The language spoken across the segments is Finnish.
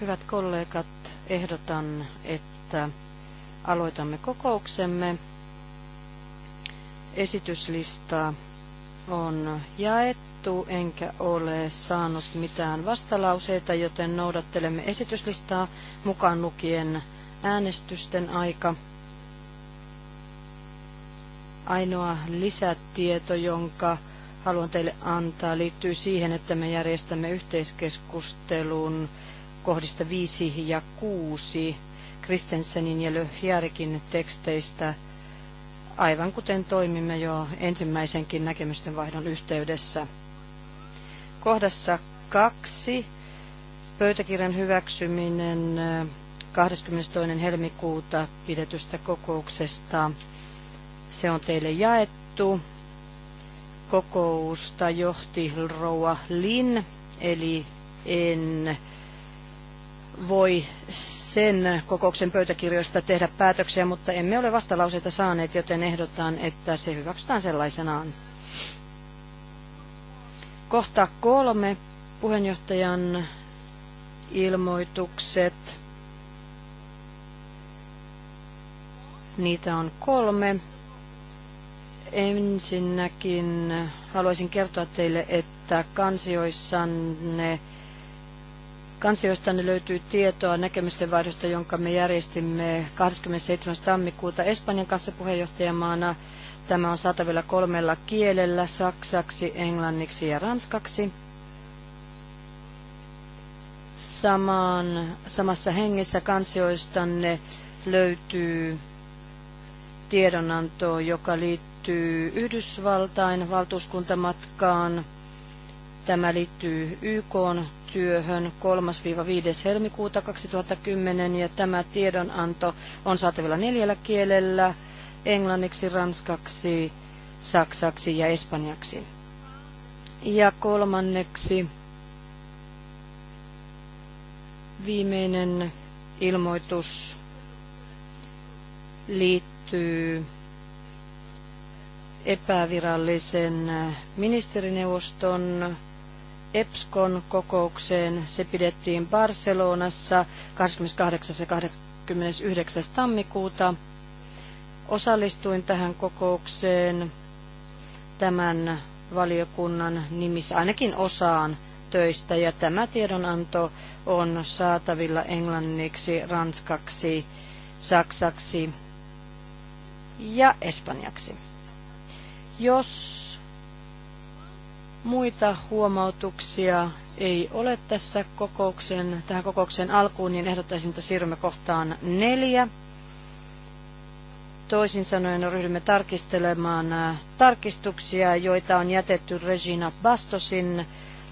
Hyvät kollegat, ehdotan, että aloitamme kokouksemme. Esityslista on jaettu, enkä ole saanut mitään vastalauseita, joten noudattelemme esityslistaa mukaan lukien äänestysten aika. Ainoa lisätieto, jonka haluan teille antaa, liittyy siihen, että me järjestämme yhteiskeskustelun kohdista 5 ja 6 Kristensenin ja Löhjärkin teksteistä, aivan kuten toimimme jo ensimmäisenkin näkemysten vaihdon yhteydessä. Kohdassa 2 pöytäkirjan hyväksyminen 22. Eh, helmikuuta pidetystä kokouksesta. Se on teille jaettu kokousta johti Rouva Lin, eli en voi sen kokouksen pöytäkirjoista tehdä päätöksiä, mutta emme ole vastalauseita saaneet, joten ehdotan, että se hyväksytään sellaisenaan. Kohta kolme, puheenjohtajan ilmoitukset. Niitä on kolme. Ensinnäkin haluaisin kertoa teille, että kansioissanne, kansioistanne löytyy tietoa näkemysten vaihdosta, jonka me järjestimme 27. tammikuuta Espanjan kanssa puheenjohtajamaana. Tämä on saatavilla kolmella kielellä, saksaksi, englanniksi ja ranskaksi. Samaan, samassa hengessä kansioistanne löytyy tiedonanto, joka liittyy liittyy Yhdysvaltain valtuuskuntamatkaan. Tämä liittyy YK työhön 3-5. helmikuuta 2010 ja tämä tiedonanto on saatavilla neljällä kielellä, englanniksi, ranskaksi, saksaksi ja espanjaksi. Ja kolmanneksi viimeinen ilmoitus liittyy epävirallisen ministerineuvoston EPSCON kokoukseen. Se pidettiin Barcelonassa 28. ja 29. tammikuuta. Osallistuin tähän kokoukseen tämän valiokunnan nimissä, ainakin osaan töistä, ja tämä tiedonanto on saatavilla englanniksi, ranskaksi, saksaksi ja espanjaksi. Jos muita huomautuksia ei ole tässä kokouksen, tähän kokouksen alkuun, niin ehdottaisin, että siirrymme kohtaan neljä. Toisin sanoen ryhdymme tarkistelemaan äh, tarkistuksia, joita on jätetty Regina Bastosin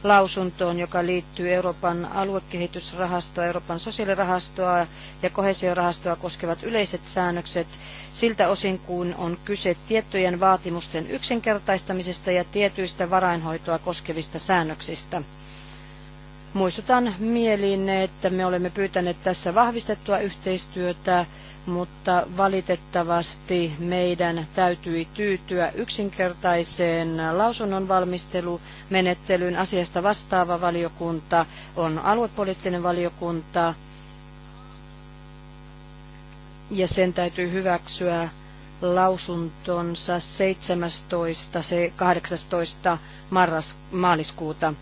lausuntoon, joka liittyy Euroopan aluekehitysrahastoa, Euroopan sosiaalirahastoa ja kohesiorahastoa koskevat yleiset säännökset siltä osin kuin on kyse tiettyjen vaatimusten yksinkertaistamisesta ja tietyistä varainhoitoa koskevista säännöksistä. Muistutan mieliin, että me olemme pyytäneet tässä vahvistettua yhteistyötä, mutta valitettavasti meidän täytyi tyytyä yksinkertaiseen lausunnonvalmistelumenettelyyn. Asiasta vastaava valiokunta on aluepoliittinen valiokunta ja sen täytyy hyväksyä lausuntonsa 17. se 18. Marras, maaliskuuta.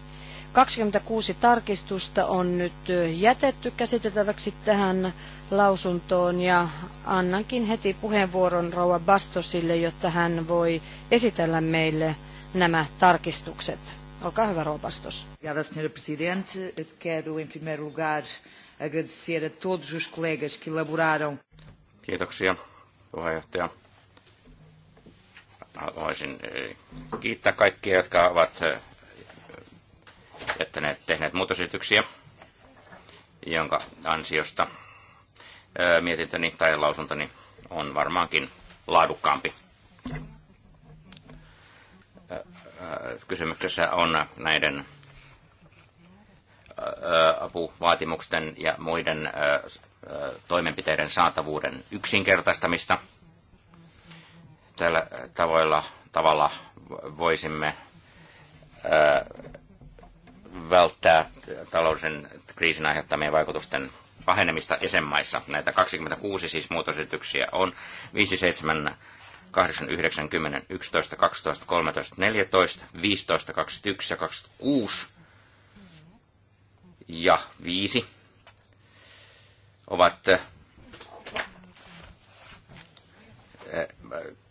26 tarkistusta on nyt jätetty käsiteltäväksi tähän lausuntoon ja annankin heti puheenvuoron Rouva Bastosille, jotta hän voi esitellä meille nämä tarkistukset. Olkaa hyvä, Rouva Bastos. Obrigada, senhora Presidente. Quero, em primeiro lugar, agradecer a todos os colegas que elaboraram Kiitoksia, puheenjohtaja. Haluaisin eh, kiittää kaikkia, jotka ovat eh, jättäneet, tehneet muutosesityksiä, jonka ansiosta eh, mietintöni tai lausuntoni on varmaankin laadukkaampi. Kysymyksessä on näiden apuvaatimusten ja muiden toimenpiteiden saatavuuden yksinkertaistamista. Tällä tavoilla, tavalla voisimme välttää talouden kriisin aiheuttamien vaikutusten pahenemista jäsenmaissa. Näitä 26 siis muutosyrityksiä on 5, 7, 8, 9, 10, 11, 12, 13, 14, 15, 21 ja 26 ja 5 ovat eh,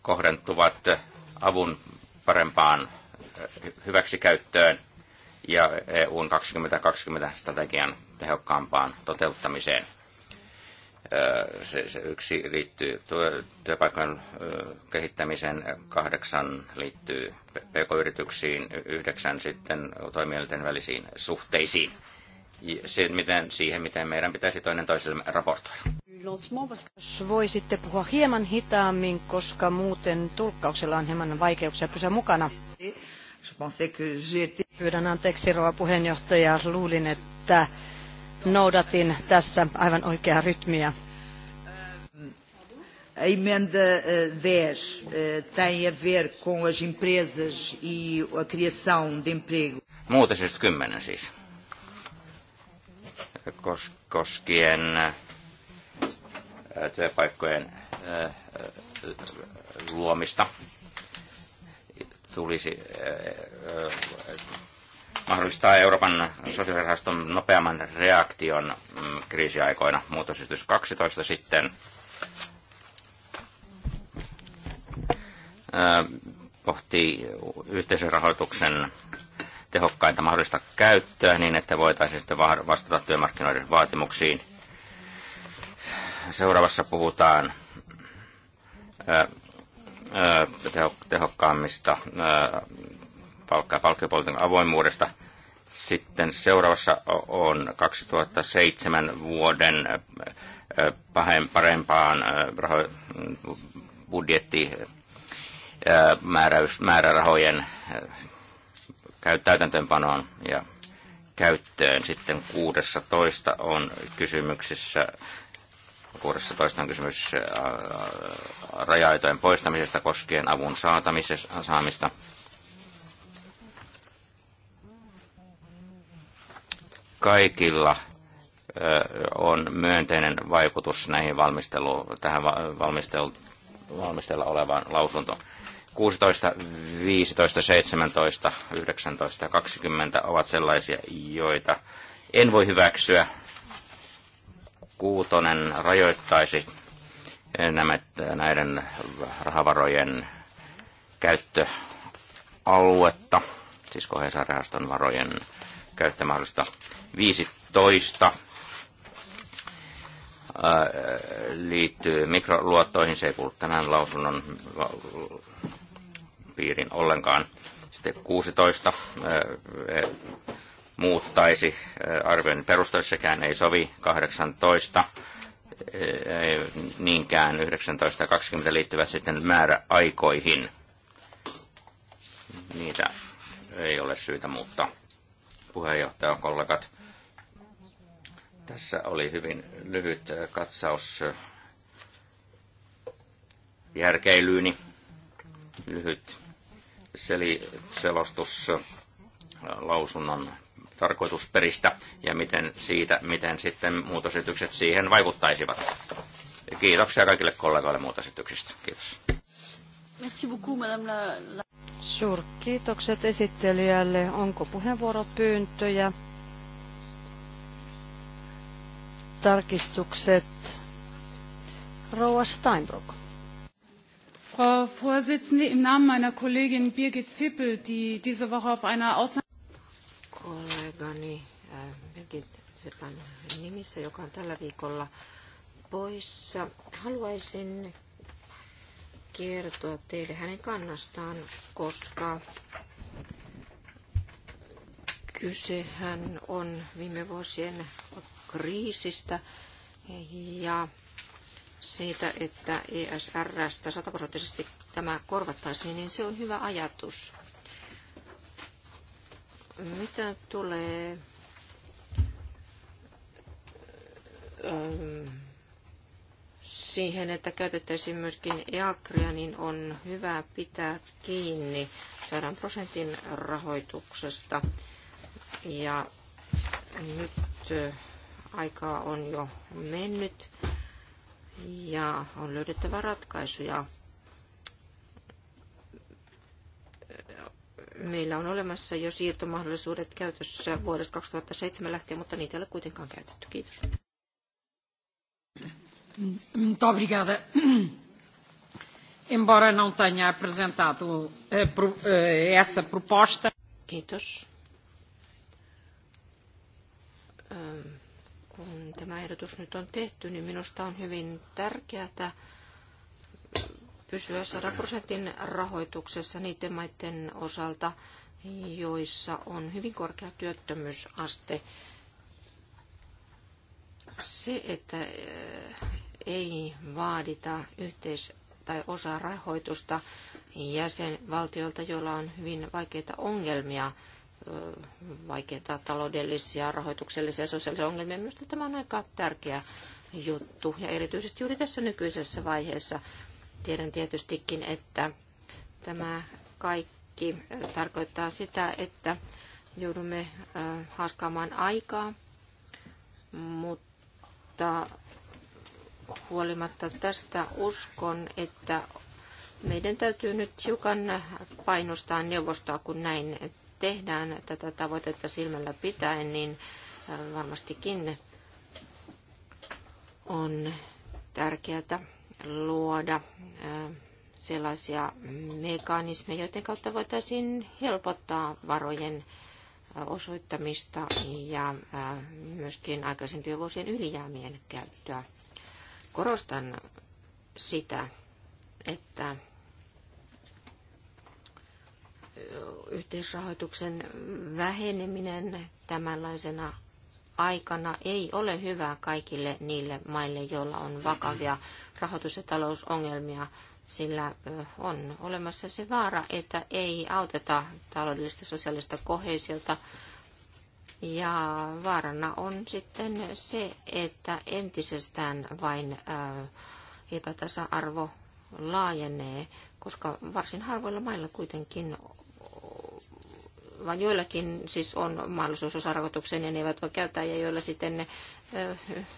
kohdentuvat eh, avun parempaan eh, hyväksikäyttöön ja EUn 2020-strategian tehokkaampaan toteuttamiseen. Se, se yksi liittyy työpaikan kehittämiseen, kahdeksan liittyy pk-yrityksiin, yhdeksän sitten toimielinten välisiin suhteisiin se, miten, siihen, miten meidän pitäisi toinen toiselle raportoida. voisitte puhua hieman hitaammin, koska muuten tulkkauksella on hieman vaikeuksia pysyä mukana. Pyydän anteeksi, rouva puheenjohtaja. Luulin, että noudatin tässä aivan oikeaa rytmiä. A emenda 10 eh, eh, tem a ver com as empresas e a criação de emprego. Muutosesitys 10 siis, siis koskien äh, työpaikkojen äh, luomista tulisi äh, mahdollistaa Euroopan sosiaalirahaston nopeamman reaktion mm, kriisiaikoina. Muutosesitys 12 sitten pohtii rahoituksen tehokkainta mahdollista käyttöä niin, että voitaisiin sitten vastata työmarkkinoiden vaatimuksiin. Seuraavassa puhutaan tehokkaammista palkka- ja palkkiopolitiikan avoimuudesta. Sitten seuraavassa on 2007 vuoden parempaan määrärahojen täytäntöönpanoon ja käyttöön. Sitten 16 on kysymyksessä 16 on kysymys äh, äh, rajaitojen poistamisesta koskien avun saamista. Kaikilla äh, on myönteinen vaikutus näihin valmistelu, tähän valmistelu, valmistella olevaan lausuntoon. 16, 15, 17, 19 ja 20 ovat sellaisia, joita en voi hyväksyä. Kuutonen rajoittaisi näiden rahavarojen käyttöaluetta, siis kohesarahaston varojen käyttömahdollista 15 liittyy mikroluottoihin. Se ei kuulu tämän lausunnon piiriin ollenkaan. Sitten 16 eh, eh, muuttaisi eh, arvioinnin perustoissekään ei sovi. 18 niinkään 19 ja 20 liittyvät sitten määräaikoihin. Niitä ei ole syytä muuttaa. Puheenjohtaja, kollegat. Tässä oli hyvin lyhyt katsaus järkeilyyni. Lyhyt seli, selostus äh, lausunnon tarkoitusperistä ja miten siitä, miten sitten muutosesitykset siihen vaikuttaisivat. Kiitoksia kaikille kollegoille muutosesityksistä. Kiitos. Merci beaucoup, madame la... Kiitokset esittelijälle. Onko puheenvuoropyyntöjä? Tarkistukset. Rouva Steinbrock. Frau Vorsitzende, im Namen meiner Kollegin Birgit Zippel, die diese Woche auf einer Ausnahme... Kollegani äh, Birgit Zippän nimissä, joka on tällä viikolla poissa, haluaisin kertoa teille hänen kannastaan, koska kysehän on viime vuosien kriisistä ja siitä, että ESRstä sataprosenttisesti tämä korvattaisiin, niin se on hyvä ajatus. Mitä tulee ähm, siihen, että käytettäisiin myöskin EAKRia, niin on hyvä pitää kiinni 100 prosentin rahoituksesta. Ja nyt äh, aikaa on jo mennyt ja on löydettävä ratkaisuja. Meillä on olemassa jo siirtomahdollisuudet käytössä vuodesta 2007 lähtien, mutta niitä ei ole kuitenkaan käytetty. Kiitos. Muito obrigada. Embora não tenha apresentado eh, eh, essa proposta. Kiitos kun tämä ehdotus nyt on tehty, niin minusta on hyvin tärkeää pysyä 100 prosentin rahoituksessa niiden maiden osalta, joissa on hyvin korkea työttömyysaste. Se, että eh, ei vaadita yhteis- tai osa rahoitusta jäsenvaltioilta, joilla on hyvin vaikeita ongelmia – vaikeita taloudellisia, rahoituksellisia ja sosiaalisia ongelmia. Minusta tämä on aika tärkeä juttu ja erityisesti juuri tässä nykyisessä vaiheessa tiedän tietystikin, että tämä kaikki tarkoittaa sitä, että joudumme haaskaamaan aikaa, mutta huolimatta tästä uskon, että meidän täytyy nyt hiukan painostaa neuvostoa, kun näin tehdään tätä tavoitetta silmällä pitäen, niin varmastikin on tärkeää luoda sellaisia mekanismeja, joiden kautta voitaisiin helpottaa varojen osoittamista ja myöskin aikaisempien vuosien ylijäämien käyttöä. Korostan sitä, että yhteisrahoituksen väheneminen tämänlaisena aikana ei ole hyvä kaikille niille maille, joilla on vakavia rahoitus- ja talousongelmia, sillä on olemassa se vaara, että ei auteta taloudellista ja sosiaalista kohesiota. Ja vaarana on sitten se, että entisestään vain epätasa-arvo laajenee, koska varsin harvoilla mailla kuitenkin vaan joillakin siis on mahdollisuus osarahoitukseen ja ne eivät voi käyttää, ja joilla sitten ne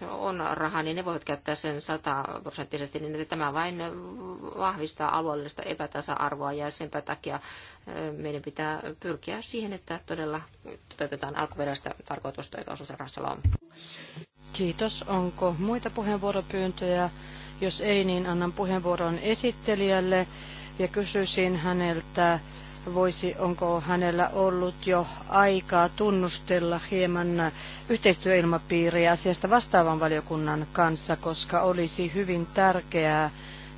on rahaa, niin ne voivat käyttää sen sataprosenttisesti, niin että tämä vain vahvistaa alueellista epätasa-arvoa, ja sen takia meidän pitää pyrkiä siihen, että todella toteutetaan alkuperäistä tarkoitusta, joka osuusrahastolla on. Kiitos. Onko muita puheenvuoropyyntöjä? Jos ei, niin annan puheenvuoron esittelijälle ja kysyisin häneltä, voisi, onko hänellä ollut jo aikaa tunnustella hieman yhteistyöilmapiiriä asiasta vastaavan valiokunnan kanssa, koska olisi hyvin tärkeää,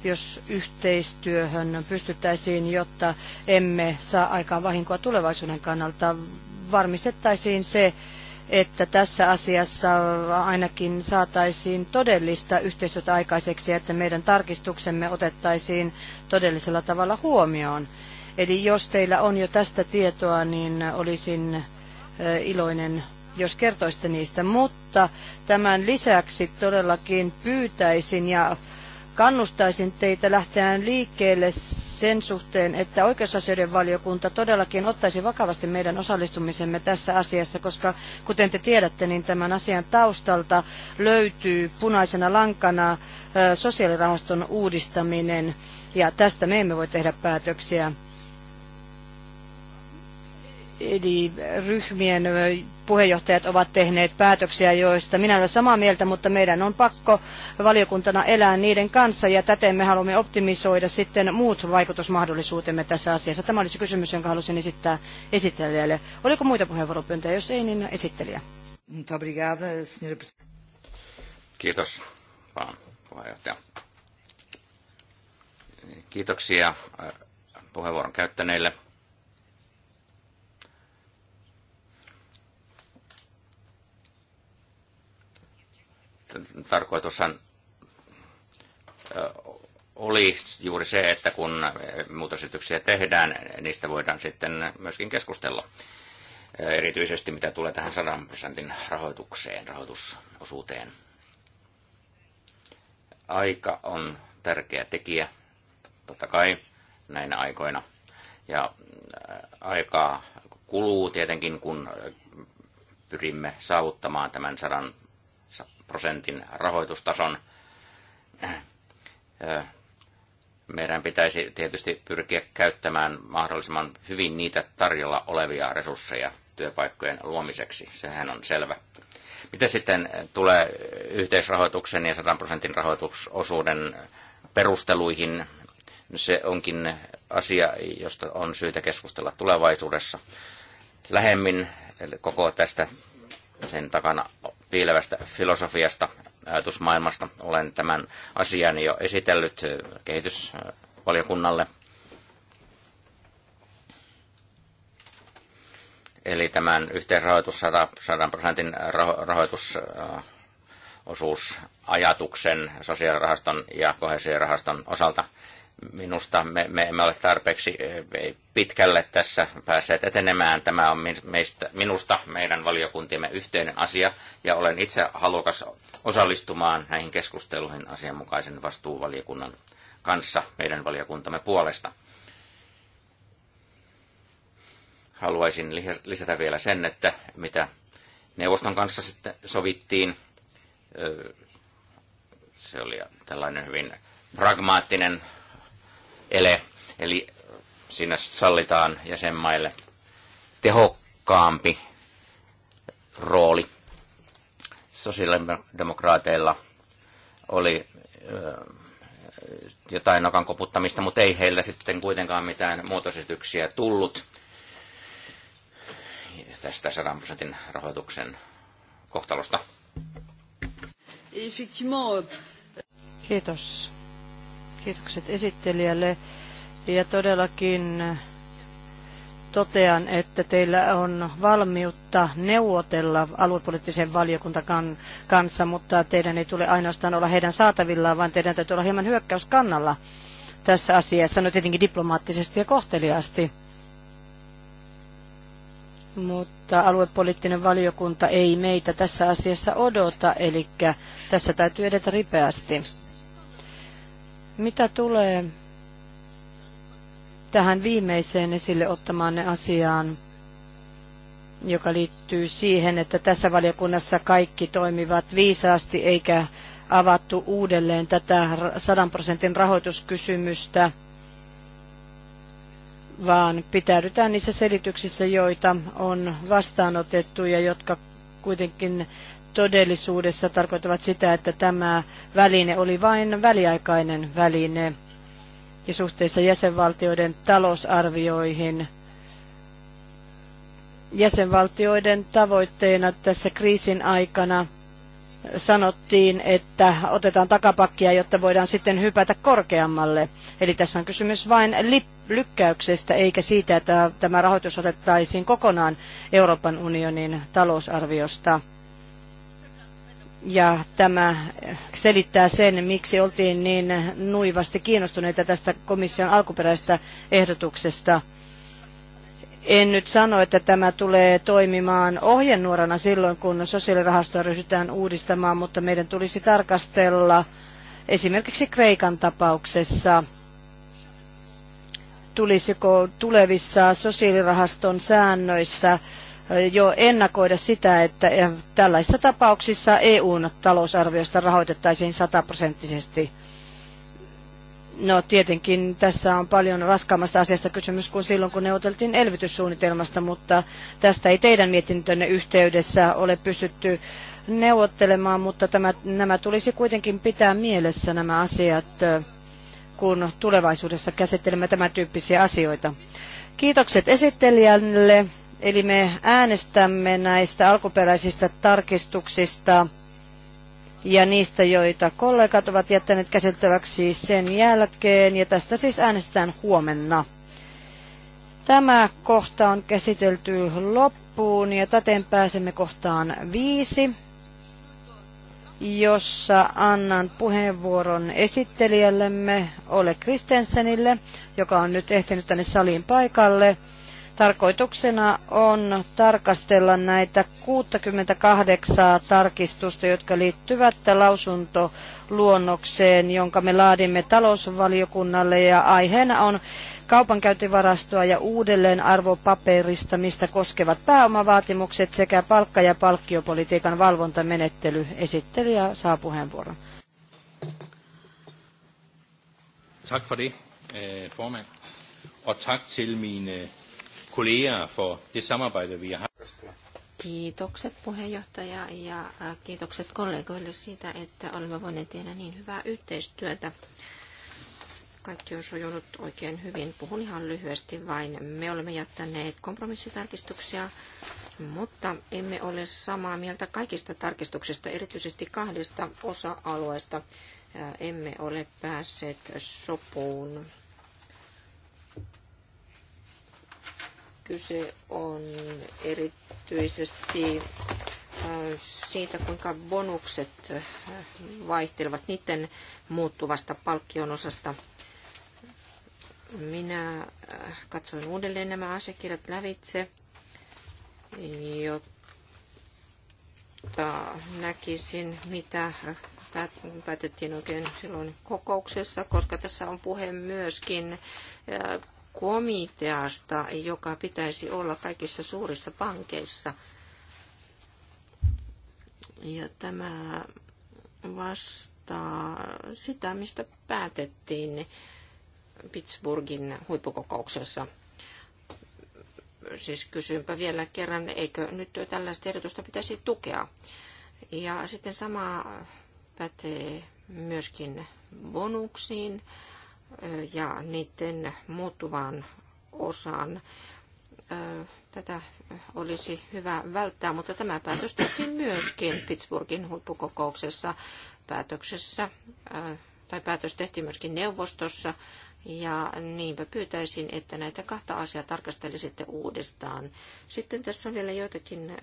jos yhteistyöhön pystyttäisiin, jotta emme saa aikaan vahinkoa tulevaisuuden kannalta. Varmistettaisiin se, että tässä asiassa ainakin saataisiin todellista yhteistyötä aikaiseksi, että meidän tarkistuksemme otettaisiin todellisella tavalla huomioon. Eli jos teillä on jo tästä tietoa, niin olisin iloinen, jos kertoisitte niistä. Mutta tämän lisäksi todellakin pyytäisin ja kannustaisin teitä lähtemään liikkeelle sen suhteen, että oikeusasioiden valiokunta todellakin ottaisi vakavasti meidän osallistumisemme tässä asiassa, koska kuten te tiedätte, niin tämän asian taustalta löytyy punaisena lankana sosiaalirahaston uudistaminen, ja tästä me emme voi tehdä päätöksiä Eli ryhmien puheenjohtajat ovat tehneet päätöksiä, joista minä olen samaa mieltä, mutta meidän on pakko valiokuntana elää niiden kanssa ja täten me haluamme optimisoida sitten muut vaikutusmahdollisuutemme tässä asiassa. Tämä oli kysymys, jonka halusin esittää esittelijälle. Oliko muita puheenvuoropyyntöjä? Jos ei, niin esittelijä. Kiitos vaan puheenjohtaja. Kiitoksia puheenvuoron käyttäneille. tarkoitushan oli juuri se, että kun muutosityksiä tehdään, niistä voidaan sitten myöskin keskustella. Erityisesti mitä tulee tähän 100 prosentin rahoitukseen, rahoitusosuuteen. Aika on tärkeä tekijä, totta kai näinä aikoina. Ja aikaa kuluu tietenkin, kun pyrimme saavuttamaan tämän 100 prosentin rahoitustason. Meidän pitäisi tietysti pyrkiä käyttämään mahdollisimman hyvin niitä tarjolla olevia resursseja työpaikkojen luomiseksi. Sehän on selvä. Mitä sitten tulee yhteisrahoituksen ja 100 prosentin rahoitusosuuden perusteluihin? Se onkin asia, josta on syytä keskustella tulevaisuudessa lähemmin koko tästä sen takana piilevästä filosofiasta, ajatusmaailmasta. Olen tämän asian jo esitellyt kehitysvaliokunnalle. Eli tämän yhteisrahoitus 100, 100 prosentin rahoitusosuusajatuksen sosiaalirahaston ja kohesiorahaston osalta – Minusta me, me emme ole tarpeeksi eh, pitkälle tässä päässeet etenemään. Tämä on meistä, minusta meidän valiokuntiemme yhteinen asia ja olen itse halukas osallistumaan näihin keskusteluihin asianmukaisen vastuuvaliokunnan kanssa meidän valiokuntamme puolesta. Haluaisin lisätä vielä sen, että mitä neuvoston kanssa sitten sovittiin, eh, se oli tällainen hyvin pragmaattinen ele, eli siinä sallitaan jäsenmaille tehokkaampi rooli. Sosiaalidemokraateilla oli jotain nokan koputtamista, mutta ei heillä sitten kuitenkaan mitään muutosesityksiä tullut tästä 100 prosentin rahoituksen kohtalosta. Kiitos. Kiitokset esittelijälle. Ja todellakin totean, että teillä on valmiutta neuvotella aluepoliittisen valiokuntakan kanssa, mutta teidän ei tule ainoastaan olla heidän saatavillaan, vaan teidän täytyy olla hieman hyökkäyskannalla tässä asiassa, no tietenkin diplomaattisesti ja kohteliaasti. Mutta aluepoliittinen valiokunta ei meitä tässä asiassa odota, eli tässä täytyy edetä ripeästi. Mitä tulee tähän viimeiseen esille ottamaanne asiaan, joka liittyy siihen, että tässä valiokunnassa kaikki toimivat viisaasti eikä avattu uudelleen tätä 100 prosentin rahoituskysymystä, vaan pitäydytään niissä selityksissä, joita on vastaanotettu ja jotka kuitenkin todellisuudessa tarkoittavat sitä, että tämä väline oli vain väliaikainen väline ja suhteessa jäsenvaltioiden talousarvioihin. Jäsenvaltioiden tavoitteena tässä kriisin aikana sanottiin, että otetaan takapakkia, jotta voidaan sitten hypätä korkeammalle. Eli tässä on kysymys vain lykkäyksestä, eikä siitä, että tämä rahoitus otettaisiin kokonaan Euroopan unionin talousarviosta. Ja tämä selittää sen, miksi oltiin niin nuivasti kiinnostuneita tästä komission alkuperäisestä ehdotuksesta. En nyt sano, että tämä tulee toimimaan ohjenuorana silloin, kun sosiaalirahastoa ryhdytään uudistamaan, mutta meidän tulisi tarkastella esimerkiksi Kreikan tapauksessa, tulisiko tulevissa sosiaalirahaston säännöissä jo ennakoida sitä, että tällaisissa tapauksissa EUn talousarviosta rahoitettaisiin sataprosenttisesti. No tietenkin tässä on paljon raskaammasta asiasta kysymys kuin silloin, kun neuvoteltiin elvytyssuunnitelmasta, mutta tästä ei teidän mietintönne yhteydessä ole pystytty neuvottelemaan, mutta tämä, nämä tulisi kuitenkin pitää mielessä nämä asiat, kun tulevaisuudessa käsittelemme tämän tyyppisiä asioita. Kiitokset esittelijälle Eli me äänestämme näistä alkuperäisistä tarkistuksista ja niistä, joita kollegat ovat jättäneet käsiteltäväksi sen jälkeen. Ja tästä siis äänestetään huomenna. Tämä kohta on käsitelty loppuun ja täten pääsemme kohtaan viisi, jossa annan puheenvuoron esittelijällemme Ole Kristensenille, joka on nyt ehtinyt tänne saliin paikalle. Tarkoituksena on tarkastella näitä 68 tarkistusta, jotka liittyvät lausuntoluonnokseen, jonka me laadimme talousvaliokunnalle ja aiheena on kaupankäyntivarastoa ja mistä koskevat pääomavaatimukset sekä palkka- ja palkkiopolitiikan valvontamenettely. Esittelijä saa puheenvuoron. Tak for det, eh, formand. Og tak til mine for det samarbejde, vi har Kiitokset puheenjohtaja ja kiitokset kollegoille siitä, että olemme voineet tehdä niin hyvää yhteistyötä. Kaikki on sujunut oikein hyvin. Puhun ihan lyhyesti vain. Me olemme jättäneet kompromissitarkistuksia, mutta emme ole samaa mieltä kaikista tarkistuksista, erityisesti kahdesta osa-alueesta. Emme ole päässeet sopuun Kyse on erityisesti äh, siitä, kuinka bonukset äh, vaihtelevat niiden muuttuvasta palkkion osasta. Minä äh, katsoin uudelleen nämä asiakirjat lävitse, jotta näkisin, mitä päätettiin oikein silloin kokouksessa, koska tässä on puhe myöskin komiteasta, joka pitäisi olla kaikissa suurissa pankeissa. Ja tämä vastaa sitä, mistä päätettiin Pittsburghin huippukokouksessa. Siis kysynpä vielä kerran, eikö nyt tällaista ehdotusta pitäisi tukea. Ja sitten sama pätee myöskin bonuksiin ja niiden muuttuvaan osaan. Tätä olisi hyvä välttää, mutta tämä päätös tehtiin myöskin Pittsburghin huippukokouksessa päätöksessä, tai päätös tehtiin myöskin neuvostossa, ja niinpä pyytäisin, että näitä kahta asiaa tarkastelisitte uudestaan. Sitten tässä on vielä joitakin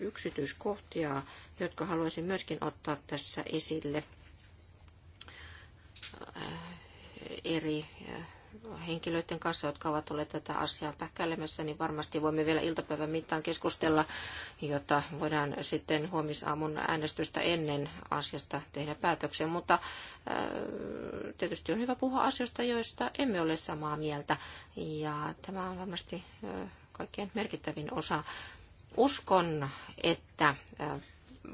yksityiskohtia, jotka haluaisin myöskin ottaa tässä esille eri eh, henkilöiden kanssa, jotka ovat olleet tätä asiaa päkkäilemässä, niin varmasti voimme vielä iltapäivän mittaan keskustella, jotta voidaan sitten huomisaamun äänestystä ennen asiasta tehdä päätöksen. Mutta eh, tietysti on hyvä puhua asioista, joista emme ole samaa mieltä. Ja tämä on varmasti eh, kaikkein merkittävin osa. Uskon, että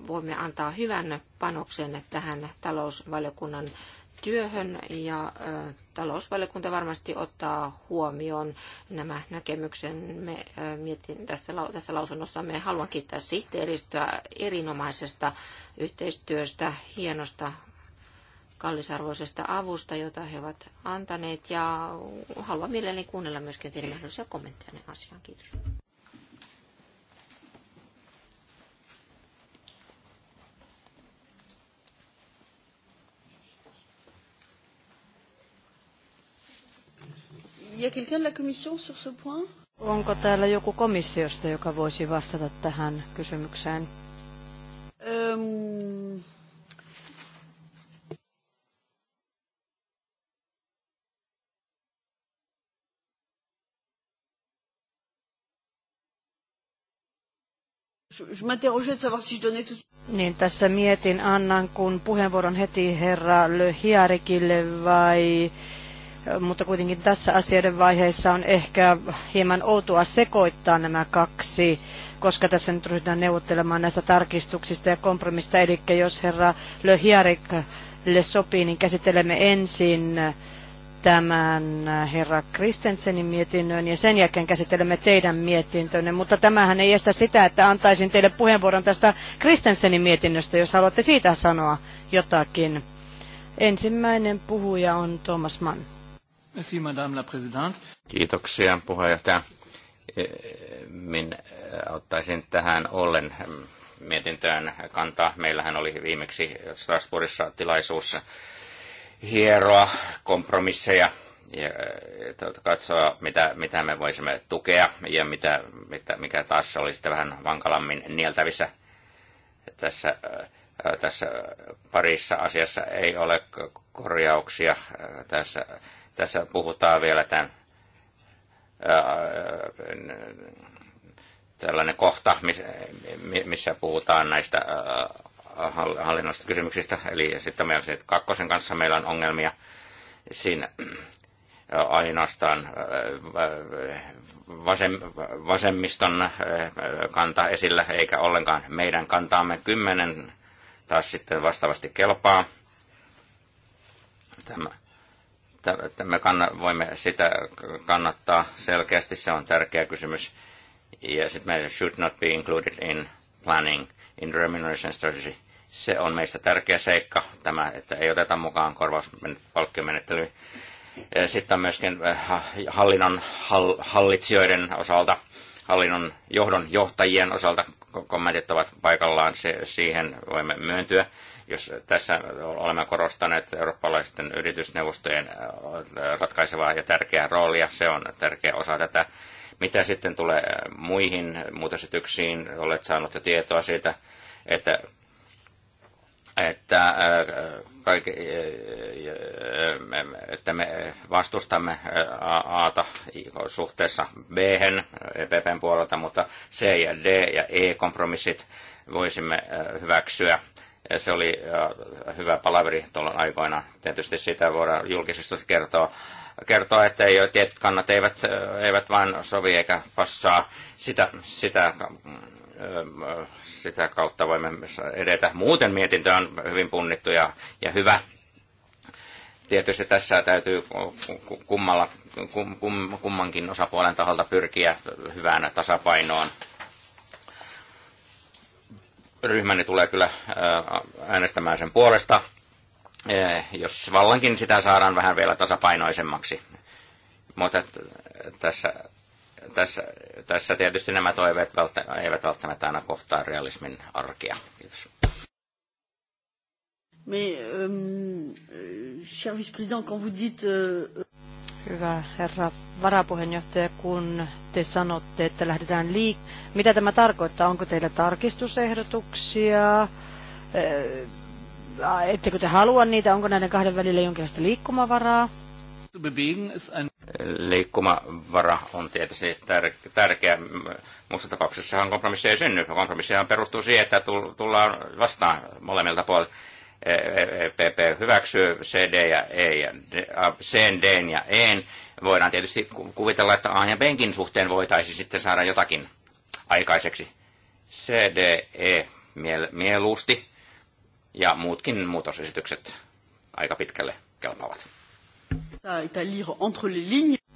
voimme antaa hyvän panoksen tähän talousvaliokunnan työhön ja talousvaliokunta varmasti ottaa huomioon nämä näkemyksemme. Mietin tässä, tässä lausunnossa. Me haluan kiittää sihteeristöä erinomaisesta yhteistyöstä, hienosta kallisarvoisesta avusta, jota he ovat antaneet. Ja haluan mielelläni kuunnella myöskin teidän mahdollisia kommentteja asiaan. Kiitos. y a quelqu'un de la commission sur ce point? Onko täällä joku komissiosta, joka voisi vastata tähän kysymykseen? Um, Niin tässä mietin, annan kun puheenvuoron heti herra Le Hiarikille vai mutta kuitenkin tässä asioiden vaiheessa on ehkä hieman outoa sekoittaa nämä kaksi, koska tässä nyt ryhdytään neuvottelemaan näistä tarkistuksista ja kompromista. Eli jos herra Le Hierikille sopii, niin käsittelemme ensin tämän herra Kristensenin mietinnön ja sen jälkeen käsittelemme teidän mietintönne, mutta tämähän ei estä sitä, että antaisin teille puheenvuoron tästä Kristensenin mietinnöstä, jos haluatte siitä sanoa jotakin. Ensimmäinen puhuja on Thomas Mann. Merci, Madame la Présidente. Kiitoksia, puheenjohtaja. Min ottaisin tähän ollen mietintöön kantaa. Meillähän oli viimeksi Strasbourgissa tilaisuus hieroa kompromisseja ja katsoa, mitä, mitä me voisimme tukea ja mitä, mitä, mikä taas oli sitten vähän vankalammin nieltävissä tässä, tässä parissa asiassa ei ole korjauksia tässä tässä puhutaan vielä tämän tällainen kohta, missä puhutaan näistä hallinnoista kysymyksistä. Eli sitten meillä on kakkosen kanssa meillä on ongelmia. Siinä ainoastaan vasem, vasemmiston kanta esillä, eikä ollenkaan meidän kantaamme. Kymmenen taas sitten vastaavasti kelpaa. Tämä me voimme sitä kannattaa selkeästi, se on tärkeä kysymys. Ja sitten meillä should not be included in planning, in remuneration strategy. Se on meistä tärkeä seikka, tämä, että ei oteta mukaan korvauspalkkiomenettelyyn. Sitten on myöskin äh, hallinnon hallitsijoiden osalta, hallinnon johdon johtajien osalta kommentit ovat paikallaan, se, siihen voimme myöntyä jos tässä olemme korostaneet eurooppalaisten yritysneuvostojen äh, ratkaisevaa ja tärkeää roolia, se on tärkeä osa tätä. Mitä sitten tulee äh, muihin muutosityksiin, olet saanut jo tietoa siitä, että että, äh, kaikki, että me vastustamme Aata suhteessa b EPPn puolelta, mutta C ja D ja E-kompromissit voisimme hyväksyä – se oli hyvä palaveri tuolloin aikoina. Tietysti sitä voidaan julkisesti kertoa, kertoa että ei, tietyt kannat eivät, eivät vain sovi eikä passaa sitä, sitä sitä kautta voimme edetä. Muuten mietintö on hyvin punnittu ja, ja hyvä. Tietysti tässä täytyy kummalla, kum, kum, kummankin osapuolen taholta pyrkiä hyvään tasapainoon ryhmäni tulee kyllä äh, äänestämään sen puolesta, eh, jos vallankin sitä saadaan vähän vielä tasapainoisemmaksi. Mutta tässä, tässä, tässä tietysti nämä toiveet eivät välttämättä aina kohtaa realismin arkea. Kiitos. Mais, euh, euh cher vice-président, quand vous dites... Euh... Hyvä herra varapuheenjohtaja, kun te sanotte, että lähdetään liik, Mitä tämä tarkoittaa? Onko teillä tarkistusehdotuksia? Äh, ettekö te halua niitä? Onko näiden kahden välillä jonkinlaista liikkumavaraa? Liikkumavara on tietysti tär- tärkeä. Muussa tapauksessahan kompromissi ei synny. Kompromissihan perustuu siihen, että tullaan vastaan molemmilta puolilta PP e, e, e, hyväksyy CD ja E, ja CND ja E. Voidaan tietysti kuvitella, että A ja Benkin suhteen voitaisiin sitten saada jotakin aikaiseksi. CDE miel, mieluusti ja muutkin muutosesitykset aika pitkälle kelpaavat.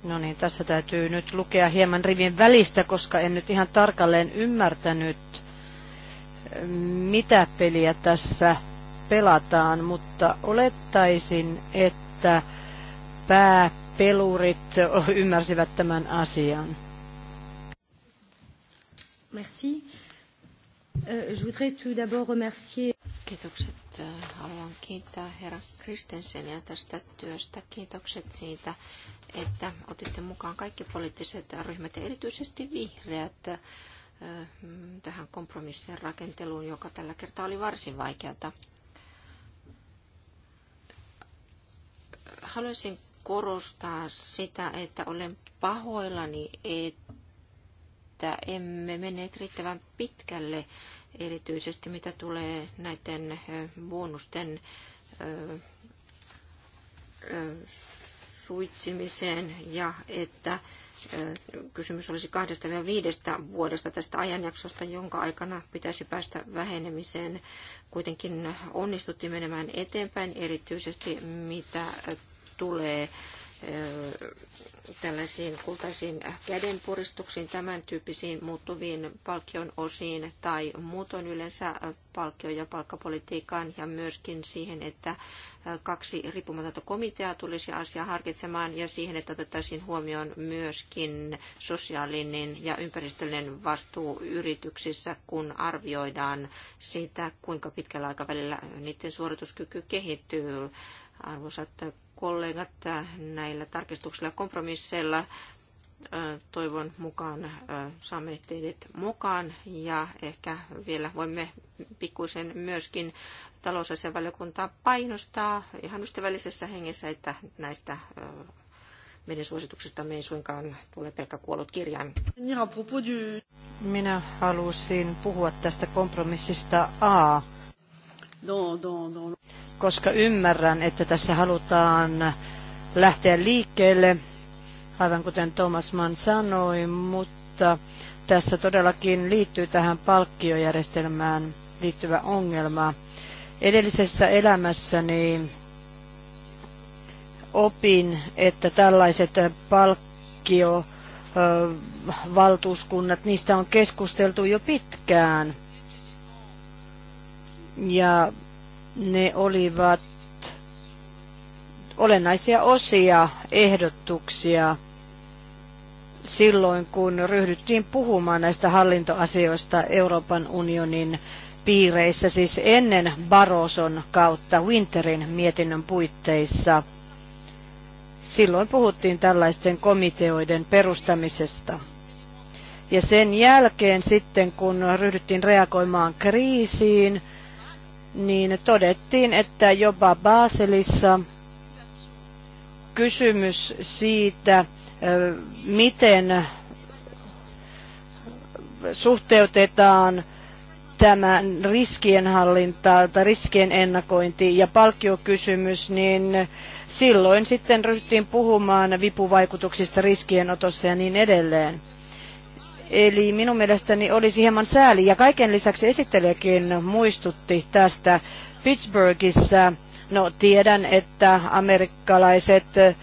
No niin, tässä täytyy nyt lukea hieman rivien välistä, koska en nyt ihan tarkalleen ymmärtänyt, mitä peliä tässä pelataan, mutta olettaisin, että pääpelurit ymmärsivät tämän asian. Merci. Euh, je voudrais tout d'abord remercier... Kiitokset. Haluan kiittää herra Kristensenia tästä työstä. Kiitokset siitä, että otitte mukaan kaikki poliittiset ryhmät ja erityisesti vihreät tähän kompromissien rakenteluun, joka tällä kertaa oli varsin vaikeata. haluaisin korostaa sitä, että olen pahoillani, että emme menneet riittävän pitkälle, erityisesti mitä tulee näiden bonusten suitsimiseen ja että kysymys olisi kahdesta ja viidestä vuodesta tästä ajanjaksosta, jonka aikana pitäisi päästä vähenemiseen. Kuitenkin onnistuttiin menemään eteenpäin, erityisesti mitä tulee tällaisiin kultaisiin kädenpuristuksiin, tämän tyyppisiin muuttuviin palkion osiin tai muutoin yleensä palkkio- ja palkkapolitiikkaan ja myöskin siihen, että kaksi riippumatonta komiteaa tulisi asiaa harkitsemaan ja siihen, että otettaisiin huomioon myöskin sosiaalinen ja ympäristöllinen vastuu yrityksissä, kun arvioidaan sitä, kuinka pitkällä aikavälillä niiden suorituskyky kehittyy Arvoisat kollegat, näillä tarkistuksilla ja kompromisseilla toivon mukaan saamme teidät mukaan ja ehkä vielä voimme pikkuisen myöskin talousasianvaliokuntaa painostaa ihan ystävällisessä hengessä, että näistä meidän suosituksista me ei suinkaan tule pelkkä kuollut kirjain. Minä halusin puhua tästä kompromissista A koska ymmärrän, että tässä halutaan lähteä liikkeelle, aivan kuten Thomas Mann sanoi, mutta tässä todellakin liittyy tähän palkkiojärjestelmään liittyvä ongelma. Edellisessä elämässäni opin, että tällaiset palkkiovaltuuskunnat, niistä on keskusteltu jo pitkään – ja ne olivat olennaisia osia ehdotuksia silloin, kun ryhdyttiin puhumaan näistä hallintoasioista Euroopan unionin piireissä, siis ennen Baroson kautta Winterin mietinnön puitteissa. Silloin puhuttiin tällaisten komiteoiden perustamisesta. Ja sen jälkeen sitten, kun ryhdyttiin reagoimaan kriisiin, niin todettiin, että jopa Baselissa kysymys siitä, miten suhteutetaan tämä riskienhallinta tai riskien ennakointi ja palkkiokysymys, niin silloin sitten ryhtiin puhumaan vipuvaikutuksista riskienotossa ja niin edelleen. Eli minun mielestäni olisi hieman sääli, ja kaiken lisäksi esittelijäkin muistutti tästä Pittsburghissa. No tiedän, että amerikkalaiset eh,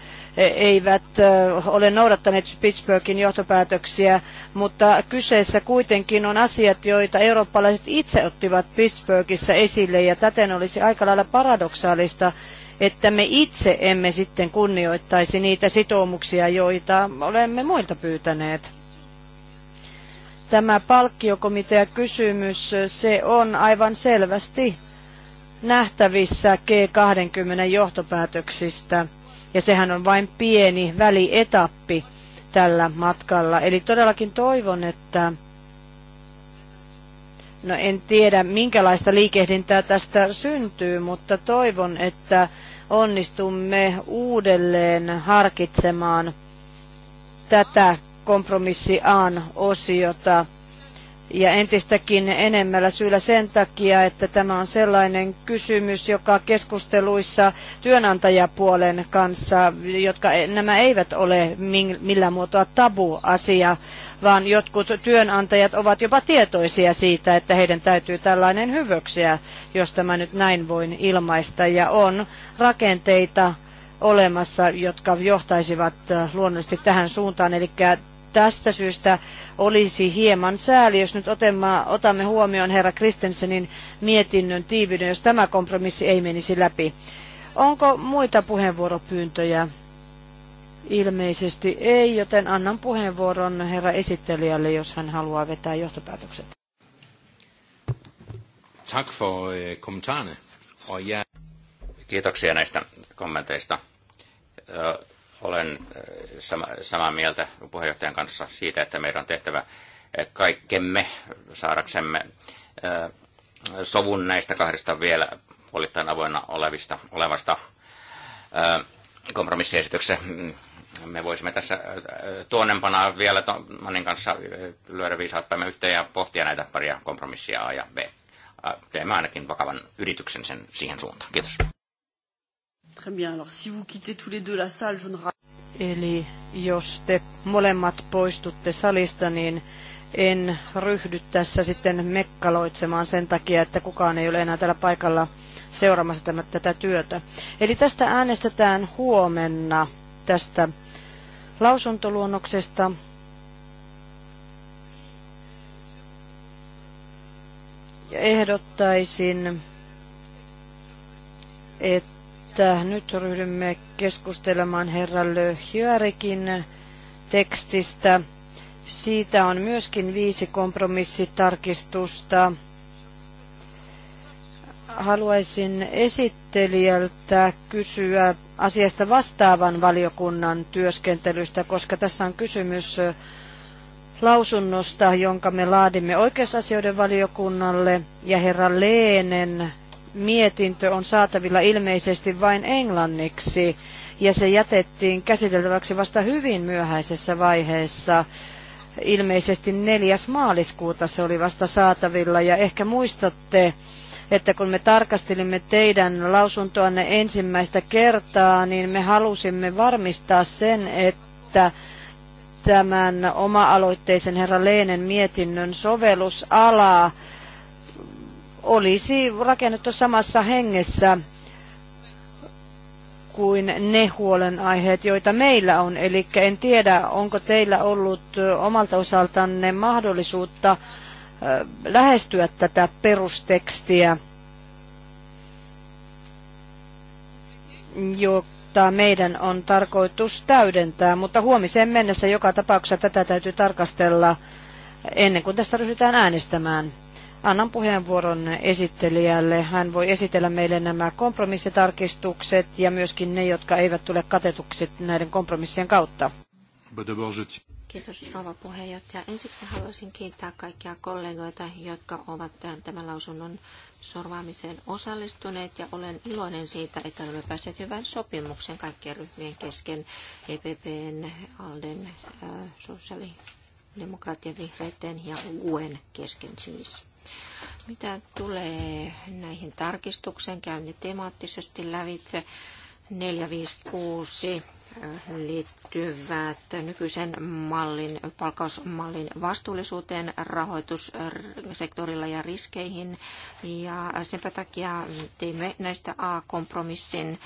eivät eh, ole noudattaneet Pittsburghin johtopäätöksiä, mutta kyseessä kuitenkin on asiat, joita eurooppalaiset itse ottivat Pittsburghissa esille, ja täten olisi aika lailla paradoksaalista, että me itse emme sitten kunnioittaisi niitä sitoumuksia, joita olemme muilta pyytäneet. Tämä palkkiokomiteakysymys, kysymys, se on aivan selvästi nähtävissä G20 johtopäätöksistä. Ja sehän on vain pieni välietappi tällä matkalla. Eli todellakin toivon, että no en tiedä minkälaista liikehdintää tästä syntyy, mutta toivon, että onnistumme uudelleen harkitsemaan tätä kompromissi Aan osiota ja entistäkin enemmällä syyllä sen takia, että tämä on sellainen kysymys, joka keskusteluissa työnantajapuolen kanssa, jotka e- nämä eivät ole millään muotoa tabuasia, vaan jotkut työnantajat ovat jopa tietoisia siitä, että heidän täytyy tällainen hyväksyä, jos tämä nyt näin voin ilmaista, ja on rakenteita olemassa, jotka johtaisivat äh, luonnollisesti tähän suuntaan, eli tästä syystä olisi hieman sääli, jos nyt otamme huomioon herra Kristensenin mietinnön tiiviyden, jos tämä kompromissi ei menisi läpi. Onko muita puheenvuoropyyntöjä? Ilmeisesti ei, joten annan puheenvuoron herra esittelijälle, jos hän haluaa vetää johtopäätökset. Tack för øh, Kiitoksia näistä kommenteista. Olen äh, sama, samaa mieltä puheenjohtajan kanssa siitä, että meidän on tehtävä äh, kaikkemme saadaksemme äh, sovun näistä kahdesta vielä puolittain avoinna olevista, olevasta kompromissiesityksestä. Mm, me voisimme tässä tuonnempana vielä Manin kanssa lyödä viisaat päämme yhteen ja pohtia näitä paria kompromissia A ja B. Teemme ainakin vakavan yrityksen sen siihen suuntaan. Kiitos. Très bien. Alors, si vous quittez tous les deux la salle, je ne... Eli jos te molemmat poistutte salista, niin en ryhdy tässä sitten mekkaloitsemaan sen takia, että kukaan ei ole enää tällä paikalla seuraamassa tämän, tätä työtä. Eli tästä äänestetään huomenna tästä lausuntoluonnoksesta. Ja ehdottaisin, että että nyt ryhdymme keskustelemaan herra Löhjöärikin tekstistä. Siitä on myöskin viisi kompromissitarkistusta. Haluaisin esittelijältä kysyä asiasta vastaavan valiokunnan työskentelystä, koska tässä on kysymys lausunnosta, jonka me laadimme oikeusasioiden valiokunnalle ja herra Leenen mietintö on saatavilla ilmeisesti vain englanniksi ja se jätettiin käsiteltäväksi vasta hyvin myöhäisessä vaiheessa. Ilmeisesti 4. maaliskuuta se oli vasta saatavilla ja ehkä muistatte, että kun me tarkastelimme teidän lausuntoanne ensimmäistä kertaa, niin me halusimme varmistaa sen, että tämän oma-aloitteisen herra Leenen mietinnön sovellusalaa olisi rakennettu samassa hengessä kuin ne huolenaiheet, joita meillä on. Eli en tiedä, onko teillä ollut omalta osaltanne mahdollisuutta lähestyä tätä perustekstiä, jota meidän on tarkoitus täydentää, mutta huomiseen mennessä joka tapauksessa tätä täytyy tarkastella ennen kuin tästä ryhdytään äänestämään. Annan puheenvuoron esittelijälle. Hän voi esitellä meille nämä kompromissitarkistukset ja myöskin ne, jotka eivät tule katetuksi näiden kompromissien kautta. Kiitos rouva puheenjohtaja. Ensiksi haluaisin kiittää kaikkia kollegoita, jotka ovat tämän lausunnon sorvaamiseen osallistuneet ja olen iloinen siitä, että olemme päässeet hyvään sopimuksen kaikkien ryhmien kesken, EPPn, ALDEn, äh, sosiaalidemokraattien, vihreiden ja UEN kesken siis. Mitä tulee näihin tarkistukseen, käyn ne temaattisesti lävitse. 456 äh, liittyvät nykyisen mallin, palkausmallin vastuullisuuteen rahoitussektorilla ja riskeihin. Ja senpä takia teimme näistä A-kompromissin,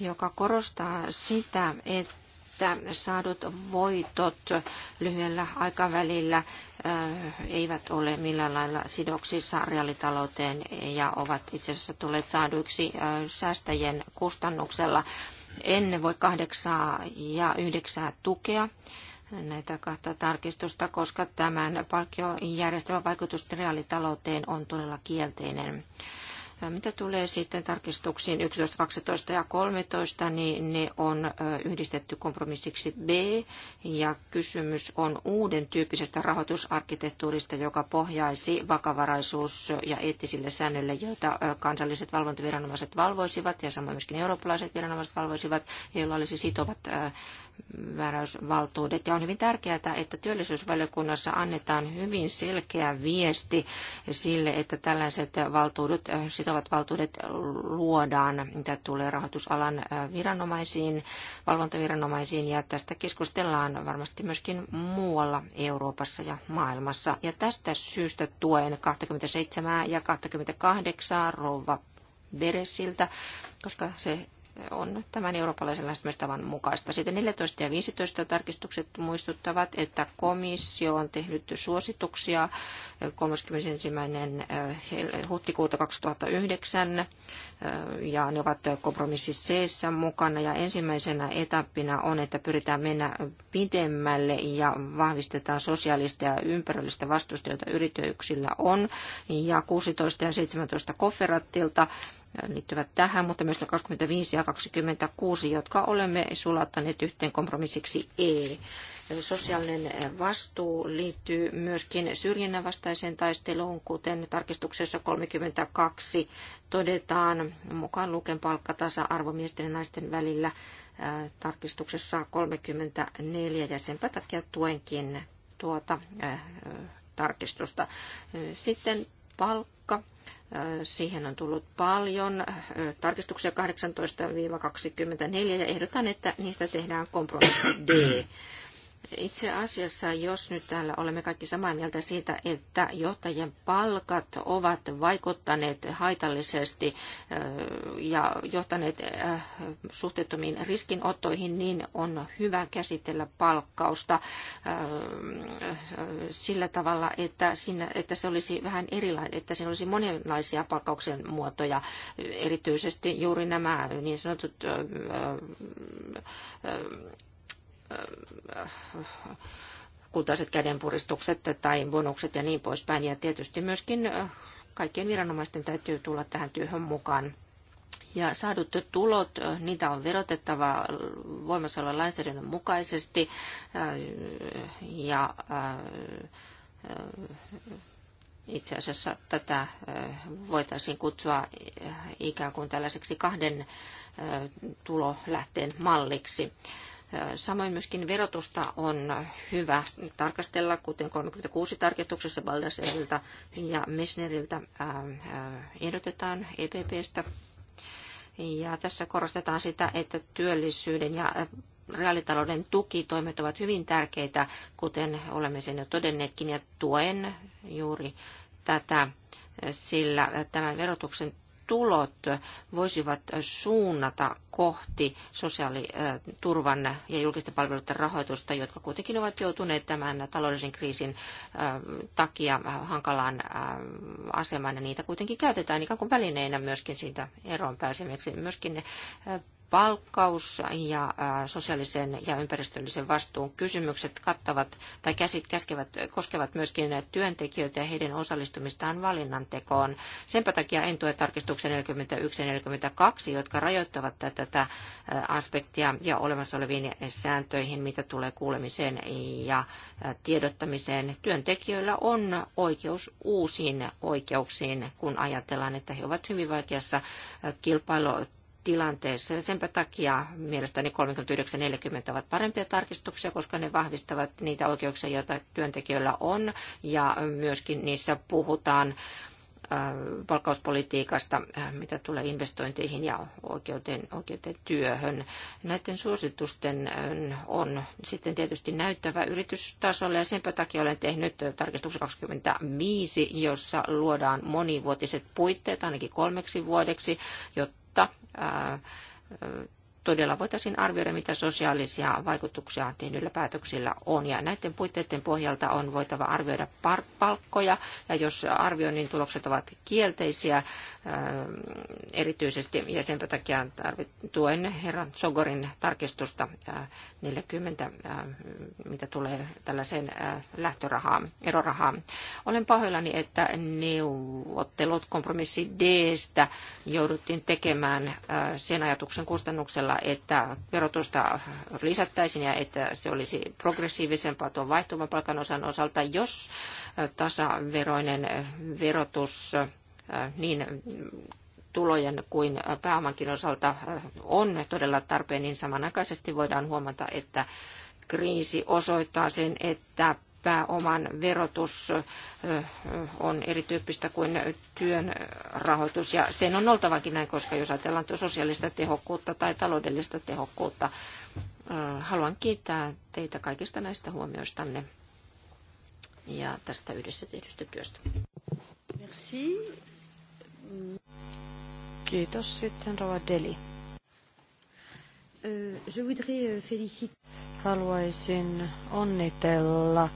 joka korostaa sitä, että että saadut voitot lyhyellä aikavälillä eivät ole millään lailla sidoksissa reaalitalouteen ja ovat itse asiassa tulleet saaduiksi säästäjien kustannuksella. En voi kahdeksaa ja yhdeksää tukea näitä kahta tarkistusta, koska tämän palkkiojärjestelmän vaikutus reaalitalouteen on todella kielteinen. Mitä tulee sitten tarkistuksiin 11, 12 ja 13, niin ne on yhdistetty kompromissiksi B, ja kysymys on uuden tyyppisestä rahoitusarkkitehtuurista, joka pohjaisi vakavaraisuus- ja eettisille säännöille, joita kansalliset valvontaviranomaiset valvoisivat, ja samoin myöskin eurooppalaiset viranomaiset valvoisivat, ja joilla olisi sitovat määräysvaltuudet. Ja on hyvin tärkeää, että työllisyysvaliokunnassa annetaan hyvin selkeä viesti sille, että tällaiset valtuudet, sitovat valtuudet luodaan, mitä tulee rahoitusalan viranomaisiin, valvontaviranomaisiin, ja tästä keskustellaan varmasti myöskin muualla Euroopassa ja maailmassa. Ja tästä syystä tuen 27 ja 28 rouva Beresiltä, koska se on tämän eurooppalaisen lähestymistavan mukaista. Sitten 14 ja 15 tarkistukset muistuttavat, että komissio on tehnyt suosituksia 31. huhtikuuta 2009 ja ne ovat kompromississa mukana ja ensimmäisenä etappina on, että pyritään mennä pidemmälle ja vahvistetaan sosiaalista ja ympäröllistä vastuusta, joita yrityksillä on ja 16 ja 17 kofferattilta liittyvät tähän, mutta myös 25 ja 26, jotka olemme sulattaneet yhteen kompromissiksi E. Sosiaalinen vastuu liittyy myöskin syrjinnän vastaiseen taisteluun, kuten tarkistuksessa 32 todetaan mukaan luken palkkatasa-arvo miesten ja naisten välillä tarkistuksessa 34 ja senpä takia tuenkin tuota tarkistusta. Sitten palkka Siihen on tullut paljon tarkistuksia 18-24 ja ehdotan, että niistä tehdään kompromissi D. Itse asiassa, jos nyt täällä olemme kaikki samaa mieltä siitä, että johtajien palkat ovat vaikuttaneet haitallisesti äh, ja johtaneet äh, suhteettomiin riskinottoihin, niin on hyvä käsitellä palkkausta äh, sillä tavalla, että, siinä, että se olisi vähän erilainen, että siinä olisi monenlaisia palkkauksen muotoja, erityisesti juuri nämä niin sanotut kultaiset kädenpuristukset tai bonukset ja niin poispäin. Ja tietysti myöskin kaikkien viranomaisten täytyy tulla tähän työhön mukaan. Ja saadut tulot, niitä on verotettava voimassa olla lainsäädännön mukaisesti ja itse asiassa tätä voitaisiin kutsua ikään kuin tällaiseksi kahden tulolähteen malliksi. Samoin myöskin verotusta on hyvä tarkastella, kuten 36 tarkistuksessa Baldaserilta ja Messneriltä ehdotetaan EPPstä. Ja tässä korostetaan sitä, että työllisyyden ja reaalitalouden tukitoimet ovat hyvin tärkeitä, kuten olemme sen jo todenneetkin, ja tuen juuri tätä, sillä tämän verotuksen tulot voisivat suunnata kohti sosiaaliturvan ja julkisten palveluiden rahoitusta, jotka kuitenkin ovat joutuneet tämän taloudellisen kriisin ähm, takia hankalaan ähm, asemaan, ja niitä kuitenkin käytetään ikään kuin välineinä myöskin siitä eroon pääsemiseksi. Myöskin äh, palkkaus ja sosiaalisen ja ympäristöllisen vastuun kysymykset kattavat tai käsit käskevät, koskevat myöskin työntekijöitä ja heidän osallistumistaan valinnantekoon. Senpä takia en tue tarkistuksen 41 ja 42, jotka rajoittavat tätä aspektia ja olemassa oleviin sääntöihin, mitä tulee kuulemiseen ja tiedottamiseen. Työntekijöillä on oikeus uusiin oikeuksiin, kun ajatellaan, että he ovat hyvin vaikeassa kilpailu tilanteessa. Ja senpä takia mielestäni 39-40 ovat parempia tarkistuksia, koska ne vahvistavat niitä oikeuksia, joita työntekijöillä on. Ja myöskin niissä puhutaan äh, palkkauspolitiikasta, äh, mitä tulee investointeihin ja oikeuteen, oikeuteen työhön. Näiden suositusten äh, on sitten tietysti näyttävä yritystasolla ja senpä takia olen tehnyt tarkistuksen 25, jossa luodaan monivuotiset puitteet ainakin kolmeksi vuodeksi, jotta mutta todella voitaisiin arvioida, mitä sosiaalisia vaikutuksia tehdyillä päätöksillä on. Ja näiden puitteiden pohjalta on voitava arvioida palkkoja, ja jos arvioinnin tulokset ovat kielteisiä ähm, erityisesti, ja sen takia tuen herran Sogorin tarkistusta 40, äh, äh, mitä tulee tällaiseen äh, lähtörahaan, erorahaan. Olen pahoillani, että neuvottelut kompromissi D-stä jouduttiin tekemään sen ajatuksen kustannuksella, tavalla, että verotusta lisättäisiin ja että se olisi progressiivisempaa tuon vaihtuvan palkan osan osalta, jos tasaveroinen verotus niin tulojen kuin pääomankin osalta on todella tarpeen, niin samanaikaisesti voidaan huomata, että kriisi osoittaa sen, että pääoman verotus on erityyppistä kuin työn rahoitus. Ja sen on oltavakin näin, koska jos ajatellaan sosiaalista tehokkuutta tai taloudellista tehokkuutta, haluan kiittää teitä kaikista näistä huomioistanne ja tästä yhdessä tehdystä työstä. Merci. Kiitos. Sitten Rova Deli. Euh, euh, Haluaisin onnitella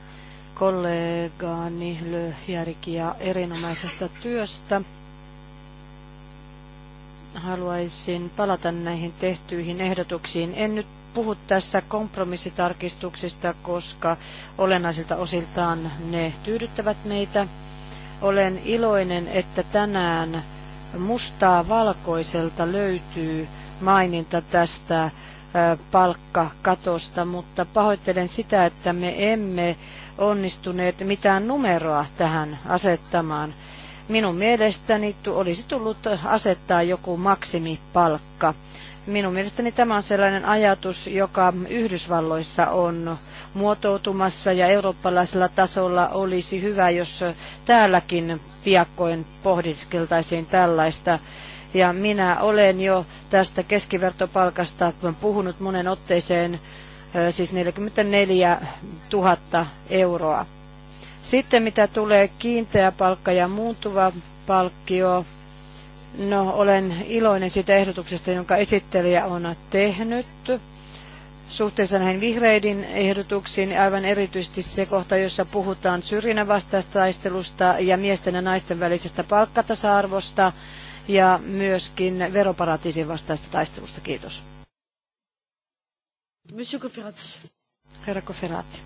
kollegaani Löhjärkiä erinomaisesta työstä. Haluaisin palata näihin tehtyihin ehdotuksiin. En nyt puhu tässä kompromissitarkistuksista, koska olennaisilta osiltaan ne tyydyttävät meitä. Olen iloinen, että tänään mustaa valkoiselta löytyy maininta tästä palkkakatosta, mutta pahoittelen sitä, että me emme onnistuneet mitään numeroa tähän asettamaan. Minun mielestäni olisi tullut asettaa joku maksimipalkka. Minun mielestäni tämä on sellainen ajatus, joka Yhdysvalloissa on muotoutumassa ja eurooppalaisella tasolla olisi hyvä, jos täälläkin piakkoin pohdiskeltaisiin tällaista. Ja minä olen jo tästä keskivertopalkasta puhunut monen otteeseen siis 44 000 euroa. Sitten mitä tulee kiinteä palkka ja muuttuva palkkio, no olen iloinen siitä ehdotuksesta, jonka esittelijä on tehnyt suhteessa näihin vihreiden ehdotuksiin, aivan erityisesti se kohta, jossa puhutaan syrjinnän vastaistaistelusta taistelusta ja miesten ja naisten välisestä palkkatasa-arvosta ja myöskin veroparatiisin vastaista taistelusta. Kiitos. Monsieur Cofferati. Herra Cofferati.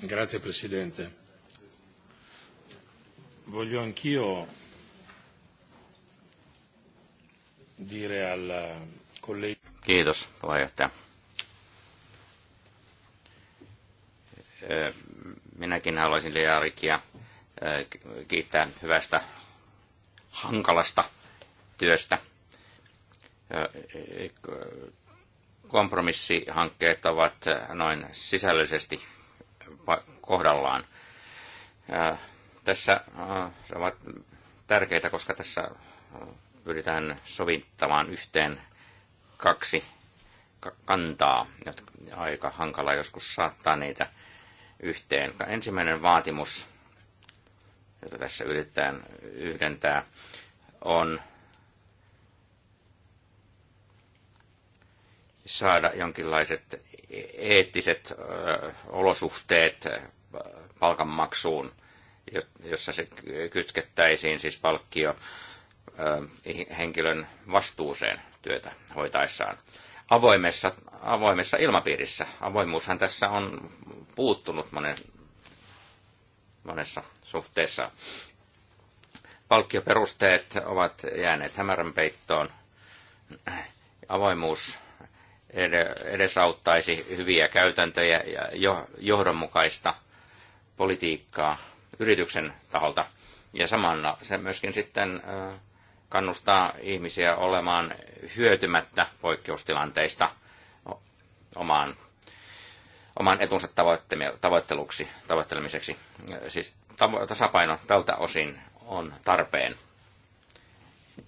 Grazie Presidente. Voglio anch'io dire al collega... Kiitos puheenjohtaja. Minäkin haluaisin Learikia kiittää hyvästä hankalasta työstä kompromissihankkeet ovat noin sisällöllisesti kohdallaan. Tässä ovat tärkeitä, koska tässä pyritään sovittamaan yhteen kaksi kantaa, jotka aika hankala joskus saattaa niitä yhteen. Ensimmäinen vaatimus, jota tässä yritetään yhdentää, on saada jonkinlaiset eettiset olosuhteet palkanmaksuun, jossa se kytkettäisiin siis palkkio henkilön vastuuseen työtä hoitaessaan. Avoimessa, avoimessa ilmapiirissä. Avoimuushan tässä on puuttunut monen, monessa suhteessa. Palkkioperusteet ovat jääneet hämärän peittoon. Avoimuus edesauttaisi hyviä käytäntöjä ja johdonmukaista politiikkaa yrityksen taholta. Ja samalla se myöskin sitten kannustaa ihmisiä olemaan hyötymättä poikkeustilanteista omaan, oman etunsa tavoitteluksi, tavoittelemiseksi. Siis tasapaino tältä osin on tarpeen.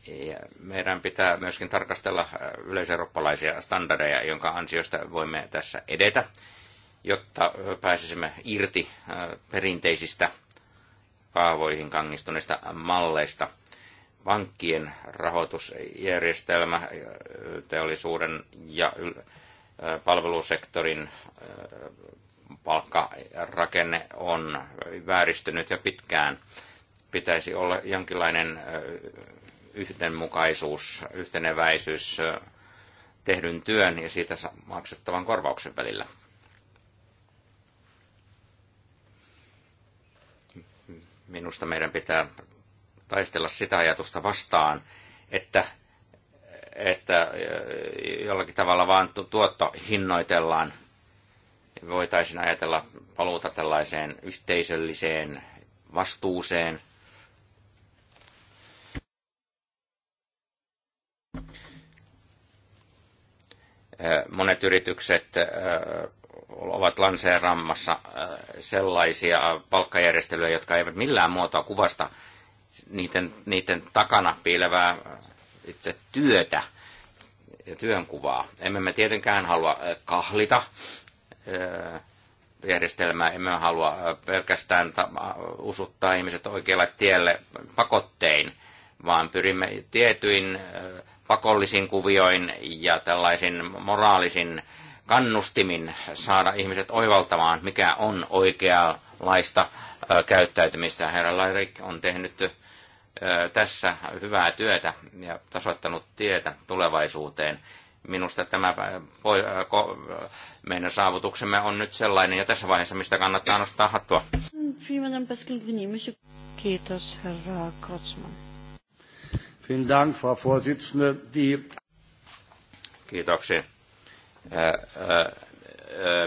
Ja meidän pitää myöskin tarkastella äh, yleiseurooppalaisia standardeja, jonka ansiosta voimme tässä edetä, jotta äh, pääsisimme irti äh, perinteisistä kaavoihin kangistuneista malleista. Pankkien rahoitusjärjestelmä, teollisuuden ja palvelusektorin palkkarakenne on vääristynyt ja pitkään. Pitäisi olla jonkinlainen yhdenmukaisuus, yhteneväisyys tehdyn työn ja siitä maksettavan korvauksen välillä. Minusta meidän pitää taistella sitä ajatusta vastaan, että, että jollakin tavalla vaan tuotto hinnoitellaan. Voitaisiin ajatella paluuta tällaiseen yhteisölliseen vastuuseen – Eh, monet yritykset eh, ovat lanseeraamassa eh, sellaisia palkkajärjestelyjä, jotka eivät millään muotoa kuvasta niiden, niiden takana piilevää itse työtä ja työnkuvaa. Emme me tietenkään halua kahlita järjestelmää, emme halua pelkästään usuttaa ihmiset oikealle tielle pakottein, vaan pyrimme tietyin pakollisin kuvioin ja tällaisin moraalisin kannustimin saada ihmiset oivaltamaan, mikä on oikeanlaista käyttäytymistä. Herra Lairik on tehnyt tässä hyvää työtä ja tasoittanut tietä tulevaisuuteen. Minusta tämä meidän saavutuksemme on nyt sellainen ja tässä vaiheessa, mistä kannattaa nostaa hattua. Kiitos, herra Kotsman. Vielen Dank, Frau Vorsitzende. Die Kiitoksia.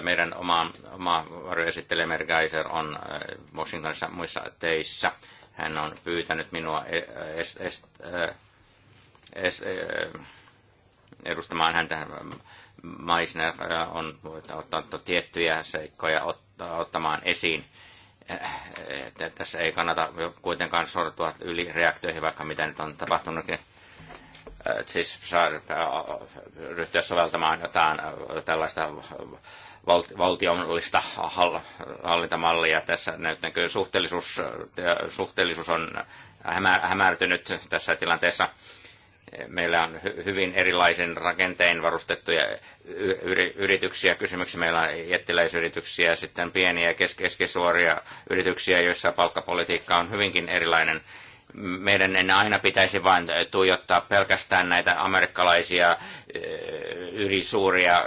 Meidän oma, oma varjoesittelemme Geiser on Washingtonissa muissa teissä. Hän on pyytänyt minua e, es, es, es, edustamaan häntä. Maisner on voittaa ottaa tiettyjä seikkoja ottamaan esiin tässä ei kannata kuitenkaan sortua yli reaktioihin, vaikka mitä nyt on tapahtunutkin. Siis saa ryhtyä soveltamaan jotain äh, tällaista valtiollista hallintamallia. Tässä näkyy suhteellisuus, äh, suhteellisuus on hämärtynyt tässä tilanteessa meillä on hyvin erilaisen rakenteen varustettuja yrityksiä. Kysymyksiä meillä on jättiläisyrityksiä, sitten pieniä ja keskisuoria yrityksiä, joissa palkkapolitiikka on hyvinkin erilainen. Meidän ei aina pitäisi vain tuijottaa pelkästään näitä amerikkalaisia e, ylisuuria e,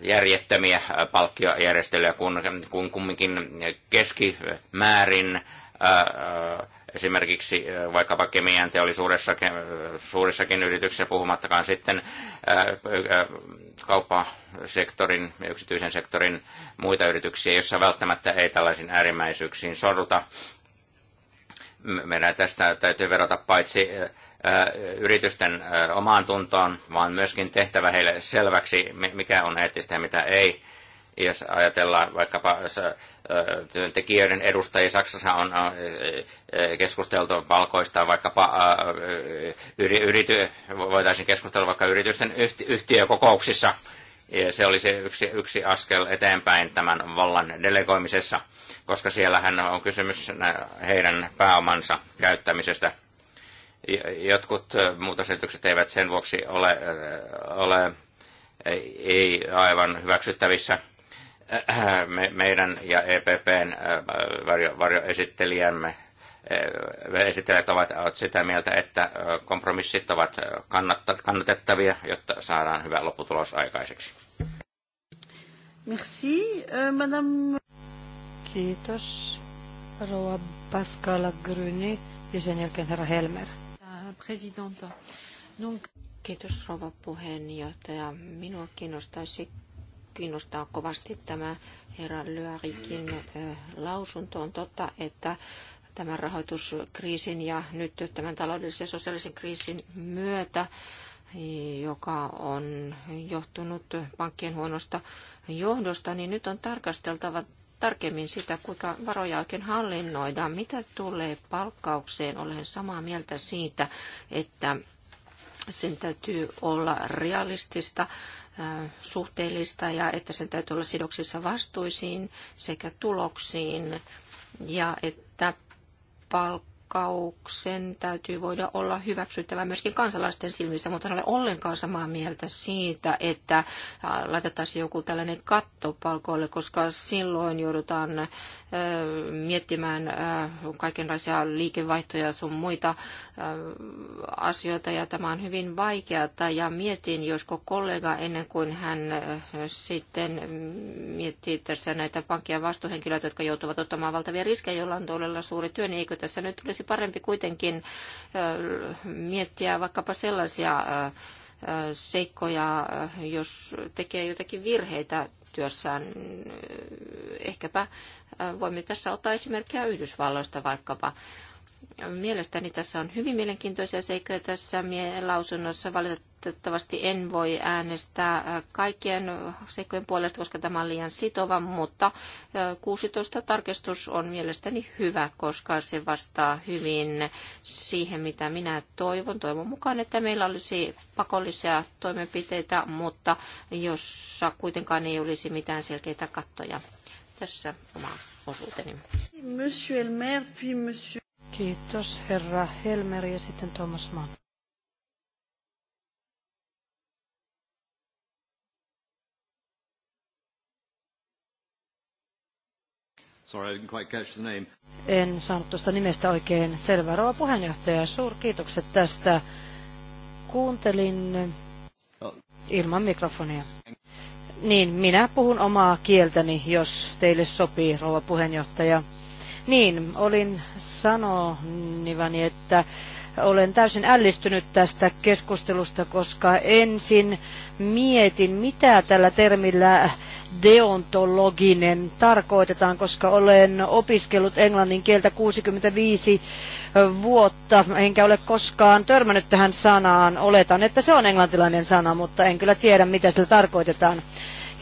järjettömiä palkkiojärjestelyjä, kun, kun kumminkin keskimäärin ää, esimerkiksi eh, vaikkapa kemian teollisuudessa, eh, suurissakin yrityksissä, puhumattakaan sitten eh, kauppasektorin, yksityisen sektorin muita yrityksiä, joissa välttämättä ei tällaisiin äärimmäisyyksiin sorruta. Meidän tästä täytyy verrata paitsi yritysten omaan tuntoon, vaan myöskin tehtävä heille selväksi, mikä on eettistä ja mitä ei. Jos ajatellaan vaikkapa työntekijöiden edustajia. Saksassa on äh, äh, keskusteltu palkoista vaikkapa äh, yrity, voitaisiin keskustella vaikka yritysten yhtiökokouksissa. Ja se olisi yksi, yksi askel eteenpäin tämän vallan delegoimisessa, koska siellähän on kysymys heidän pääomansa käyttämisestä. Jotkut muutosesitykset eivät sen vuoksi ole, ole ei aivan hyväksyttävissä – me, meidän ja EPPn varjo, varjoesittelijämme esittelijät ovat sitä mieltä, että kompromissit ovat kannatettavia, jotta saadaan hyvä lopputulos aikaiseksi. Merci, madame. Kiitos, rouva Pascal Gruny ja sen jälkeen herra Helmer. Presidenta. Kiitos rouva puheenjohtaja. Minua kiinnostaisi kiinnostaa kovasti tämä herra Lyörikin lausunto. On totta, että tämän rahoituskriisin ja nyt tämän taloudellisen ja sosiaalisen kriisin myötä, joka on johtunut pankkien huonosta johdosta, niin nyt on tarkasteltava tarkemmin sitä, kuinka varoja oikein hallinnoidaan. Mitä tulee palkkaukseen, olen samaa mieltä siitä, että sen täytyy olla realistista suhteellista ja että sen täytyy olla sidoksissa vastuisiin sekä tuloksiin ja että palkkauksen täytyy voida olla hyväksyttävä myöskin kansalaisten silmissä, mutta en ole ollenkaan samaa mieltä siitä, että laitettaisiin joku tällainen katto palkoille, koska silloin joudutaan miettimään kaikenlaisia liikevaihtoja sun muita asioita ja tämä on hyvin vaikeaa. ja mietin, josko kollega ennen kuin hän sitten miettii tässä näitä pankkia vastuuhenkilöitä, jotka joutuvat ottamaan valtavia riskejä, joilla on todella suuri työ, niin eikö tässä nyt olisi parempi kuitenkin miettiä vaikkapa sellaisia seikkoja, jos tekee jotakin virheitä työssään, ehkäpä Voimme tässä ottaa esimerkkiä Yhdysvalloista vaikkapa. Mielestäni tässä on hyvin mielenkiintoisia seikkoja tässä lausunnossa. Valitettavasti en voi äänestää kaikkien seikkojen puolesta, koska tämä on liian sitova, mutta 16 tarkistus on mielestäni hyvä, koska se vastaa hyvin siihen, mitä minä toivon. Toivon mukaan, että meillä olisi pakollisia toimenpiteitä, mutta jossa kuitenkaan ei olisi mitään selkeitä kattoja tässä oma osuuteni. Monsieur Elmer, puis monsieur... Kiitos herra Helmer ja sitten Thomas Mann. Sorry, I didn't quite catch the name. En saanut tuosta nimestä oikein selvää. Rouva puheenjohtaja, suurkiitokset tästä. Kuuntelin oh. ilman mikrofonia. Niin, minä puhun omaa kieltäni, jos teille sopii, rouva puheenjohtaja. Niin, olin sanonivani, että olen täysin ällistynyt tästä keskustelusta, koska ensin mietin, mitä tällä termillä deontologinen tarkoitetaan, koska olen opiskellut englannin kieltä 65 vuotta, enkä ole koskaan törmännyt tähän sanaan. Oletan, että se on englantilainen sana, mutta en kyllä tiedä, mitä sillä tarkoitetaan.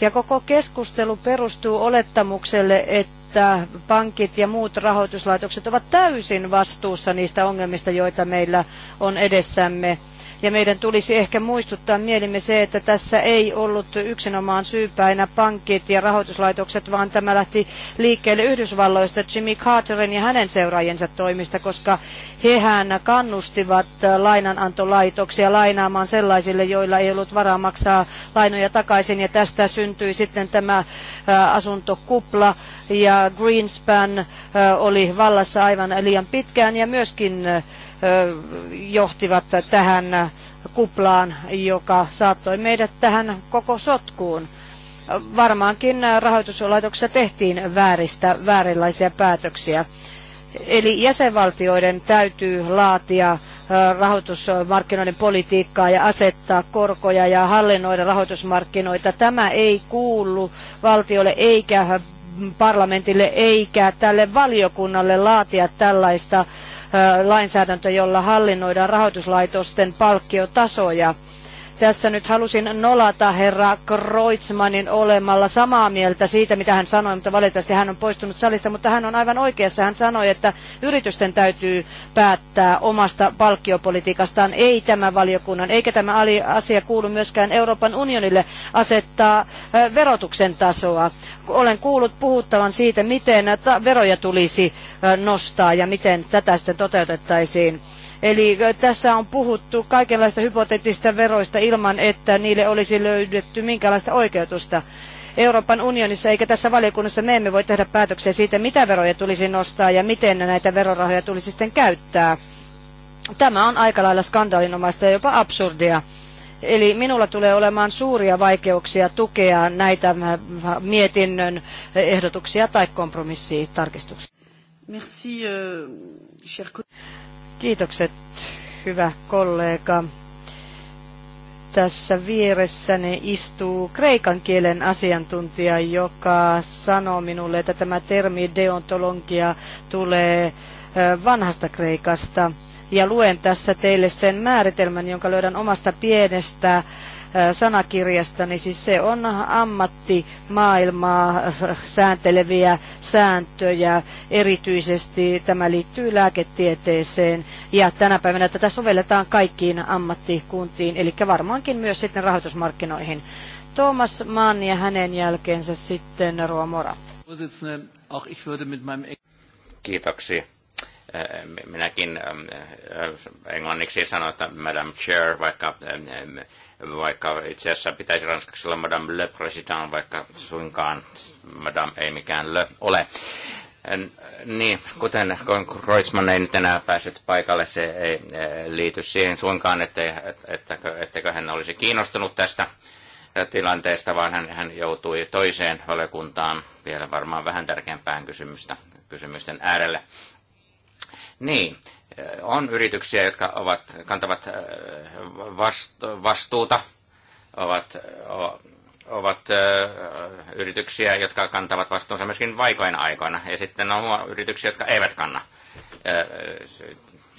Ja koko keskustelu perustuu olettamukselle, että pankit ja muut rahoituslaitokset ovat täysin vastuussa niistä ongelmista, joita meillä on edessämme ja meidän tulisi ehkä muistuttaa mielimme se, että tässä ei ollut yksinomaan syypäinä pankit ja rahoituslaitokset, vaan tämä lähti liikkeelle Yhdysvalloista Jimmy Carterin ja hänen seuraajiensa toimista, koska hehän kannustivat lainanantolaitoksia lainaamaan sellaisille, joilla ei ollut varaa maksaa lainoja takaisin. Ja tästä syntyi sitten tämä asuntokupla ja Greenspan oli vallassa aivan liian pitkään ja myöskin johtivat tähän kuplaan, joka saattoi meidät tähän koko sotkuun. Varmaankin rahoituslaitoksessa tehtiin vääristä, väärinlaisia päätöksiä. Eli jäsenvaltioiden täytyy laatia rahoitusmarkkinoiden politiikkaa ja asettaa korkoja ja hallinnoida rahoitusmarkkinoita. Tämä ei kuulu valtiolle eikä parlamentille eikä tälle valiokunnalle laatia tällaista lainsäädäntö, jolla hallinnoidaan rahoituslaitosten palkkiotasoja. Tässä nyt halusin nolata herra Kreutzmannin olemalla samaa mieltä siitä, mitä hän sanoi, mutta valitettavasti hän on poistunut salista, mutta hän on aivan oikeassa. Hän sanoi, että yritysten täytyy päättää omasta palkkiopolitiikastaan, ei tämä valiokunnan, eikä tämä asia kuulu myöskään Euroopan unionille asettaa verotuksen tasoa. Olen kuullut puhuttavan siitä, miten veroja tulisi nostaa ja miten tätä sitten toteutettaisiin. Eli tässä on puhuttu kaikenlaista hypoteettista veroista ilman, että niille olisi löydetty minkäänlaista oikeutusta. Euroopan unionissa eikä tässä valiokunnassa me emme voi tehdä päätöksiä siitä, mitä veroja tulisi nostaa ja miten näitä verorahoja tulisi sitten käyttää. Tämä on aika lailla skandaalinomaista ja jopa absurdia. Eli minulla tulee olemaan suuria vaikeuksia tukea näitä äh, mietinnön ehdotuksia tai kompromissitarkistuksia. Merci, euh, Kiitokset, hyvä kollega. Tässä vieressäni istuu kreikan kielen asiantuntija, joka sanoo minulle, että tämä termi deontologia tulee vanhasta kreikasta. Ja luen tässä teille sen määritelmän, jonka löydän omasta pienestä sanakirjasta, niin siis se on ammattimaailmaa säänteleviä sääntöjä, erityisesti tämä liittyy lääketieteeseen ja tänä päivänä tätä sovelletaan kaikkiin ammattikuntiin, eli varmaankin myös sitten rahoitusmarkkinoihin. Thomas Mann ja hänen jälkeensä sitten Roa Mora. Kiitoksia. Minäkin englanniksi sanoin, että Madam Chair, vaikka vaikka itse asiassa pitäisi ranskaksi olla Madame Le Président, vaikka suinkaan Madame ei mikään Le ole. Niin, kuten Kreuzmann ei nyt enää päässyt paikalle, se ei eh, liity siihen suinkaan, että, että, että, hän olisi kiinnostunut tästä tilanteesta, vaan hän, hän joutui toiseen valiokuntaan vielä varmaan vähän tärkeämpään kysymystä, kysymysten äärelle. Niin, on yrityksiä, jotka ovat, kantavat äh, vastuuta, ovat, ovat äh, yrityksiä, jotka kantavat vastuunsa myöskin vaikoina aikoina, ja sitten on yrityksiä, jotka eivät kanna. Äh,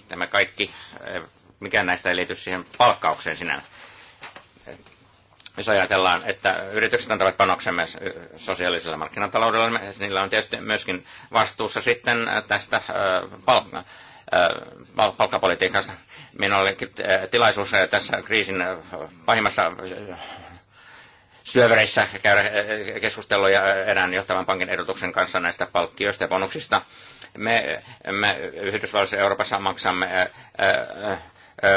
tämä kaikki, mikään näistä ei liity siihen palkkaukseen sinänsä. Jos ajatellaan, että yritykset antavat panoksen myös sosiaalisella markkinataloudella, niillä on tietysti myöskin vastuussa sitten tästä palkkaa Palkkapolitiikassa Minulla oli tilaisuus tässä kriisin pahimmassa syövereissä käydä keskusteluja erään johtavan pankin edutuksen kanssa näistä palkkioista ja bonuksista. Me, me Yhdysvalloissa ja Euroopassa maksamme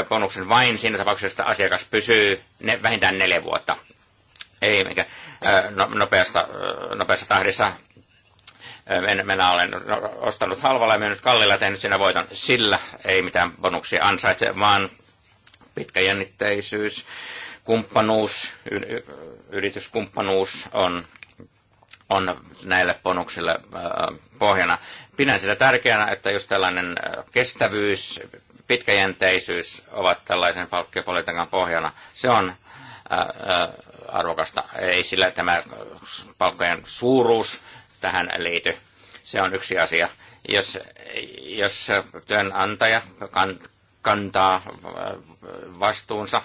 bonuksen vain siinä tapauksessa, että asiakas pysyy ne, vähintään neljä vuotta. Ei mikä, no, nopeasta nopeasta, nopeassa tahdissa minä olen no, ostanut halvalla ja mennyt kallilla, tehnyt sinä voiton. Sillä ei mitään bonuksia ansaitse, vaan pitkäjännitteisyys, kumppanuus, yrityskumppanuus on, on näille bonuksille pohjana. Pidän sitä tärkeänä, että just tällainen kestävyys, pitkäjänteisyys ovat tällaisen palkkiopolitiikan pohjana. Se on arvokasta. Ei sillä tämä palkkojen suuruus tähän liity. Se on yksi asia. Jos, jos työnantaja kan, kantaa äh, vastuunsa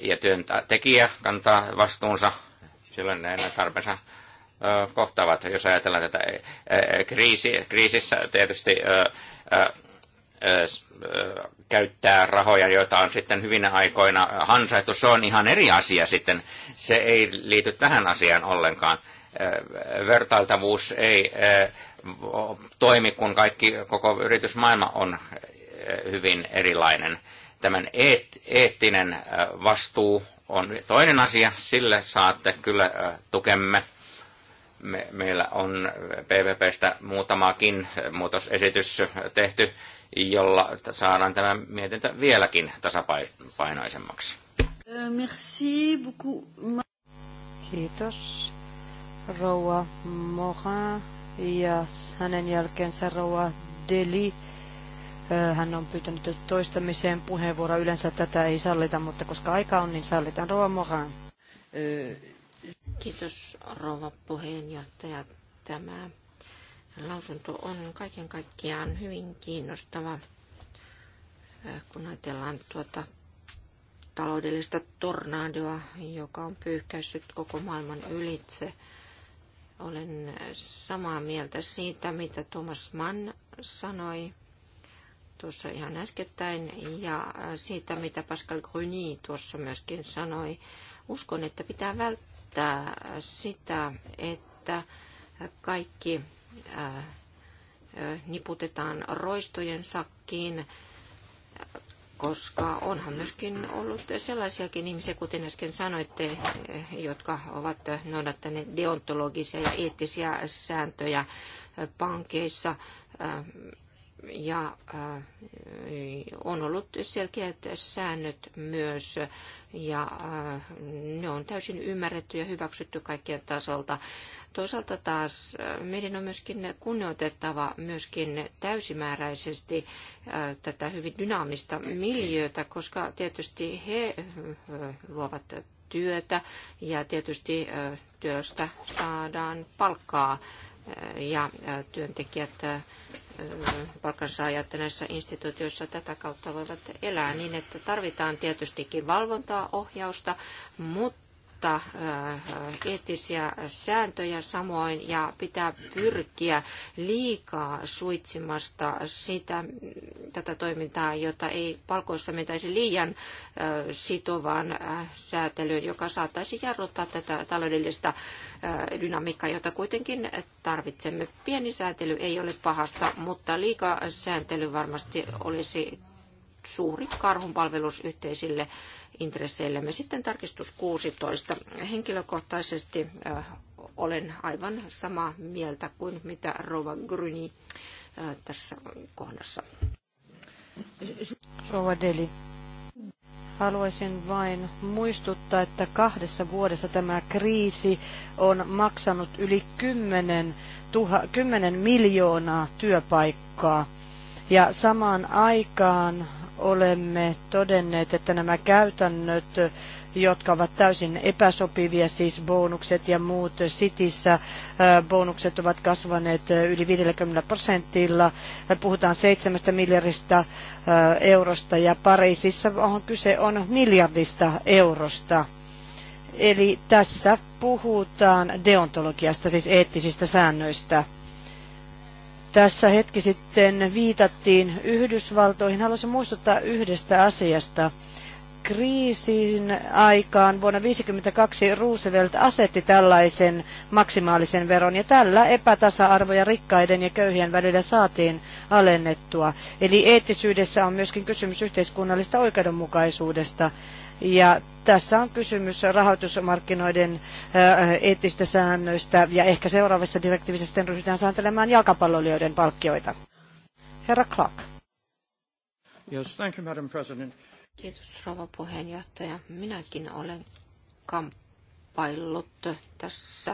ja työntekijä kantaa vastuunsa, silloin ne tarpeensa äh, kohtaavat. Jos ajatellaan tätä äh, kriisi, kriisissä tietysti käyttää rahoja, joita on sitten hyvinä aikoina hansaittu, se on ihan eri asia sitten. Se ei liity tähän asiaan ollenkaan vertailtavuus ei toimi, kun kaikki, koko yritysmaailma on hyvin erilainen. Tämän eet, eettinen vastuu on toinen asia, sille saatte kyllä tukemme. Me, meillä on PVPstä muutamaakin muutosesitys tehty, jolla saadaan tämä mietintö vieläkin tasapainoisemmaksi. Merci beaucoup. Kiitos rouva Moha ja hänen jälkeensä rouva Deli. Äh, hän on pyytänyt toistamiseen puheenvuoroa. Yleensä tätä ei sallita, mutta koska aika on, niin sallitaan rouva Mohan. Äh, kiitos rouva puheenjohtaja. Tämä lausunto on kaiken kaikkiaan hyvin kiinnostava, äh, kun ajatellaan tuota taloudellista tornadoa, joka on pyyhkäissyt koko maailman ylitse. Olen samaa mieltä siitä, mitä Thomas Mann sanoi tuossa ihan äskettäin ja siitä, mitä Pascal Gruny tuossa myöskin sanoi. Uskon, että pitää välttää sitä, että kaikki äh, niputetaan roistojen sakkiin koska onhan myöskin ollut sellaisiakin ihmisiä, kuten äsken sanoitte, jotka ovat noudattaneet deontologisia ja eettisiä sääntöjä pankeissa ja äh, on ollut selkeät säännöt myös ja äh, ne on täysin ymmärretty ja hyväksytty kaikkien tasolta. Toisaalta taas meidän on myöskin kunnioitettava myöskin täysimääräisesti tätä hyvin dynaamista miljöötä, koska tietysti he luovat työtä ja tietysti työstä saadaan palkkaa ja työntekijät, palkansaajat näissä instituutioissa tätä kautta voivat elää niin, että tarvitaan tietystikin valvontaa, ohjausta, mutta noudattaa eettisiä sääntöjä samoin ja pitää pyrkiä liikaa suitsimasta sitä, tätä toimintaa, jota ei palkoissa mentäisi liian sitovaan säätelyyn, joka saattaisi jarruttaa tätä taloudellista dynamiikkaa, jota kuitenkin tarvitsemme. Pieni säätely ei ole pahasta, mutta liika sääntely varmasti olisi suuri karhunpalvelus yhteisille intresseillemme. Sitten tarkistus 16. Henkilökohtaisesti äh, olen aivan samaa mieltä kuin mitä Rova Gruni äh, tässä kohdassa. Rova Deli. Haluaisin vain muistuttaa, että kahdessa vuodessa tämä kriisi on maksanut yli 10, tuha, 10 miljoonaa työpaikkaa. Ja samaan aikaan olemme todenneet, että nämä käytännöt, jotka ovat täysin epäsopivia, siis bonukset ja muut sitissä. Bonukset ovat kasvaneet yli 50 prosentilla. Puhutaan seitsemästä miljardista eurosta ja Pariisissa on kyse on miljardista eurosta. Eli tässä puhutaan deontologiasta, siis eettisistä säännöistä tässä hetki sitten viitattiin Yhdysvaltoihin. Haluaisin muistuttaa yhdestä asiasta. Kriisin aikaan vuonna 1952 Roosevelt asetti tällaisen maksimaalisen veron ja tällä epätasa-arvoja rikkaiden ja köyhien välillä saatiin alennettua. Eli eettisyydessä on myöskin kysymys yhteiskunnallista oikeudenmukaisuudesta. Ja tässä on kysymys rahoitusmarkkinoiden äh, eettistä säännöistä ja ehkä seuraavassa direktiivissä sitten ryhdytään sääntelemään jalkapalloilijoiden palkkioita. Herra Clark. Yes, thank you, Madam President. Kiitos rouva puheenjohtaja. Minäkin olen kamppaillut tässä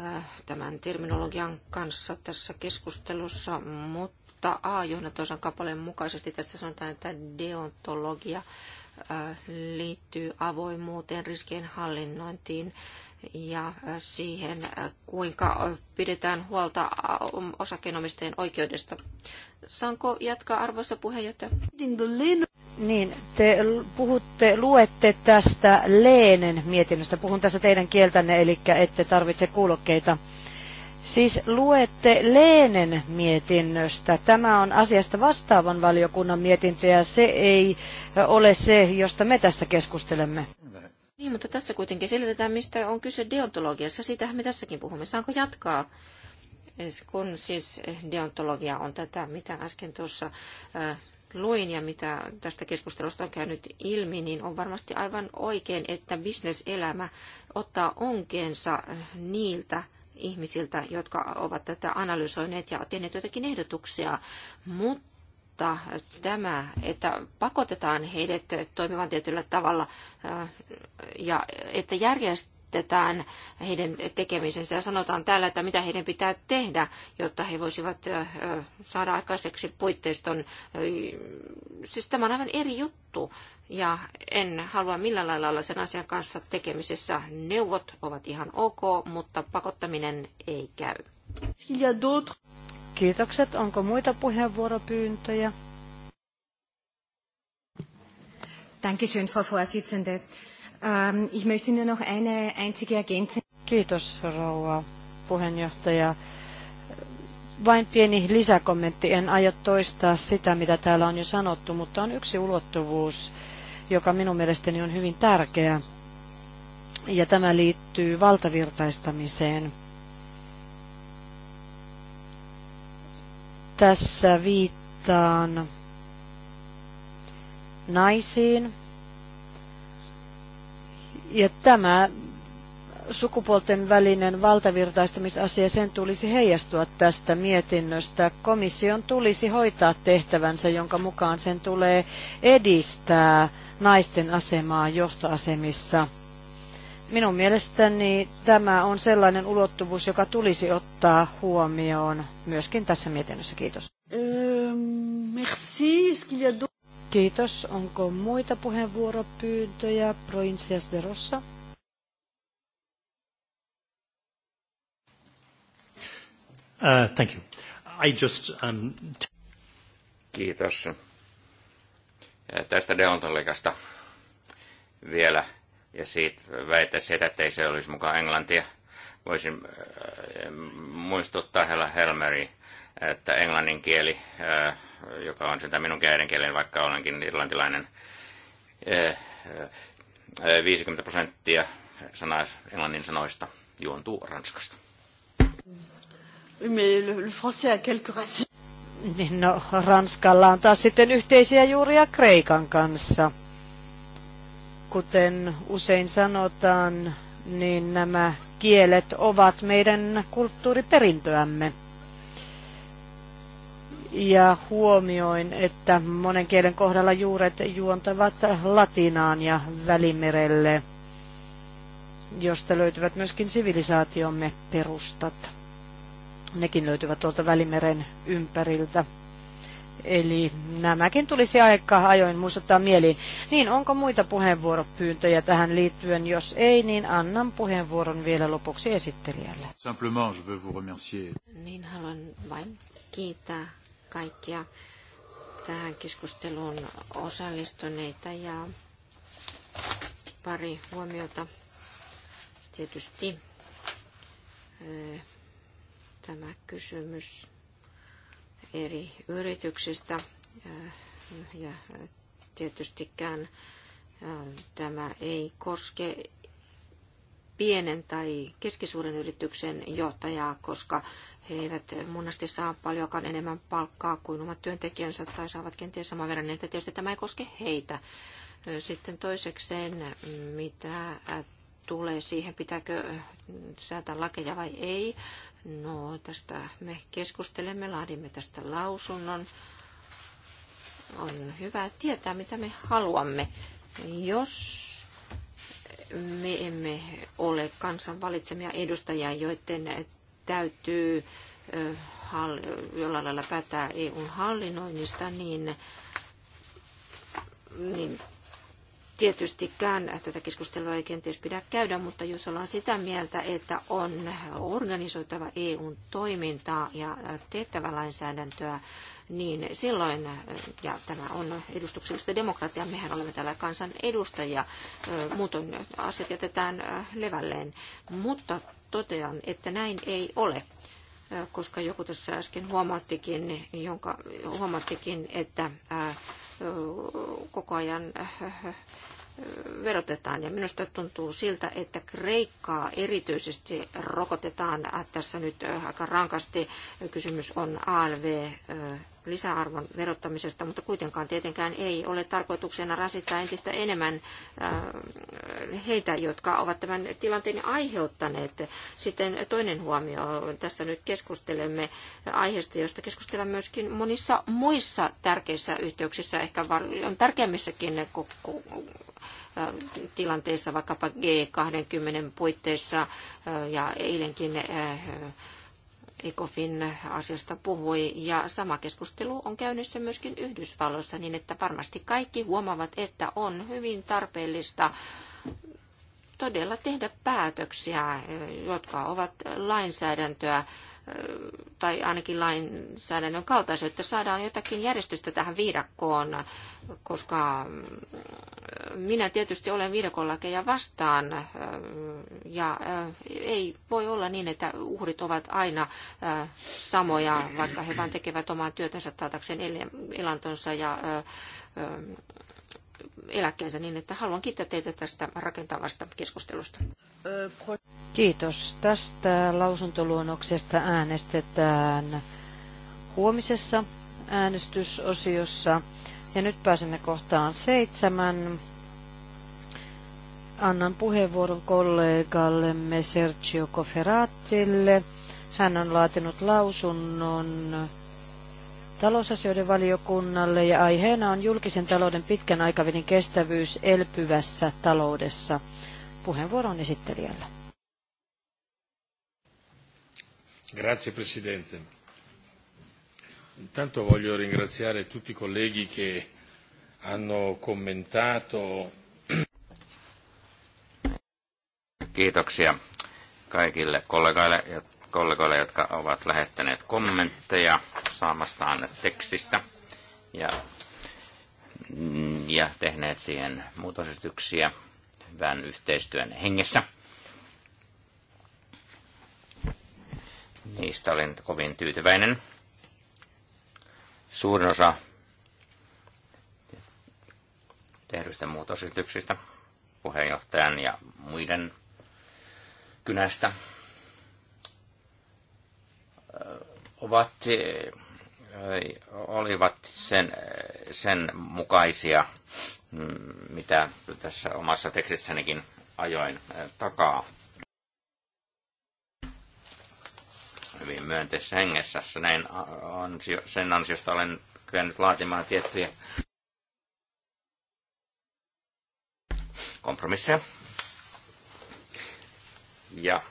äh, tämän terminologian kanssa tässä keskustelussa, mutta A-johdantosan kappaleen mukaisesti tässä sanotaan, että deontologia Äh, liittyy avoimuuteen, riskien hallinnointiin ja äh, siihen, äh, kuinka pidetään huolta osakkeenomistajien oikeudesta. Saanko jatkaa, arvoisa puheenjohtaja? Niin, te puhutte, luette tästä Leenen mietinnöstä. Puhun tässä teidän kieltänne, eli ette tarvitse kuulokkeita. Siis luette Leenen mietinnöstä. Tämä on asiasta vastaavan valiokunnan mietintö ja se ei ole se, josta me tässä keskustelemme. Niin, mutta tässä kuitenkin selitetään, mistä on kyse deontologiassa. Siitähän me tässäkin puhumme. Saanko jatkaa? Kun siis deontologia on tätä, mitä äsken tuossa luin ja mitä tästä keskustelusta on käynyt ilmi, niin on varmasti aivan oikein, että bisneselämä ottaa onkeensa niiltä, ihmisiltä, jotka ovat tätä analysoineet ja tehneet jotakin ehdotuksia, mutta tämä, että pakotetaan heidät toimivan tietyllä tavalla äh, ja että järjestetään heidän tekemisensä ja sanotaan täällä, että mitä heidän pitää tehdä, jotta he voisivat äh, saada aikaiseksi puitteiston. Äh, siis tämä on aivan eri juttu ja en halua millään lailla olla sen asian kanssa tekemisessä. Neuvot ovat ihan ok, mutta pakottaminen ei käy. Kiitokset. Onko muita puheenvuoropyyntöjä? Dankeschön, Frau Vorsitzende. Ähm, ich möchte nur noch eine einzige Ergänzung. Kiitos, rouva puheenjohtaja. Vain pieni lisäkommentti. En aio toistaa sitä, mitä täällä on jo sanottu, mutta on yksi ulottuvuus, joka minun mielestäni on hyvin tärkeä. Ja tämä liittyy valtavirtaistamiseen. Tässä viittaan naisiin. Ja tämä sukupuolten välinen valtavirtaistamisasia, sen tulisi heijastua tästä mietinnöstä. Komission tulisi hoitaa tehtävänsä, jonka mukaan sen tulee edistää naisten asemaa johtoasemissa. Minun mielestäni tämä on sellainen ulottuvuus, joka tulisi ottaa huomioon myöskin tässä mietinnössä. Kiitos. Euh, Kiitos. Onko muita puheenvuoropyyntöjä? Provincias de Rossa. Uh, thank you. I just, um... Kiitos. Äh, tästä deontologasta vielä ja siitä väitä sitä, että ei se olisi mukaan englantia. Voisin äh, muistuttaa Hella Helmeri, että englannin kieli, äh, joka on sitä minun äidinkieleni, vaikka olenkin irlantilainen, 50 prosenttia sanais, englannin sanoista juontuu ranskasta. Mais le, le français a quelques racines niin no, Ranskalla on taas sitten yhteisiä juuria Kreikan kanssa. Kuten usein sanotaan, niin nämä kielet ovat meidän kulttuuriperintöämme. Ja huomioin, että monen kielen kohdalla juuret juontavat latinaan ja välimerelle, josta löytyvät myöskin sivilisaatiomme perustat. Nekin löytyvät tuolta Välimeren ympäriltä. Eli nämäkin tulisi aika ajoin muistuttaa mieliin. Niin, onko muita puheenvuoropyyntöjä tähän liittyen? Jos ei, niin annan puheenvuoron vielä lopuksi esittelijälle. Simplement, je veux vous remercier. Niin, haluan vain kiittää kaikkia tähän keskusteluun osallistuneita ja pari huomiota tietysti tämä kysymys eri yrityksistä ja tietystikään tämä ei koske pienen tai keskisuuren yrityksen johtajaa, koska he eivät monesti saa paljonkaan enemmän palkkaa kuin omat työntekijänsä tai saavat kenties saman verran, niin että tietysti tämä ei koske heitä. Sitten toisekseen, mitä tulee siihen, pitääkö säätää lakeja vai ei. No, tästä me keskustelemme, laadimme tästä lausunnon. On hyvä tietää, mitä me haluamme. Jos me emme ole kansan valitsemia edustajia, joiden täytyy jollain lailla päättää EUn hallinnoinnista, niin, niin Tietystikään tätä keskustelua ei kenties pidä käydä, mutta jos ollaan sitä mieltä, että on organisoitava EUn toimintaa ja tehtävä lainsäädäntöä, niin silloin, ja tämä on edustuksellista demokratiaa, mehän olemme täällä kansan edustajia, muutoin asiat jätetään levälleen, mutta totean, että näin ei ole koska joku tässä äsken huomaattikin, jonka, että koko ajan verotetaan. Ja minusta tuntuu siltä, että Kreikkaa erityisesti rokotetaan ah, tässä nyt aika rankasti. Kysymys on ALV lisäarvon verottamisesta, mutta kuitenkaan tietenkään ei ole tarkoituksena rasittaa entistä enemmän heitä, jotka ovat tämän tilanteen aiheuttaneet. Sitten toinen huomio, tässä nyt keskustelemme aiheesta, josta keskustellaan myöskin monissa muissa tärkeissä yhteyksissä, ehkä on tärkeimmissäkin tilanteessa vaikkapa G20 puitteissa ja eilenkin ECOFIN asiasta puhui. Ja sama keskustelu on käynnissä myöskin Yhdysvalloissa niin, että varmasti kaikki huomaavat, että on hyvin tarpeellista todella tehdä päätöksiä, jotka ovat lainsäädäntöä tai ainakin lainsäädännön kaltaisia, että saadaan jotakin järjestystä tähän viidakkoon, koska mm, minä tietysti olen viidakollakeja vastaan mm, ja mm, ei voi olla niin, että uhrit ovat aina samoja, vaikka he vain tekevät omaa työtänsä taatakseen elantonsa ja eläkkeensä niin, että haluan kiittää teitä tästä rakentavasta keskustelusta. Kiitos. Tästä lausuntoluonnoksesta äänestetään huomisessa äänestysosiossa. Ja nyt pääsemme kohtaan seitsemän. Annan puheenvuoron kollegallemme Sergio Coferatille. Hän on laatinut lausunnon talousasioiden valiokunnalle ja aiheena on julkisen talouden pitkän aikavälin kestävyys elpyvässä taloudessa. Puheenvuoron esittelijällä. Grazie Presidente. Intanto voglio ringraziare tutti i colleghi che hanno commentato. Kiitoksia kaikille kollegaille, kollegoille, jotka ovat lähettäneet kommentteja saamastaan tekstistä ja, ja tehneet siihen muutosesityksiä hyvän yhteistyön hengessä. Niistä olin kovin tyytyväinen. Suurin osa tehdyistä muutosesityksistä puheenjohtajan ja muiden kynästä ovat, olivat sen, sen mukaisia, mm, mitä tässä omassa tekstissänikin ajoin takaa. Hyvin myönteisessä hengessä. Näin ansio, sen ansiosta olen kyennyt laatimaan tiettyjä kompromisseja ja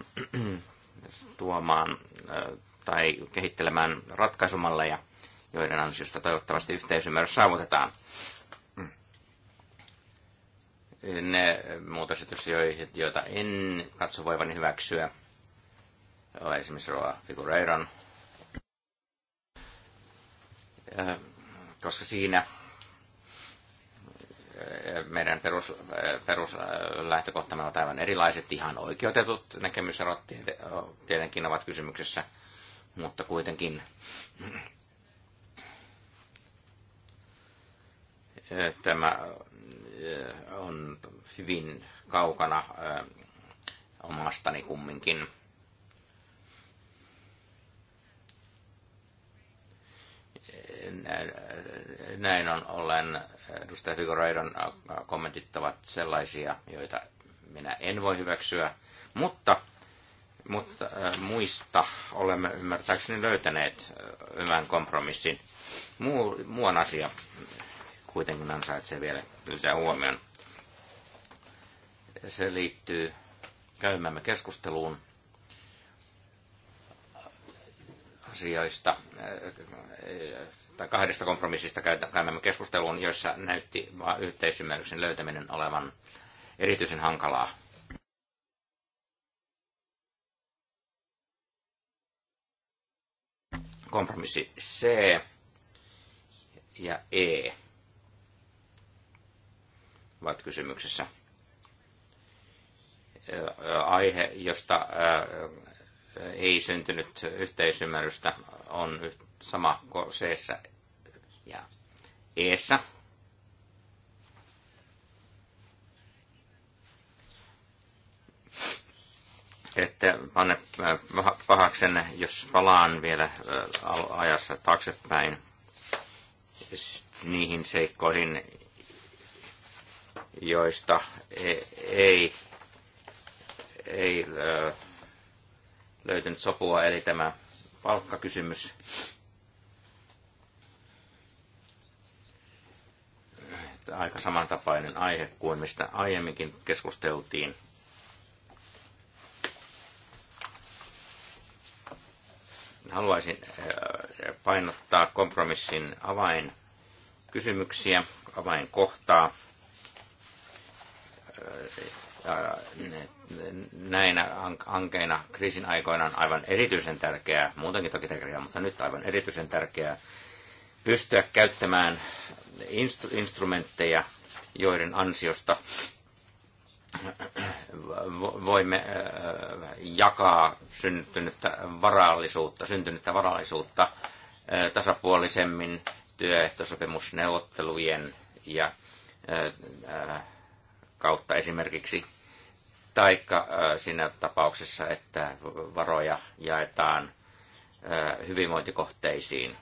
tuomaan tai kehittelemään ratkaisumalleja, joiden ansiosta toivottavasti yhteisymmärrys saavutetaan. Ne muutosesitykset, joita en katso voivani hyväksyä, esimerkiksi Roa Figureiron, äh, koska siinä äh, meidän perus, äh, peruslähtökohtamme ovat aivan erilaiset, ihan oikeutetut näkemyserot tietenkin ovat kysymyksessä – mutta kuitenkin eh, tämä eh, on hyvin kaukana eh, omastani kumminkin. Näin on ollen edustaja Figureidon kommentit ovat sellaisia, joita minä en voi hyväksyä, mutta mutta äh, muista olemme ymmärtääkseni löytäneet äh, hyvän kompromissin. Muu, muun asia kuitenkin ansaitsee vielä lisää huomioon. Se liittyy käymämme keskusteluun asioista äh, tai kahdesta kompromissista käymämme keskusteluun, joissa näytti yhteisymmärryksen löytäminen olevan erityisen hankalaa kompromissi C ja E ovat kysymyksessä. Aihe, josta ei syntynyt yhteisymmärrystä, on sama c ja e että pane pahaksenne, äh, jos palaan vielä äh, ajassa taaksepäin niihin seikkoihin, joista e-, ei, ei, ei äh, löytynyt sopua, eli tämä palkkakysymys. Aika samantapainen aihe kuin mistä aiemminkin keskusteltiin – haluaisin äh, painottaa kompromissin avainkysymyksiä, avainkohtaa. Äh, näinä ankeina kriisin aikoina on aivan erityisen tärkeää, muutenkin toki tärkeää, mutta nyt aivan erityisen tärkeää pystyä käyttämään instru- instrumentteja, joiden ansiosta voimme äh, jakaa syntynyttä varallisuutta, syntynyttä varallisuutta äh, tasapuolisemmin työehtosopimusneuvottelujen ja äh, kautta esimerkiksi, taikka siinä tapauksessa, että varoja jaetaan hyvinvointikohteisiin,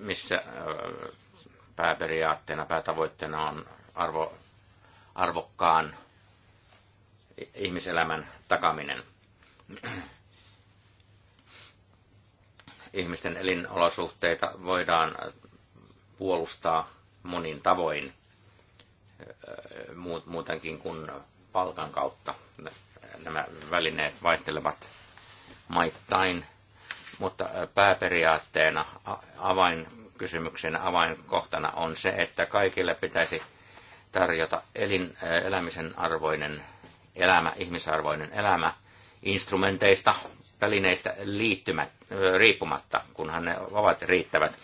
missä pääperiaatteena, päätavoitteena on arvo, arvokkaan ihmiselämän takaminen. Ihmisten elinolosuhteita voidaan puolustaa monin tavoin muutenkin kuin palkan kautta. Nämä välineet vaihtelevat maittain, mutta pääperiaatteena, avainkysymyksen avainkohtana on se, että kaikille pitäisi – tarjota elin, äh, elämisen arvoinen elämä, ihmisarvoinen elämä instrumenteista, välineistä liittymät, äh, riippumatta, kunhan ne ovat riittävät äh,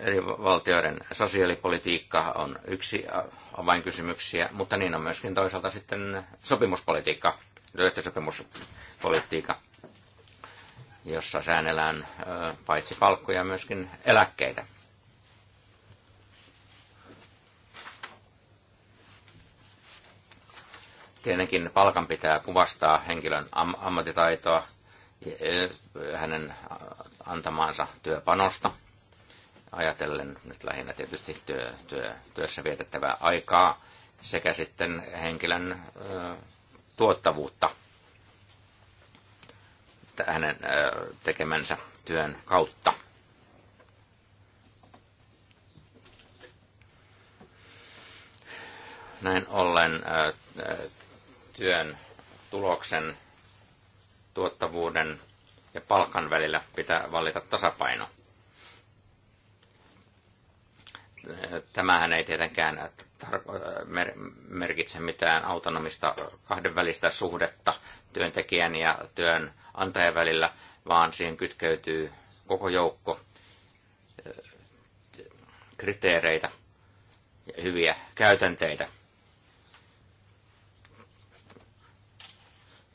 eri valtioiden sosiaalipolitiikka on yksi avainkysymyksiä, mutta niin on myöskin toisaalta sitten sopimuspolitiikka, työehtosopimuspolitiikka, jossa säännellään paitsi palkkoja myöskin eläkkeitä. Tietenkin palkan pitää kuvastaa henkilön am- ammattitaitoa, e, hänen antamaansa työpanosta, ajatellen nyt lähinnä tietysti työ, työ, työssä vietettävää aikaa sekä sitten henkilön ö, e, tuottavuutta hänen ö, e, tekemänsä työn kautta. Näin ollen työn tuloksen, tuottavuuden ja palkan välillä pitää valita tasapaino. Tämähän ei tietenkään merkitse mitään autonomista kahdenvälistä suhdetta työntekijän ja työnantajan välillä, vaan siihen kytkeytyy koko joukko eh, kriteereitä ja hyviä käytänteitä,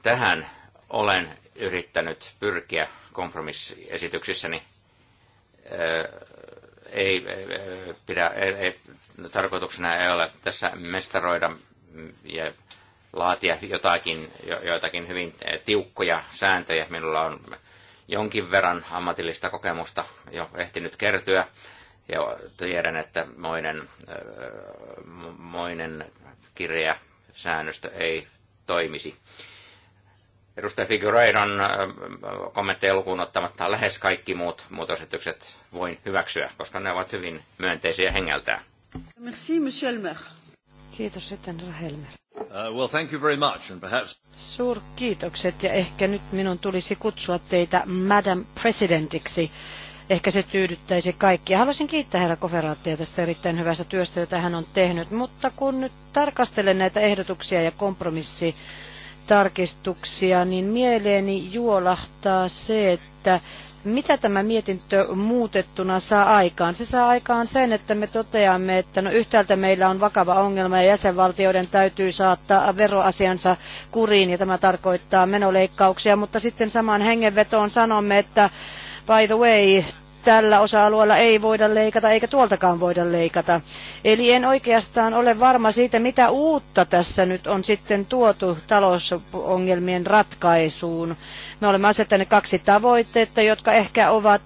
Tähän olen yrittänyt pyrkiä kompromissiesityksissäni. Ei, ei, pidä, ei, ei, tarkoituksena ei ole tässä mestaroida ja laatia jotakin, joitakin hyvin tiukkoja sääntöjä. Minulla on jonkin verran ammatillista kokemusta jo ehtinyt kertyä. Ja tiedän, että moinen, moinen kirja säännöstö ei toimisi Edustaja Figureiron äh, kommentteja lukuun ottamatta lähes kaikki muut muutosetykset voin hyväksyä, koska ne ovat hyvin myönteisiä hengeltään. Merci, Monsieur Elmer. Kiitos sitten, Uh, well, thank you very much, and perhaps... kiitokset ja ehkä nyt minun tulisi kutsua teitä Madam Presidentiksi. Ehkä se tyydyttäisi kaikkia. Haluaisin kiittää herra Koferaattia tästä erittäin hyvästä työstä, jota hän on tehnyt, mutta kun nyt tarkastelen näitä ehdotuksia ja kompromissi tarkistuksia, niin mieleeni juolahtaa se, että mitä tämä mietintö muutettuna saa aikaan? Se saa aikaan sen, että me toteamme, että no yhtäältä meillä on vakava ongelma ja jäsenvaltioiden täytyy saattaa veroasiansa kuriin ja tämä tarkoittaa menoleikkauksia, mutta sitten samaan hengenvetoon sanomme, että by the way, tällä osa-alueella ei voida leikata eikä tuoltakaan voida leikata. Eli en oikeastaan ole varma siitä, mitä uutta tässä nyt on sitten tuotu talousongelmien ratkaisuun. Me olemme asettaneet kaksi tavoitteita, jotka ehkä ovat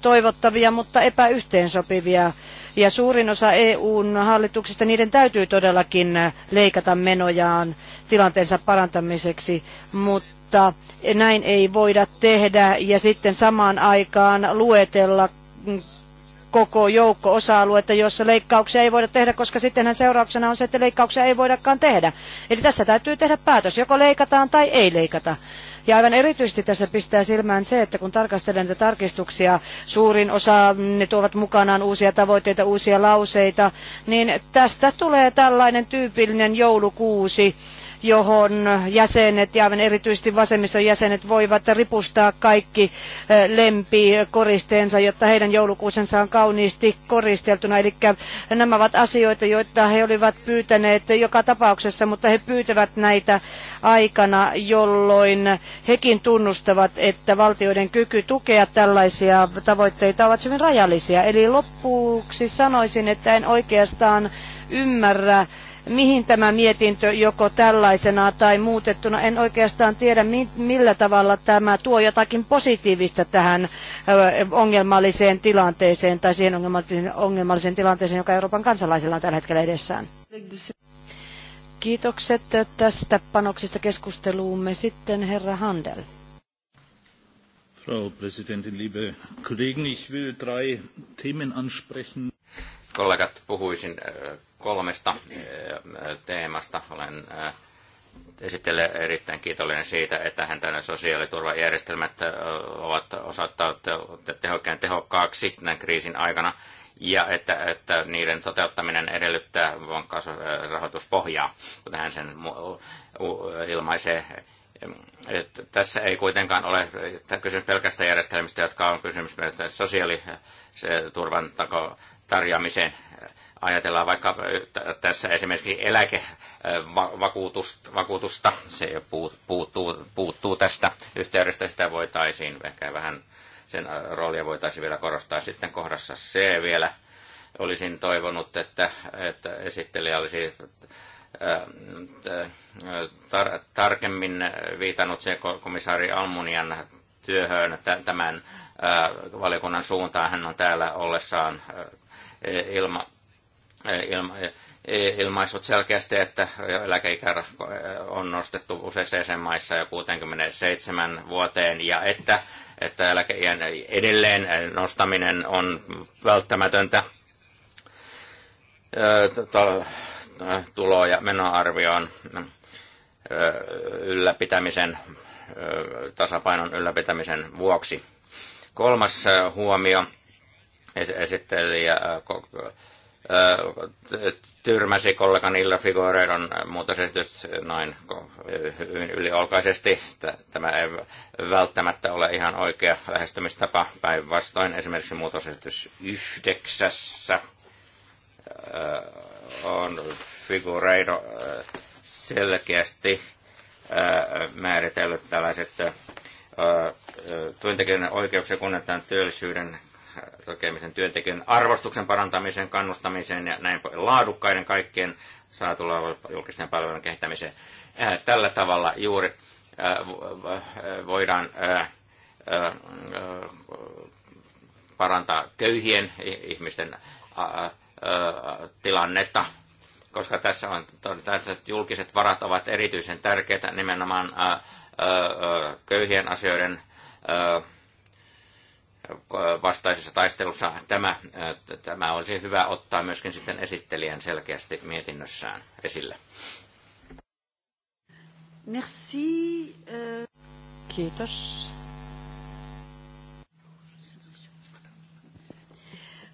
toivottavia, mutta epäyhteensopivia. Ja suurin osa EUn hallituksista, niiden täytyy todellakin leikata menojaan tilanteensa parantamiseksi, mutta näin ei voida tehdä ja sitten samaan aikaan luetella mm, koko joukko osa-aluetta, jossa leikkauksia ei voida tehdä, koska sittenhän seurauksena on se, että leikkauksia ei voidakaan tehdä. Eli tässä täytyy tehdä päätös, joko leikataan tai ei leikata. Ja aivan erityisesti tässä pistää silmään se, että kun tarkastelen näitä tarkistuksia, suurin osa mm, ne tuovat mukanaan uusia tavoitteita, uusia lauseita, niin tästä tulee tällainen tyypillinen joulukuusi, johon jäsenet ja aivan erityisesti vasemmiston jäsenet voivat ripustaa kaikki eh, lempikoristeensa, jotta heidän joulukuusensa on kauniisti koristeltuna. Eli nämä ovat asioita, joita he olivat pyytäneet joka tapauksessa, mutta he pyytävät näitä aikana, jolloin hekin tunnustavat, että valtioiden kyky tukea tällaisia tavoitteita ovat hyvin rajallisia. Eli loppuksi sanoisin, että en oikeastaan ymmärrä, mihin tämä mietintö joko tällaisena tai muutettuna. En oikeastaan tiedä, millä tavalla tämä tuo jotakin positiivista tähän ongelmalliseen tilanteeseen tai siihen ongelmalliseen, ongelmalliseen tilanteeseen, joka Euroopan kansalaisilla on tällä hetkellä edessään. Kiitokset tästä panoksesta keskusteluumme sitten herra Handel. Frau Präsidentin, liebe Kollegen, ich will drei Themen ansprechen. Kollegat, puhuisin kolmesta eh, teemasta. Olen eh, esittelee erittäin kiitollinen siitä, että hän tänne sosiaaliturvajärjestelmät eh, ovat osoittaneet tehokkaan tehokkaaksi tämän kriisin aikana ja että, että niiden toteuttaminen edellyttää vankkaa rahoituspohjaa, kun hän sen ilmaisee. Että tässä ei kuitenkaan ole kysymys pelkästään järjestelmistä, jotka on kysymys sosiaaliturvan tarjoamiseen Ajatellaan vaikka tässä esimerkiksi eläkevakuutusta, se puuttuu, puuttuu tästä yhteydestä, sitä voitaisiin ehkä vähän, sen roolia voitaisiin vielä korostaa sitten kohdassa C vielä. Olisin toivonut, että, että esittelijä olisi tar- tarkemmin viitannut se komissaari Almunian työhön tämän valiokunnan suuntaan. Hän on täällä ollessaan ilma, ilma, e-, ilmaissut selkeästi, että eläkeikä e-, on nostettu useissa jäsenmaissa jo 67 vuoteen ja että, että eläkeiän edelleen nostaminen on välttämätöntä e-, tulo- ja menoarvioon ylläpitämisen, tasapainon ylläpitämisen vuoksi. Kolmas huomio esitteli tyrmäsi kollegan Illa Figoreidon muutosesitys noin hyvin yliolkaisesti. Tämä ei välttämättä ole ihan oikea lähestymistapa. Päinvastoin esimerkiksi muutosesitys yhdeksässä on Figureido selkeästi määritellyt tällaiset työntekijän oikeuksia kunnioittain työllisyyden tekemisen, työntekijän arvostuksen parantamiseen, kannustamiseen ja näin laadukkaiden kaikkien saatulla julkisten palvelujen kehittämiseen. Äh, tällä tavalla juuri äh, äh, voidaan parantaa köyhien ihmisten tilannetta, koska tässä on että julkiset varat ovat erityisen tärkeitä nimenomaan köyhien asioiden vastaisessa taistelussa. Tämä, äh, tämä olisi hyvä ottaa myöskin sitten esittelijän selkeästi mietinnössään esille. Merci. Äh. Kiitos.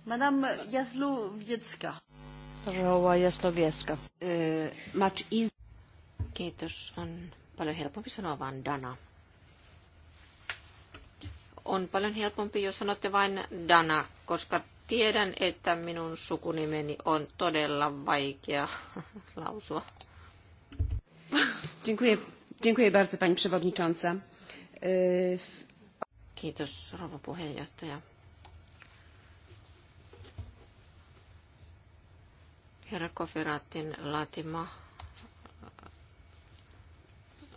Madame Jaslowiecka. Rouva Jaslowiecka. Much is... Kiitos. On paljon helpompi sanoa vain Dana on paljon helpompi, jos sanotte vain Dana, koska tiedän, että minun sukunimeni on todella vaikea lausua. Dziękuję, dziękuję bardzo Pani Przewodnicząca. E, Kiitos, rouva puheenjohtaja. Herra Koferaatin laatima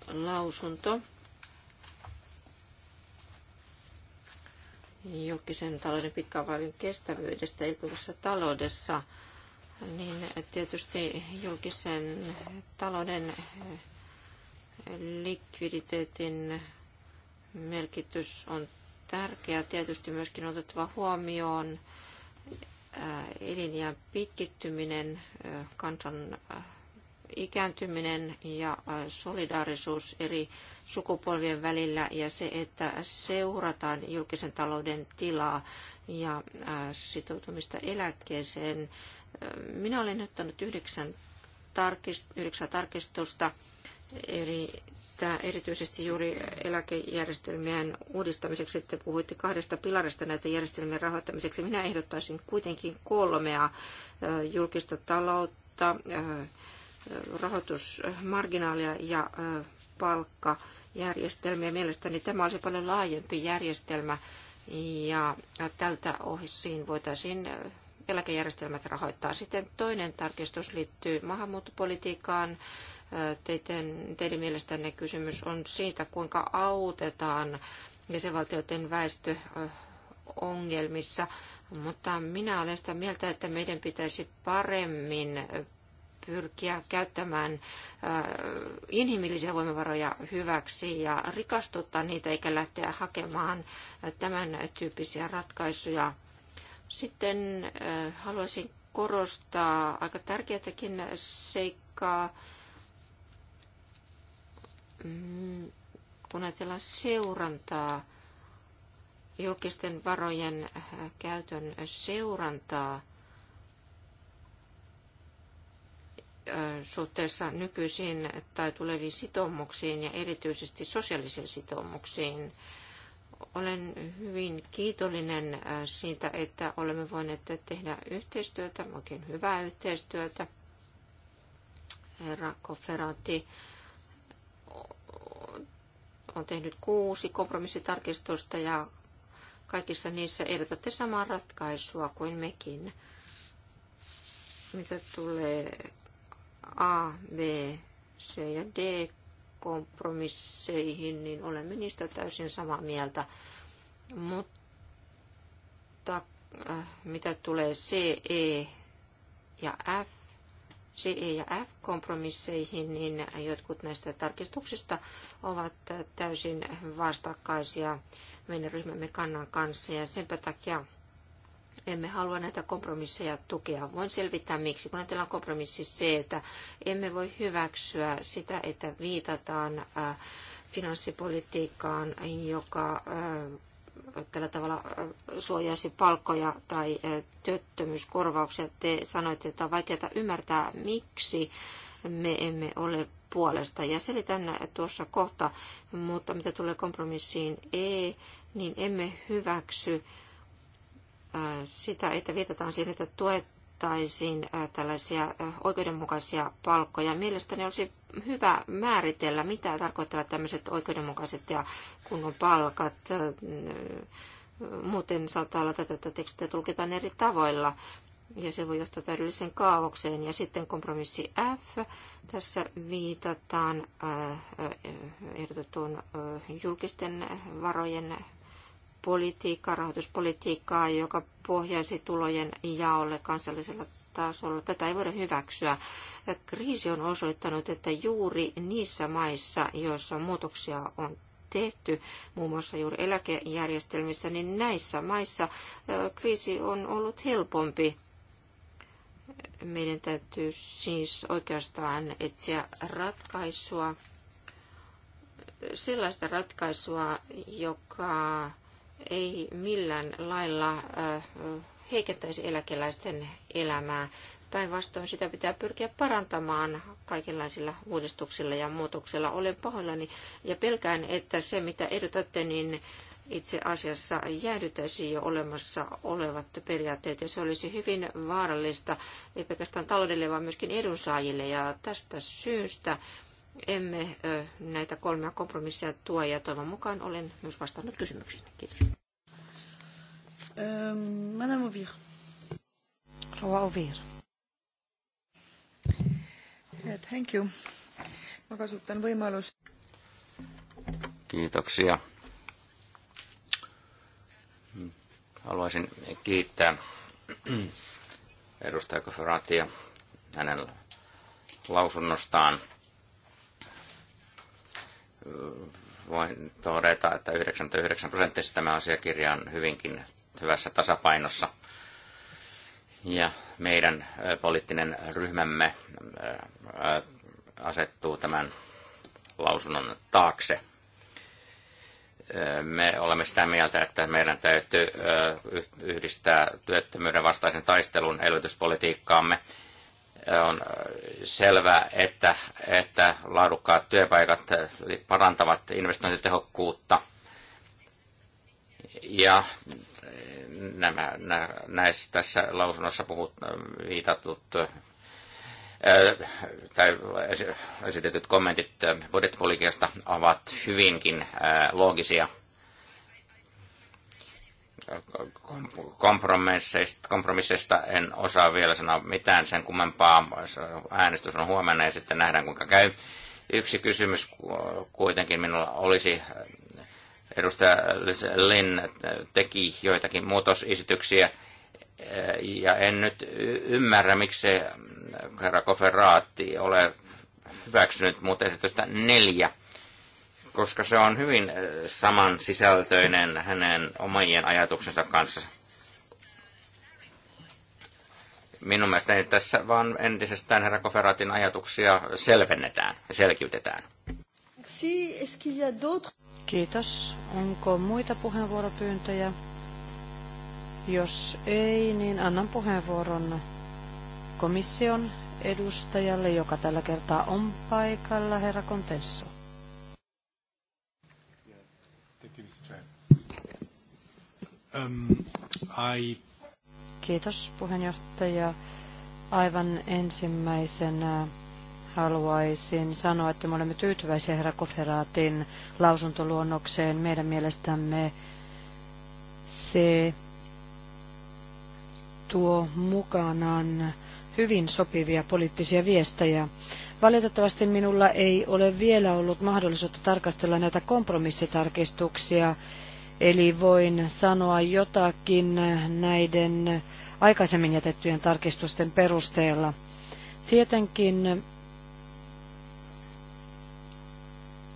lausunto julkisen talouden pitkän kestävyydestä elpyvässä taloudessa, niin tietysti julkisen talouden eh, likviditeetin merkitys on tärkeä. Tietysti myöskin otettava huomioon eh, elinjään pitkittyminen eh, kansan ikääntyminen ja solidaarisuus eri sukupolvien välillä ja se, että seurataan julkisen talouden tilaa ja sitoutumista eläkkeeseen. Minä olen ottanut yhdeksän, tarkist, yhdeksän tarkistusta eri tämä erityisesti juuri eläkejärjestelmien uudistamiseksi te puhuitte kahdesta pilarista näiden järjestelmien rahoittamiseksi. Minä ehdottaisin kuitenkin kolmea julkista taloutta, rahoitusmarginaalia ja palkkajärjestelmiä. Mielestäni tämä olisi paljon laajempi järjestelmä ja tältä osin voitaisiin eläkejärjestelmät rahoittaa. Sitten toinen tarkistus liittyy maahanmuuttopolitiikkaan. Teidän, teidän mielestänne kysymys on siitä, kuinka autetaan jäsenvaltioiden väestö ongelmissa, mutta minä olen sitä mieltä, että meidän pitäisi paremmin pyrkiä käyttämään inhimillisiä voimavaroja hyväksi ja rikastuttaa niitä eikä lähteä hakemaan tämän tyyppisiä ratkaisuja. Sitten haluaisin korostaa aika tärkeätäkin seikkaa, mm, kun ajatellaan seurantaa, julkisten varojen käytön seurantaa – suhteessa nykyisiin tai tuleviin sitoumuksiin ja erityisesti sosiaalisiin sitoumuksiin. Olen hyvin kiitollinen siitä, että olemme voineet tehdä yhteistyötä, oikein hyvää yhteistyötä. Herra Kofferati on tehnyt kuusi kompromissitarkistusta ja kaikissa niissä ehdotatte samaa ratkaisua kuin mekin mitä tulee A, B, C ja D kompromisseihin, niin olemme niistä täysin samaa mieltä. Mutta äh, mitä tulee C, E ja F, C, E ja F kompromisseihin, niin jotkut näistä tarkistuksista ovat täysin vastakkaisia meidän ryhmämme kannan kanssa. Ja senpä takia emme halua näitä kompromisseja tukea. Voin selvittää miksi. Kun ajatellaan kompromissi C, että emme voi hyväksyä sitä, että viitataan äh, finanssipolitiikkaan, joka äh, tällä tavalla äh, suojaisi palkkoja tai työttömyyskorvauksia. Te sanoitte, että on vaikeaa ymmärtää, miksi me emme ole puolesta. Ja selitän tuossa kohta, mutta mitä tulee kompromissiin E, niin emme hyväksy äh, Äh, sitä, että viitataan siihen, että tuettaisiin äh, tällaisia äh, oikeudenmukaisia palkkoja. Mielestäni olisi hyvä määritellä, mitä tarkoittavat tämmöiset oikeudenmukaiset ja kunnon palkat. Muuten saattaa olla tätä, että tekstiä tulkitaan eri tavoilla ja se voi johtaa täydelliseen kaavokseen. Ja sitten kompromissi F, tässä viitataan ehdotetun julkisten varojen politiikkaa, rahoituspolitiikkaa, joka pohjaisi tulojen jaolle kansallisella tasolla. Tätä ei voida hyväksyä. Kriisi on osoittanut, että juuri niissä maissa, joissa muutoksia on tehty, muun muassa juuri eläkejärjestelmissä, niin näissä maissa kriisi on ollut helpompi. Meidän täytyy siis oikeastaan etsiä ratkaisua, sellaista ratkaisua, joka ei millään lailla heikentäisi eläkeläisten elämää. Päinvastoin sitä pitää pyrkiä parantamaan kaikenlaisilla uudistuksilla ja muutoksilla. Olen pahoillani ja pelkään, että se mitä ehdotatte, niin itse asiassa jäädytäisi jo olemassa olevat periaatteet, ja se olisi hyvin vaarallista, ei pelkästään taloudelle, vaan myöskin edunsaajille, ja tästä syystä emme näitä kolmea kompromissia tuo ja toivon mukaan olen myös vastannut kysymyksiin. Kiitos. Ähm, Madame Ovir. Rouva Ovir. Thank you. Mä kasutan võimalust. Kiitoksia. Haluaisin kiittää edustaja Koferatia hänen lausunnostaan voin todeta, että 99 prosenttisesti tämä asiakirja on hyvinkin hyvässä tasapainossa. Ja meidän poliittinen ryhmämme asettuu tämän lausunnon taakse. Me olemme sitä mieltä, että meidän täytyy yhdistää työttömyyden vastaisen taistelun elvytyspolitiikkaamme on selvää, että, että laadukkaat työpaikat parantavat investointitehokkuutta. Ja nämä, näissä tässä lausunnossa puhut, viitatut tai esitetyt kommentit budjettipolitiikasta ovat hyvinkin loogisia kompromisseista en osaa vielä sanoa mitään sen kummempaa. Äänestys on huomenna ja sitten nähdään kuinka käy. Yksi kysymys kuitenkin minulla olisi. Edustaja Lin teki joitakin muutosesityksiä ja en nyt ymmärrä, miksi herra Koferaatti ole hyväksynyt muuta esitystä neljä koska se on hyvin äh, saman sisältöinen hänen omien ajatuksensa kanssa. Minun mielestäni tässä vaan entisestään herra Koferaatin ajatuksia selvennetään ja selkiytetään. Kiitos. Onko muita puheenvuoropyyntöjä? Jos ei, niin annan puheenvuoron komission edustajalle, joka tällä kertaa on paikalla, herra Contessa. Um, I... Kiitos puheenjohtaja. Aivan ensimmäisenä haluaisin sanoa, että me olemme tyytyväisiä herra Koferaatin lausuntoluonnokseen. Meidän mielestämme se tuo mukanaan hyvin sopivia poliittisia viestejä. Valitettavasti minulla ei ole vielä ollut mahdollisuutta tarkastella näitä kompromissitarkistuksia, Eli voin sanoa jotakin näiden aikaisemmin jätettyjen tarkistusten perusteella. Tietenkin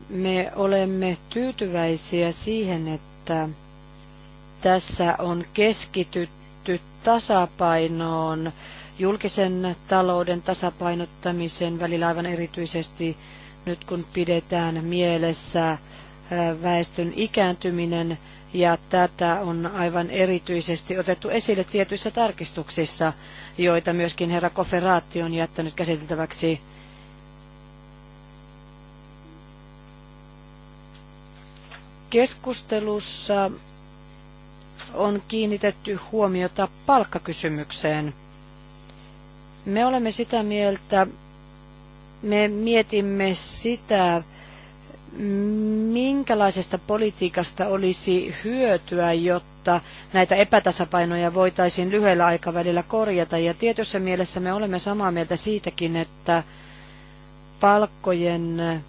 me olemme tyytyväisiä siihen, että tässä on keskitytty tasapainoon, julkisen talouden tasapainottamisen välillä aivan erityisesti nyt kun pidetään mielessä väestön ikääntyminen – ja tätä on aivan erityisesti otettu esille tietyissä tarkistuksissa, joita myöskin herra Koferaatti on jättänyt käsiteltäväksi keskustelussa on kiinnitetty huomiota palkkakysymykseen. Me olemme sitä mieltä, me mietimme sitä, minkälaisesta politiikasta olisi hyötyä, jotta näitä epätasapainoja voitaisiin lyhyellä aikavälillä korjata. Ja tietyssä mielessä me olemme samaa mieltä siitäkin, että palkkojen,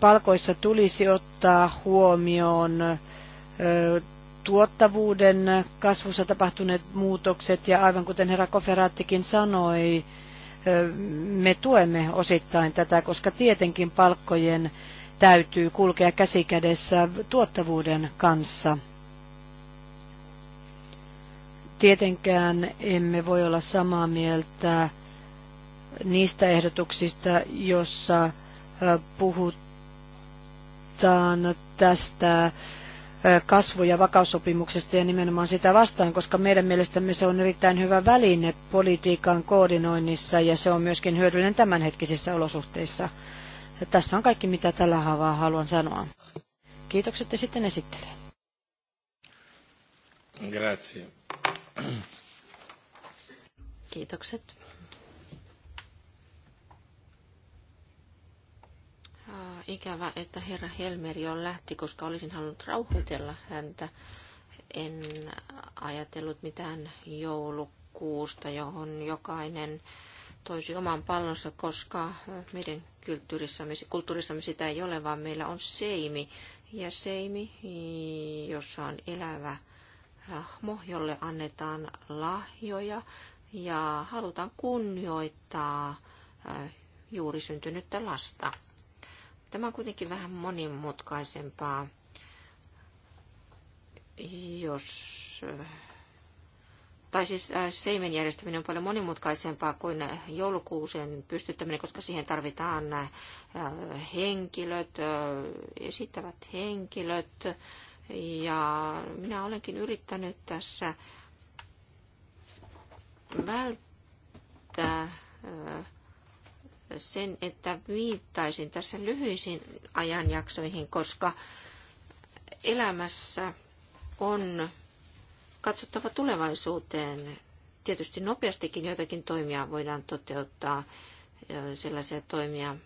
palkoissa tulisi ottaa huomioon tuottavuuden kasvussa tapahtuneet muutokset ja aivan kuten herra Koferaattikin sanoi, me tuemme osittain tätä, koska tietenkin palkkojen täytyy kulkea käsikädessä tuottavuuden kanssa. Tietenkään emme voi olla samaa mieltä niistä ehdotuksista, jossa puhutaan tästä kasvu- ja vakaussopimuksesta ja nimenomaan sitä vastaan, koska meidän mielestämme se on erittäin hyvä väline politiikan koordinoinnissa ja se on myöskin hyödyllinen tämänhetkisissä olosuhteissa. Ja tässä on kaikki, mitä tällä havaa haluan sanoa. Kiitokset ja sitten esittelee. Grazie. Kiitokset. ikävä, että herra Helmer jo lähti, koska olisin halunnut rauhoitella häntä. En ajatellut mitään joulukuusta, johon jokainen toisi oman pallonsa, koska meidän kulttuurissamme, kulttuurissamme sitä ei ole, vaan meillä on seimi. Ja seimi, jossa on elävä hahmo, jolle annetaan lahjoja ja halutaan kunnioittaa äh, juuri syntynyttä lasta. Tämä on kuitenkin vähän monimutkaisempaa, jos... Tai siis äh, seimen järjestäminen on paljon monimutkaisempaa kuin joulukuusen pystyttäminen, koska siihen tarvitaan äh, henkilöt, äh, esittävät henkilöt. Ja minä olenkin yrittänyt tässä välttää sen, että viittaisin tässä lyhyisiin ajanjaksoihin, koska elämässä on katsottava tulevaisuuteen. Tietysti nopeastikin joitakin toimia voidaan toteuttaa, sellaisia toimia,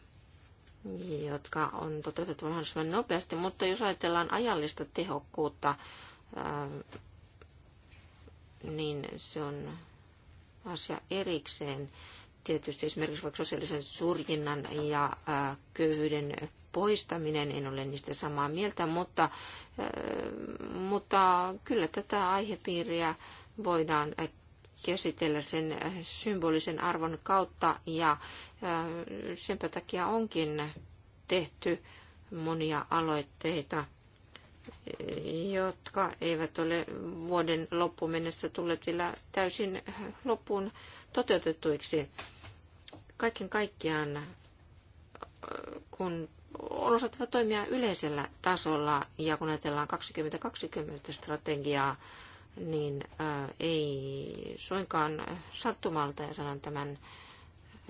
jotka on toteutettava mahdollisimman nopeasti, mutta jos ajatellaan ajallista tehokkuutta, niin se on asia erikseen tietysti esimerkiksi vaikka sosiaalisen surjinnan ja köyhyyden poistaminen, en ole niistä samaa mieltä, mutta, mutta kyllä tätä aihepiiriä voidaan käsitellä sen symbolisen arvon kautta ja senpä takia onkin tehty monia aloitteita – jotka eivät ole vuoden loppuun mennessä tulleet vielä täysin loppuun toteutetuiksi. Kaiken kaikkiaan, kun on osattava toimia yleisellä tasolla ja kun ajatellaan 2020-strategiaa, niin äh, ei suinkaan sattumalta, ja sanon tämän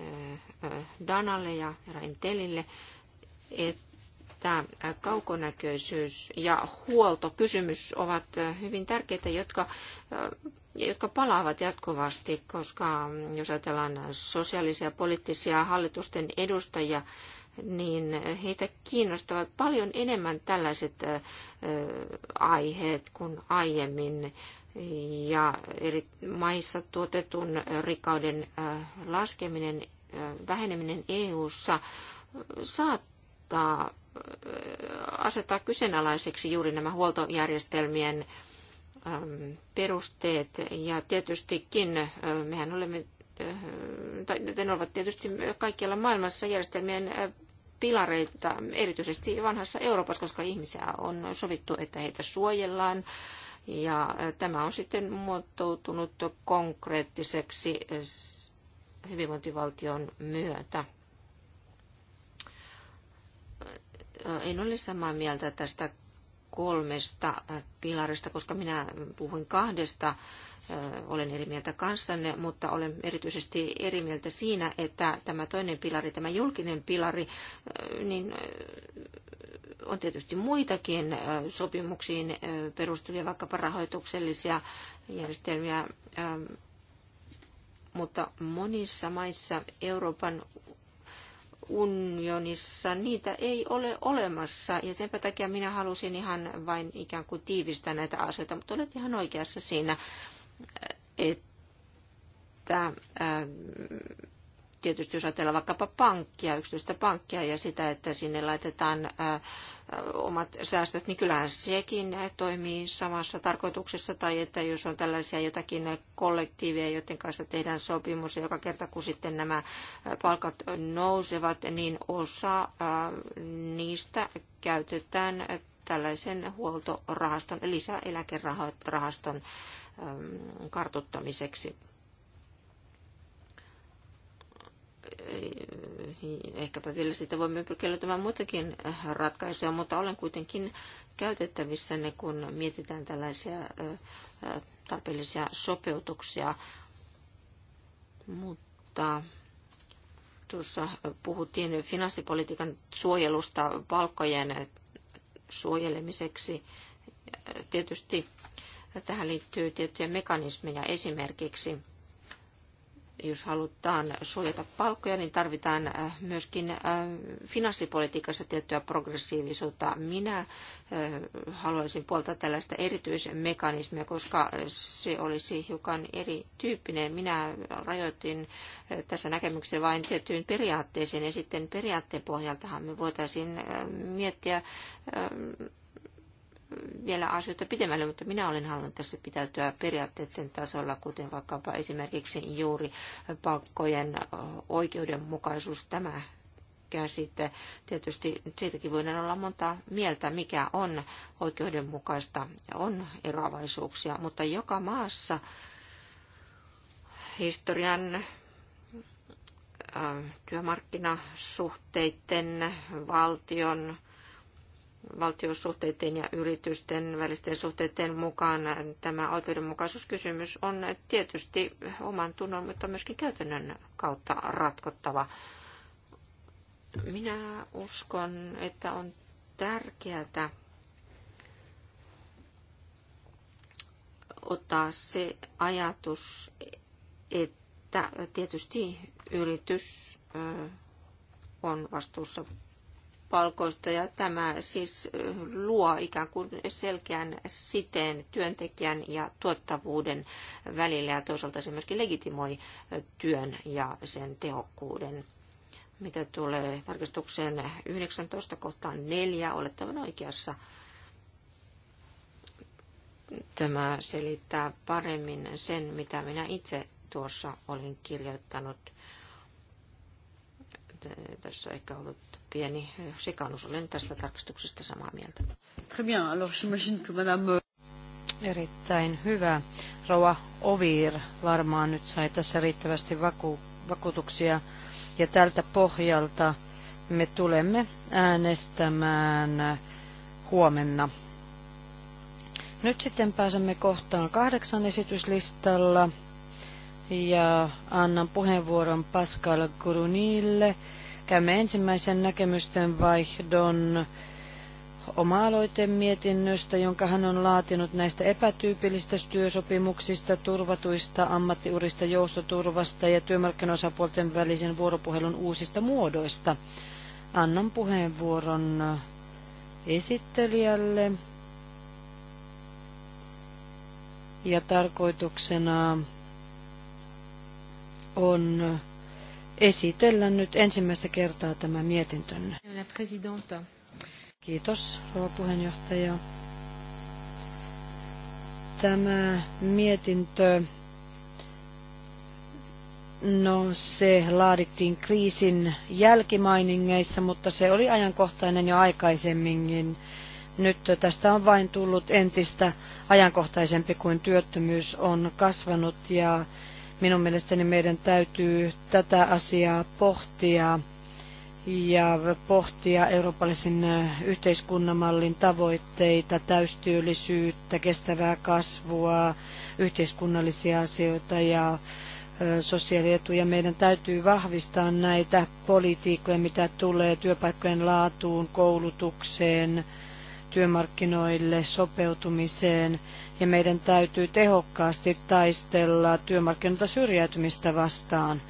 äh, äh, Danalle ja Raintelille, että että kaukonäköisyys ja huoltokysymys ovat hyvin tärkeitä, jotka, jotka palaavat jatkuvasti, koska jos ajatellaan sosiaalisia poliittisia hallitusten edustajia, niin heitä kiinnostavat paljon enemmän tällaiset aiheet kuin aiemmin ja eri maissa tuotetun rikauden laskeminen, väheneminen EU:ssa saattaa asettaa kyseenalaiseksi juuri nämä huoltojärjestelmien ähm, perusteet. Ja tietystikin äh, mehän olemme, äh, tai ne ovat tietysti kaikkialla maailmassa järjestelmien äh, pilareita, erityisesti vanhassa Euroopassa, koska ihmisiä on sovittu, että heitä suojellaan. Ja tämä on sitten muotoutunut konkreettiseksi hyvinvointivaltion myötä. Äh, en ole samaa mieltä tästä kolmesta äh, pilarista, koska minä puhuin kahdesta. Äh, olen eri mieltä kanssanne, mutta olen erityisesti eri mieltä siinä, että tämä toinen pilari, tämä julkinen pilari, niin on tietysti muitakin sopimuksiin perustuvia vaikkapa rahoituksellisia järjestelmiä, ähm, mutta monissa maissa Euroopan unionissa, niitä ei ole olemassa. Ja sen takia minä halusin ihan vain ikään kuin tiivistää näitä asioita, mutta olet ihan oikeassa siinä, että että äh, tietysti jos ajatellaan vaikkapa pankkia, yksityistä pankkia ja sitä, että sinne laitetaan omat säästöt, niin kyllähän sekin toimii samassa tarkoituksessa. Tai että jos on tällaisia jotakin kollektiiveja, joiden kanssa tehdään sopimus, ja joka kerta kun sitten nämä palkat nousevat, niin osa niistä käytetään tällaisen huoltorahaston, lisäeläkerahaston kartuttamiseksi. ehkäpä vielä sitä voimme pyrkiä muitakin ratkaisuja, mutta olen kuitenkin käytettävissänne, kun mietitään tällaisia tarpeellisia sopeutuksia. Mutta tuossa puhuttiin finanssipolitiikan suojelusta palkkojen suojelemiseksi. Tietysti tähän liittyy tiettyjä mekanismeja esimerkiksi – jos halutaan suojata palkkoja, niin tarvitaan äh, myöskin äh, finanssipolitiikassa tiettyä progressiivisuutta. Minä äh, haluaisin puoltaa tällaista erityismekanismia, koska se olisi hiukan erityyppinen. Minä rajoitin tässä näkemyksen vain tiettyyn periaatteeseen ja sitten periaatteen pohjaltahan me voitaisiin miettiä vielä asioita pitemmälle, mutta minä olen halunnut tässä pitäytyä periaatteiden tasolla, kuten vaikkapa esimerkiksi juuri palkkojen oikeudenmukaisuus. Tämä käsite. Tietysti siitäkin voidaan olla monta mieltä, mikä on oikeudenmukaista, ja on eroavaisuuksia, mutta joka maassa historian äh, työmarkkinasuhteiden, valtion, valtiosuhteiden ja yritysten välisten suhteiden mukaan tämä oikeudenmukaisuuskysymys on tietysti oman tunnon, mutta myöskin käytännön kautta ratkottava. Minä uskon, että on tärkeää ottaa se ajatus, että tietysti yritys on vastuussa palkoista ja tämä siis luo ikään kuin selkeän siteen työntekijän ja tuottavuuden välillä ja toisaalta se myöskin legitimoi työn ja sen tehokkuuden. Mitä tulee tarkistukseen 19 kohtaan 4, olette oikeassa. Tämä selittää paremmin sen, mitä minä itse tuossa olin kirjoittanut – tässä ehkä ollut pieni sekannus. Olen tästä tarkistuksesta samaa mieltä. Très bien. Alors, j'imagine que madame... Euh, Erittäin hyvä. Rova Ovir varmaan nyt sai tässä riittävästi vaku- vakuutuksia. Ja tältä pohjalta me tulemme äänestämään huomenna. Nyt sitten pääsemme kohtaan kahdeksan esityslistalla ja annan puheenvuoron Pascal Grunille. Käymme ensimmäisen näkemysten vaihdon oma-aloitemietinnöstä, jonka hän on laatinut näistä epätyypillistä työsopimuksista, turvatuista ammattiurista, joustoturvasta ja työmarkkinosapuolten välisen vuoropuhelun uusista muodoista. Annan puheenvuoron esittelijälle. Ja tarkoituksena on esitellä nyt ensimmäistä kertaa tämä mietintönne. Kiitos, rouva puheenjohtaja. Tämä mietintö, no se laadittiin kriisin jälkimainingeissa, mutta se oli ajankohtainen jo aikaisemminkin. Nyt tästä on vain tullut entistä ajankohtaisempi, kuin työttömyys on kasvanut ja Minun mielestäni meidän täytyy tätä asiaa pohtia ja pohtia eurooppalaisen yhteiskunnamallin tavoitteita, täystyöllisyyttä, kestävää kasvua, yhteiskunnallisia asioita ja sosiaalietuja. Meidän täytyy vahvistaa näitä politiikkoja, mitä tulee työpaikkojen laatuun, koulutukseen, työmarkkinoille, sopeutumiseen ja meidän täytyy tehokkaasti taistella työmarkkinoilta syrjäytymistä vastaan.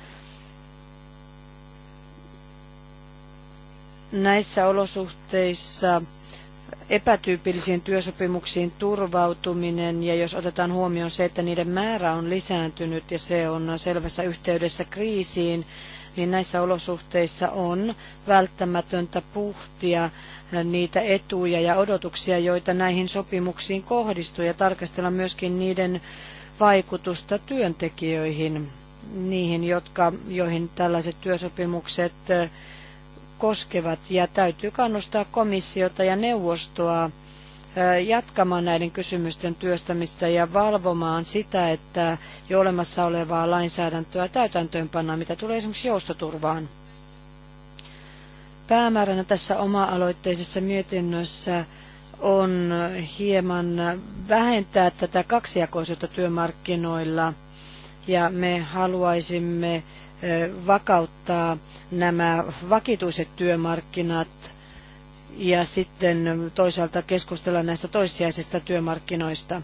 Näissä olosuhteissa epätyypillisiin työsopimuksiin turvautuminen ja jos otetaan huomioon se, että niiden määrä on lisääntynyt ja se on selvässä yhteydessä kriisiin, niin näissä olosuhteissa on välttämätöntä puhtia niitä etuja ja odotuksia, joita näihin sopimuksiin kohdistuu ja tarkastella myöskin niiden vaikutusta työntekijöihin, niihin, jotka, joihin tällaiset työsopimukset koskevat. Ja täytyy kannustaa komissiota ja neuvostoa jatkamaan näiden kysymysten työstämistä ja valvomaan sitä, että jo olemassa olevaa lainsäädäntöä täytäntöönpannaan, mitä tulee esimerkiksi joustoturvaan. Päämääränä tässä oma-aloitteisessa mietinnössä on hieman vähentää tätä kaksijakoisuutta työmarkkinoilla ja me haluaisimme vakauttaa nämä vakituiset työmarkkinat ja sitten toisaalta keskustella näistä toissijaisista työmarkkinoista.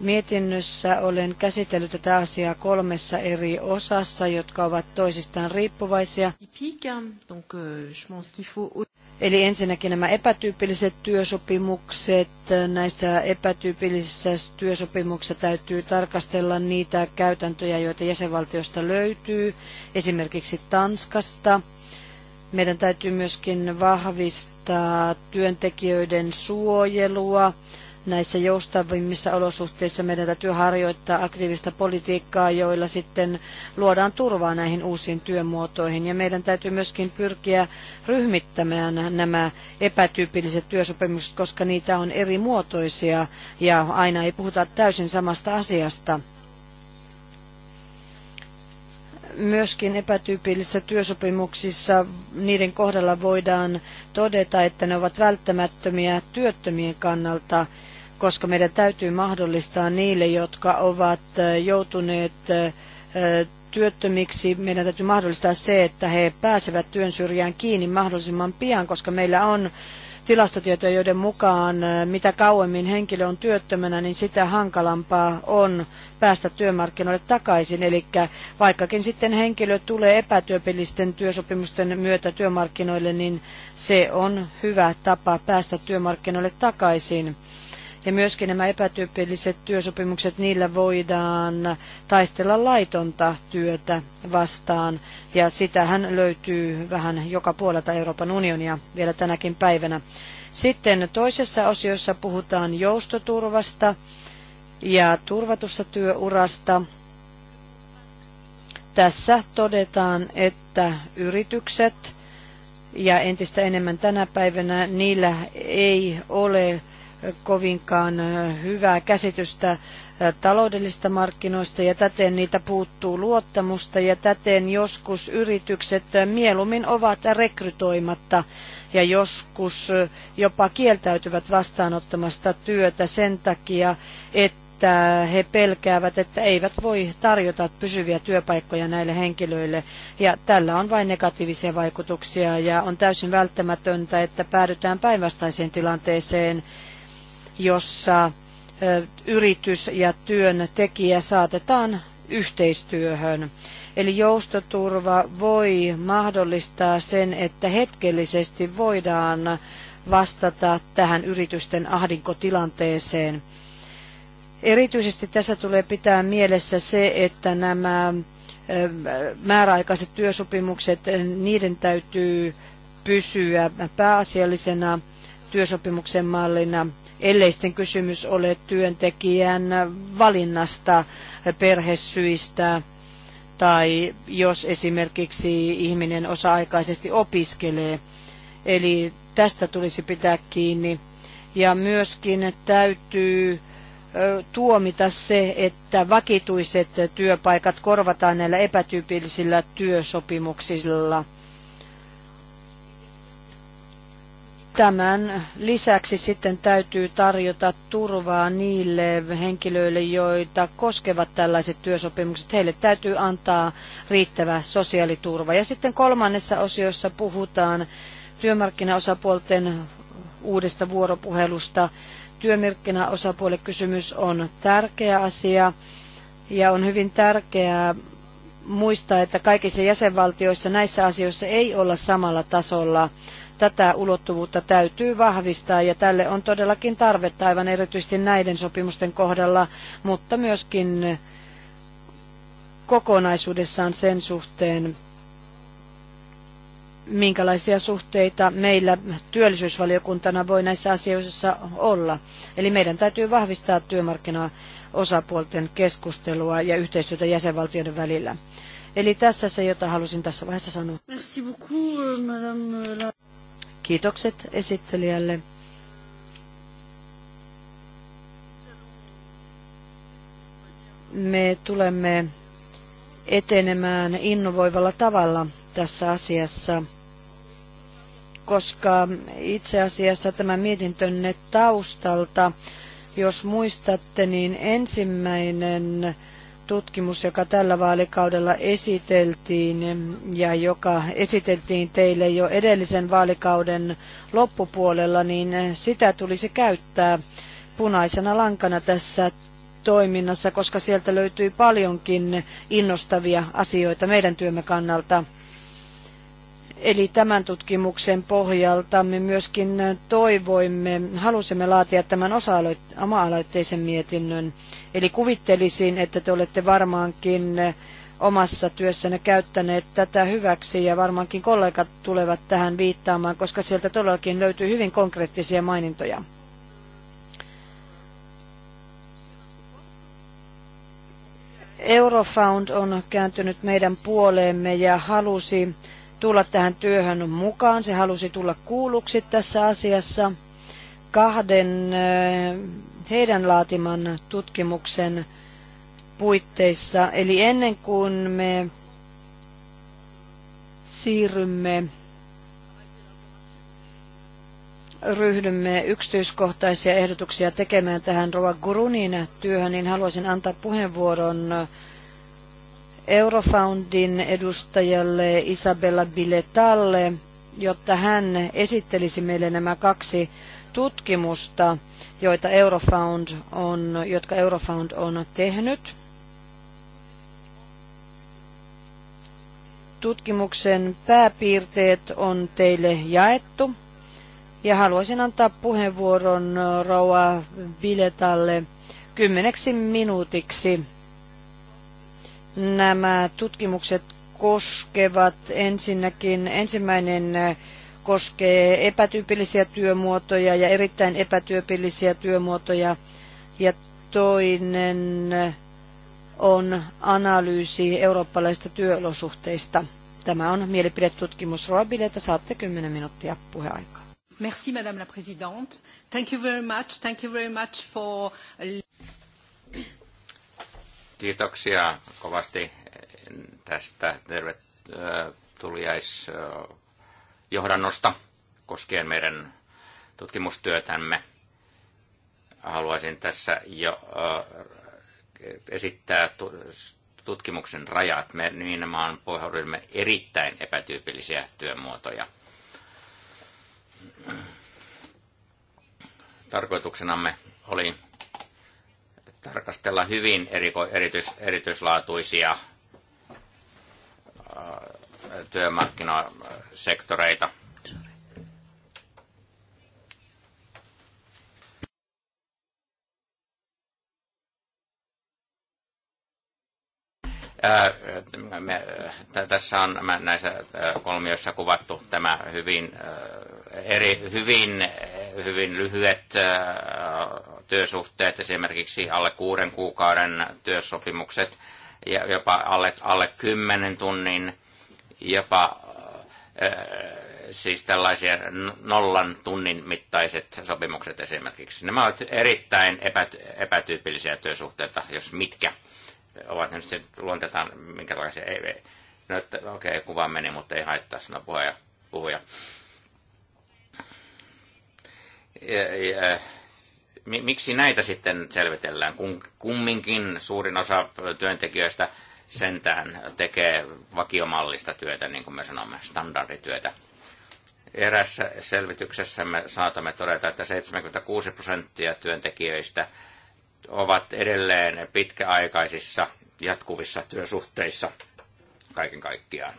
Mietinnössä olen käsitellyt tätä asiaa kolmessa eri osassa, jotka ovat toisistaan riippuvaisia. Euh, Eli ensinnäkin nämä epätyypilliset työsopimukset. Näissä epätyypillisissä työsopimuksissa täytyy tarkastella niitä käytäntöjä, joita jäsenvaltiosta löytyy, esimerkiksi Tanskasta. Meidän täytyy myöskin vahvistaa työntekijöiden suojelua näissä joustavimmissa olosuhteissa meidän täytyy harjoittaa aktiivista politiikkaa, joilla sitten luodaan turvaa näihin uusiin työmuotoihin. Ja meidän täytyy myöskin pyrkiä ryhmittämään nämä epätyypilliset työsopimukset, koska niitä on eri muotoisia ja aina ei puhuta täysin samasta asiasta myöskin epätyypillisissä työsopimuksissa niiden kohdalla voidaan todeta, että ne ovat välttämättömiä työttömien kannalta koska meidän täytyy mahdollistaa niille, jotka ovat joutuneet työttömiksi. Meidän täytyy mahdollistaa se, että he pääsevät työn syrjään kiinni mahdollisimman pian, koska meillä on tilastotietoja, joiden mukaan mitä kauemmin henkilö on työttömänä, niin sitä hankalampaa on päästä työmarkkinoille takaisin. Eli vaikkakin sitten henkilö tulee epätyöpillisten työsopimusten myötä työmarkkinoille, niin se on hyvä tapa päästä työmarkkinoille takaisin. Ja myöskin nämä epätyypilliset työsopimukset, niillä voidaan taistella laitonta työtä vastaan. Ja sitähän löytyy vähän joka puolelta Euroopan unionia vielä tänäkin päivänä. Sitten toisessa osiossa puhutaan joustoturvasta ja turvatusta työurasta. Tässä todetaan, että yritykset ja entistä enemmän tänä päivänä niillä ei ole kovinkaan hyvää käsitystä taloudellista markkinoista ja täten niitä puuttuu luottamusta ja täten joskus yritykset mieluummin ovat rekrytoimatta ja joskus jopa kieltäytyvät vastaanottamasta työtä sen takia, että he pelkäävät, että eivät voi tarjota pysyviä työpaikkoja näille henkilöille. Ja tällä on vain negatiivisia vaikutuksia ja on täysin välttämätöntä, että päädytään päinvastaiseen tilanteeseen, jossa yritys ja työntekijä saatetaan yhteistyöhön. Eli joustoturva voi mahdollistaa sen, että hetkellisesti voidaan vastata tähän yritysten ahdinkotilanteeseen. Erityisesti tässä tulee pitää mielessä se, että nämä määräaikaiset työsopimukset, niiden täytyy pysyä pääasiallisena työsopimuksen mallina ellei sitten kysymys ole työntekijän valinnasta perhesyistä tai jos esimerkiksi ihminen osa-aikaisesti opiskelee. Eli tästä tulisi pitää kiinni. Ja myöskin täytyy tuomita se, että vakituiset työpaikat korvataan näillä epätyypillisillä työsopimuksilla – Tämän lisäksi sitten täytyy tarjota turvaa niille henkilöille, joita koskevat tällaiset työsopimukset. Heille täytyy antaa riittävä sosiaaliturva. Ja sitten kolmannessa osiossa puhutaan työmarkkinaosapuolten uudesta vuoropuhelusta. Työmarkkinaosapuolen kysymys on tärkeä asia ja on hyvin tärkeää muistaa, että kaikissa jäsenvaltioissa näissä asioissa ei olla samalla tasolla Tätä ulottuvuutta täytyy vahvistaa ja tälle on todellakin tarvetta aivan erityisesti näiden sopimusten kohdalla, mutta myöskin kokonaisuudessaan sen suhteen, minkälaisia suhteita meillä työllisyysvaliokuntana voi näissä asioissa olla. Eli meidän täytyy vahvistaa työmarkkinaa osapuolten keskustelua ja yhteistyötä jäsenvaltioiden välillä. Eli tässä se, jota halusin tässä vaiheessa sanoa. Merci beaucoup, euh, madame euh, Kiitokset esittelijälle. Me tulemme etenemään innovoivalla tavalla tässä asiassa, koska itse asiassa tämä mietintönne taustalta, jos muistatte, niin ensimmäinen tutkimus, joka tällä vaalikaudella esiteltiin ja joka esiteltiin teille jo edellisen vaalikauden loppupuolella, niin sitä tulisi käyttää punaisena lankana tässä toiminnassa, koska sieltä löytyy paljonkin innostavia asioita meidän työmme kannalta. Eli tämän tutkimuksen pohjalta me myöskin toivoimme, halusimme laatia tämän osa-aloitteisen mietinnön, Eli kuvittelisin, että te olette varmaankin omassa työssänne käyttäneet tätä hyväksi ja varmaankin kollegat tulevat tähän viittaamaan, koska sieltä todellakin löytyy hyvin konkreettisia mainintoja. Eurofound on kääntynyt meidän puoleemme ja halusi tulla tähän työhön mukaan. Se halusi tulla kuulluksi tässä asiassa kahden heidän laatiman tutkimuksen puitteissa. Eli ennen kuin me siirrymme, ryhdymme yksityiskohtaisia ehdotuksia tekemään tähän Rova Gurunin työhön, niin haluaisin antaa puheenvuoron Eurofoundin edustajalle Isabella Biletalle, jotta hän esittelisi meille nämä kaksi tutkimusta joita Eurofound on, jotka Eurofound on tehnyt. Tutkimuksen pääpiirteet on teille jaettu. Ja haluaisin antaa puheenvuoron rauha Biletalle kymmeneksi minuutiksi. Nämä tutkimukset koskevat ensinnäkin ensimmäinen koskee epätyypillisiä työmuotoja ja erittäin epätyypillisiä työmuotoja. Ja toinen on analyysi eurooppalaisista työolosuhteista. Tämä on mielipidetutkimus Roabileta. Saatte 10 minuuttia puheaikaa. Merci Madame la Présidente. Thank you very much. Thank you very much for... Uh, Kiitoksia kovasti tästä tervetuliais uh, johdannosta koskien meidän tutkimustyötämme. Haluaisin tässä jo äh, esittää tutkimuksen rajat. Me maan pohjaudumme erittäin epätyypillisiä työmuotoja. Tarkoituksenamme oli tarkastella hyvin eriko, erityis, erityislaatuisia työmarkkinasektoreita. me, tässä on näissä kolmiossa kuvattu tämä hyvin, eri, hyvin, hyvin lyhyet työsuhteet, esimerkiksi alle kuuden kuukauden työsopimukset ja jopa alle, alle kymmenen tunnin jopa äh, siis tällaisia nollan tunnin mittaiset sopimukset esimerkiksi. Nämä ovat erittäin epäty- epätyypillisiä työsuhteita, jos mitkä ovat nyt se luontetaan minkälaisia. Ei, ei. No, okei, okay, kuva meni, mutta ei haittaa sanoa puhuja. puhuja. Ja, ja, miksi näitä sitten selvitellään, kun kumminkin suurin osa työntekijöistä – sentään tekee vakiomallista työtä, niin kuin me sanomme, standardityötä. Erässä selvityksessä me saatamme todeta, että 76 prosenttia työntekijöistä ovat edelleen pitkäaikaisissa jatkuvissa työsuhteissa kaiken kaikkiaan.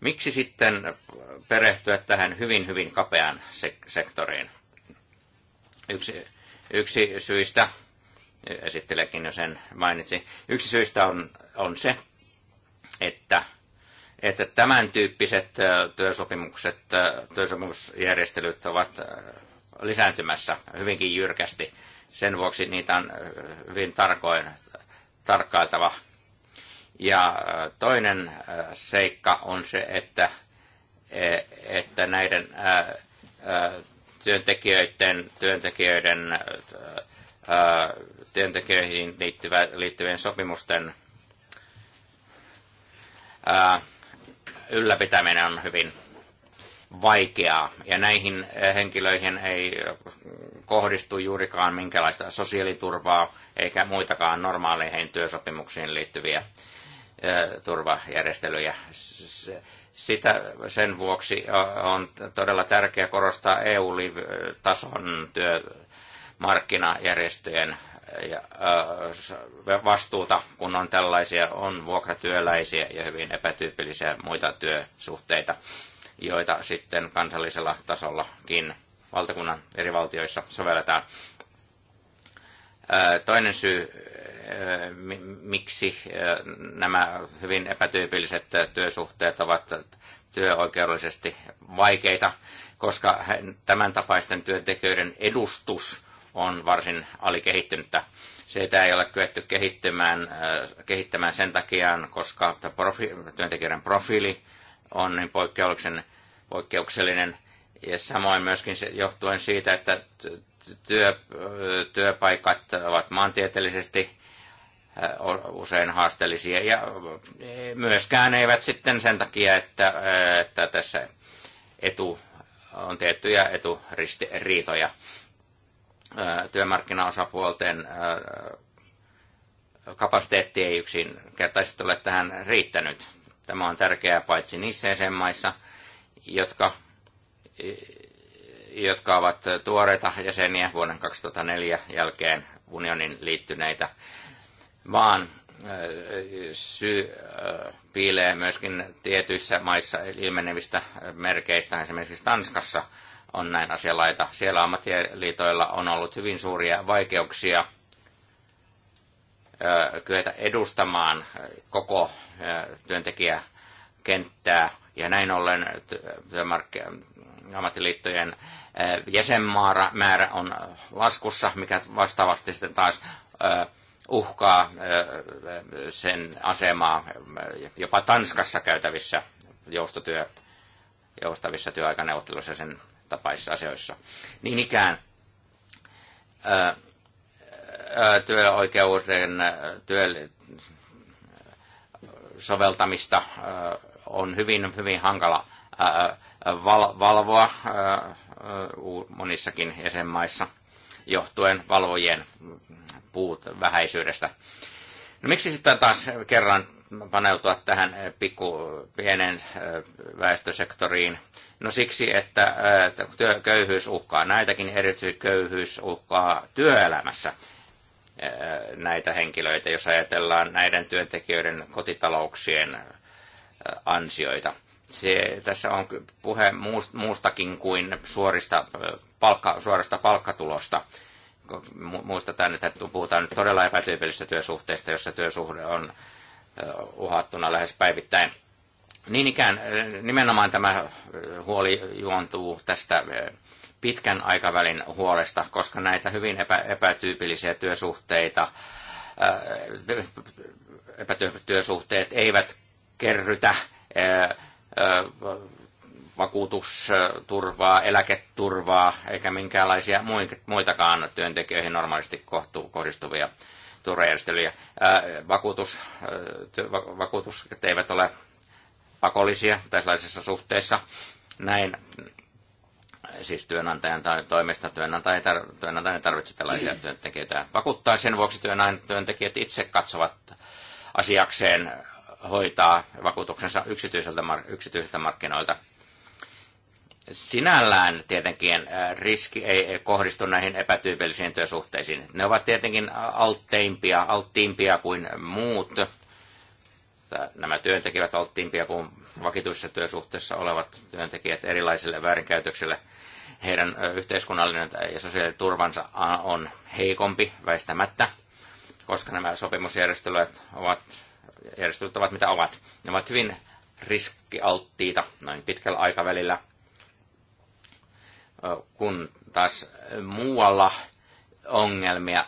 Miksi sitten perehtyä tähän hyvin, hyvin kapeaan sektoriin? Yksi, yksi syistä esittelekin jo sen mainitsi. Yksi syystä on, on se, että, että tämän tyyppiset työsopimukset, työsopimusjärjestelyt ovat lisääntymässä hyvinkin jyrkästi. Sen vuoksi niitä on hyvin tarkoin tarkkailtava. Ja toinen seikka on se, että, e, että näiden työntekijöiden, työntekijöiden Äh, työntekijöihin liittyvä, liittyvien sopimusten ää, äh, ylläpitäminen on hyvin vaikeaa. Ja näihin henkilöihin ei kohdistu juurikaan minkälaista sosiaaliturvaa eikä muitakaan normaaleihin työsopimuksiin liittyviä äh, turvajärjestelyjä. Sitä sen vuoksi on todella tärkeää korostaa EU-tason työ, markkinajärjestöjen vastuuta, kun on tällaisia, on vuokratyöläisiä ja hyvin epätyypillisiä muita työsuhteita, joita sitten kansallisella tasollakin valtakunnan eri valtioissa sovelletaan. Toinen syy, miksi nämä hyvin epätyypilliset työsuhteet ovat työoikeudellisesti vaikeita, koska tämän tapaisten työntekijöiden edustus on varsin alikehittynyttä. Sitä ei ole kyetty kehittämään, äh, kehittämään sen takia, koska profi, työntekijöiden profiili on niin poikkeuksellinen, poikkeuksellinen. Ja samoin myöskin se, johtuen siitä, että työ, äh, työpaikat ovat maantieteellisesti äh, usein haasteellisia ja myöskään eivät sitten sen takia, että, että tässä etu on tiettyjä eturistiriitoja työmarkkinaosapuolten kapasiteetti ei yksinkertaisesti ole tähän riittänyt. Tämä on tärkeää paitsi niissä jäsenmaissa, jotka, jotka ovat tuoreita jäseniä vuoden 2004 jälkeen unionin liittyneitä, vaan syy piilee myöskin tietyissä maissa ilmenevistä merkeistä, esimerkiksi Tanskassa – on näin asialaita. Siellä ammattiliitoilla on ollut hyvin suuria vaikeuksia kyetä edustamaan koko työntekijäkenttää ja näin ollen ammattiliittojen jäsenmäärä on laskussa, mikä vastaavasti sitten taas uhkaa sen asemaa jopa Tanskassa käytävissä joustotyö, joustavissa työaikaneuvotteluissa sen tapaisissa asioissa. Niin ikään työoikeuden työ, soveltamista on hyvin, hyvin hankala val, valvoa monissakin jäsenmaissa johtuen valvojien puut vähäisyydestä. No miksi sitten taas kerran paneutua tähän eh, pikku eh, pienen eh, väestösektoriin. No siksi, että köyhyys uhkaa näitäkin, erityisesti köyhyys uhkaa työelämässä näitä henkilöitä, jos ajatellaan näiden työntekijöiden kotitalouksien ansioita. Se, tässä on puhe muustakin kuin suorista, palkka, suorasta palkkatulosta muistetaan, että puhutaan nyt todella epätyypillisistä työsuhteista, jossa työsuhde on uhattuna lähes päivittäin. Niin ikään nimenomaan tämä huoli juontuu tästä pitkän aikavälin huolesta, koska näitä hyvin epä, epätyypillisiä työsuhteita, epätyösuhteet eivät kerrytä vakuutusturvaa, eläketurvaa eikä minkäänlaisia muitakaan työntekijöihin normaalisti kohdistuvia turvajärjestelyjä. Vakuutus, vakuutus eivät ole pakollisia tällaisessa suhteessa. Näin siis työnantajan tai toimesta työnantaja ei, tar- työnantaja ei tarvitse tällaisia työntekijöitä vakuuttaa. Sen vuoksi työntekijät itse katsovat asiakseen hoitaa vakuutuksensa yksityiseltä, mar- yksityiseltä markkinoilta sinällään tietenkin äh, riski ei kohdistu näihin epätyypillisiin työsuhteisiin. Ne ovat tietenkin altteimpia, alttiimpia kuin muut. Nämä työntekijät alttiimpia kuin vakituisessa työsuhteessa olevat työntekijät erilaisille väärinkäytöksille. Heidän yhteiskunnallinen ja sosiaaliturvansa on heikompi väistämättä, koska nämä sopimusjärjestelyt ovat, järjestelyt ovat mitä ovat. Ne ovat hyvin riskialttiita noin pitkällä aikavälillä kun taas muualla ongelmia,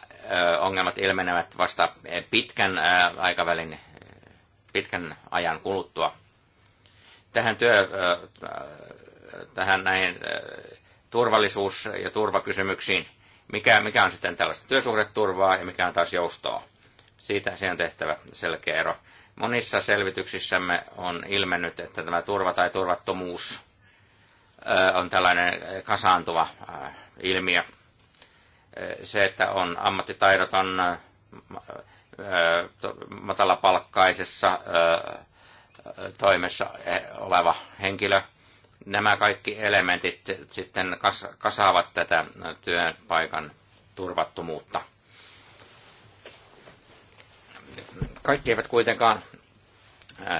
ongelmat ilmenevät vasta pitkän aikavälin, pitkän ajan kuluttua. Tähän, työ, tähän näihin turvallisuus- ja turvakysymyksiin, mikä, mikä on sitten tällaista työsuhdeturvaa ja mikä on taas joustoa. Siitä se on tehtävä selkeä ero. Monissa selvityksissämme on ilmennyt, että tämä turva tai turvattomuus – on tällainen kasaantuva ilmiö. Se, että on ammattitaidoton matalapalkkaisessa toimessa e, oleva henkilö. Nämä kaikki elementit sitten kasaavat tätä työpaikan turvattomuutta. Kaikki eivät kuitenkaan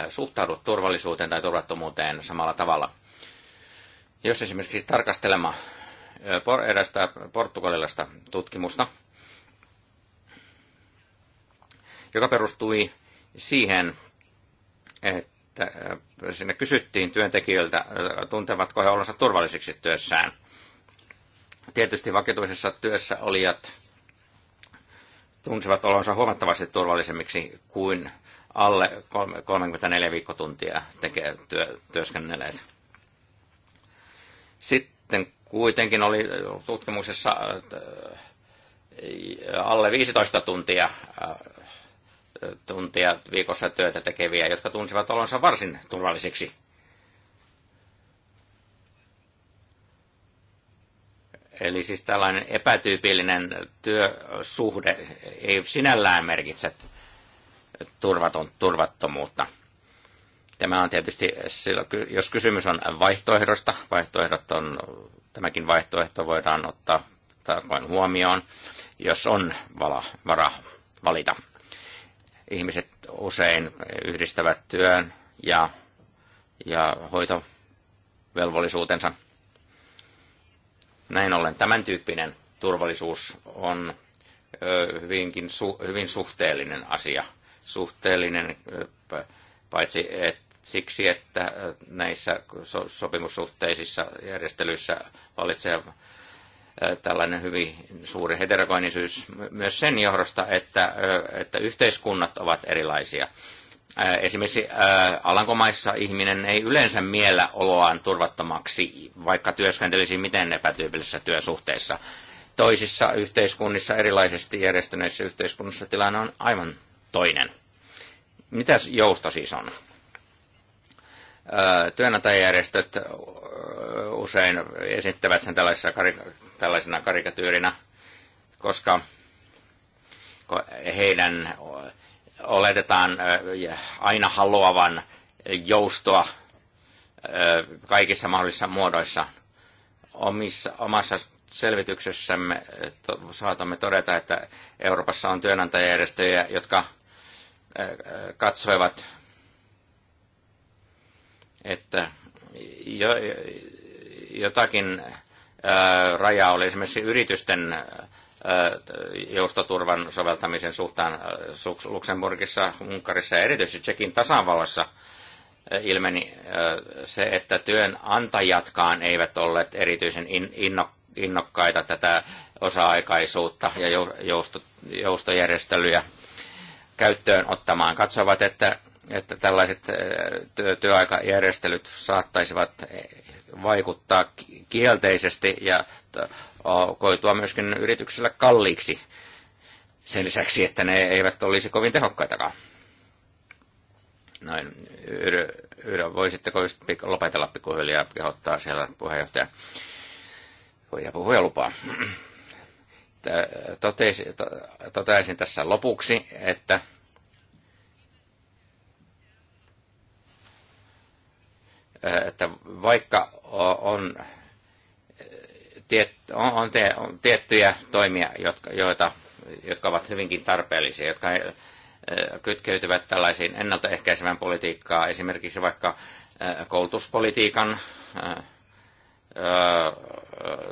suhtaudu turvallisuuteen tai turvattomuuteen samalla tavalla. Jos esimerkiksi tarkastelema erästä portugalilaista tutkimusta, joka perustui siihen, että sinne kysyttiin työntekijöiltä, tuntevatko he olonsa turvallisiksi työssään. Tietysti vakituisessa työssä olijat tunsivat olonsa huomattavasti turvallisemmiksi kuin alle 34 viikkotuntia tekee työ, työskennelleet sitten kuitenkin oli tutkimuksessa alle 15 tuntia, tuntia viikossa työtä tekeviä, jotka tunsivat olonsa varsin turvallisiksi. Eli siis tällainen epätyypillinen työsuhde ei sinällään merkitse turvaton, turvattomuutta – Tämä on tietysti, jos kysymys on vaihtoehdosta, vaihtoehdot on, tämäkin vaihtoehto voidaan ottaa tarkoin huomioon, jos on vala, vara valita. Ihmiset usein yhdistävät työn ja, ja hoitovelvollisuutensa. Näin ollen tämän tyyppinen turvallisuus on hyvinkin su, hyvin suhteellinen asia. Suhteellinen paitsi, että siksi, että äh, näissä sopimussuhteisissa järjestelyissä valitsee äh, tällainen hyvin suuri heterokoinisyys myös sen johdosta, että, äh, että yhteiskunnat ovat erilaisia. Esimerkiksi Alankomaissa ihminen ei yleensä miellä oloaan turvattomaksi, vaikka työskentelisi miten epätyypillisessä työsuhteessa. Toisissa yhteiskunnissa, erilaisesti järjestyneissä yhteiskunnissa tilanne on aivan toinen. Mitäs jousto siis on? työnantajajärjestöt usein esittävät sen tällaisena, tällaisena karikatyyrinä, koska heidän oletetaan aina haluavan joustoa kaikissa mahdollisissa muodoissa. Omissa, omassa selvityksessämme saatamme todeta, että Euroopassa on työnantajajärjestöjä, jotka katsoivat että jo, jotakin rajaa oli esimerkiksi yritysten joustoturvan soveltamisen suhtaan Luxemburgissa, Unkarissa ja erityisesti Tsekin tasavallassa ilmeni se, että työnantajatkaan eivät olleet erityisen innokkaita tätä osa-aikaisuutta ja joustojärjestelyjä käyttöön ottamaan. Katsovat, että että tällaiset työaikajärjestelyt saattaisivat vaikuttaa kielteisesti ja koitua myöskin yrityksellä kalliiksi sen lisäksi, että ne eivät olisi kovin tehokkaitakaan. Noin, Yrjö, Yrjö voisitteko just lopetella pikkuhiljaa kehottaa siellä puheenjohtaja ja puhuja lupaa. Totesin, totesin tässä lopuksi, että että vaikka on, tiet, on, on, te, on tiettyjä toimia, jotka, joita, jotka ovat hyvinkin tarpeellisia, jotka kytkeytyvät tällaisiin ennaltaehkäisevään politiikkaan, esimerkiksi vaikka koulutuspolitiikan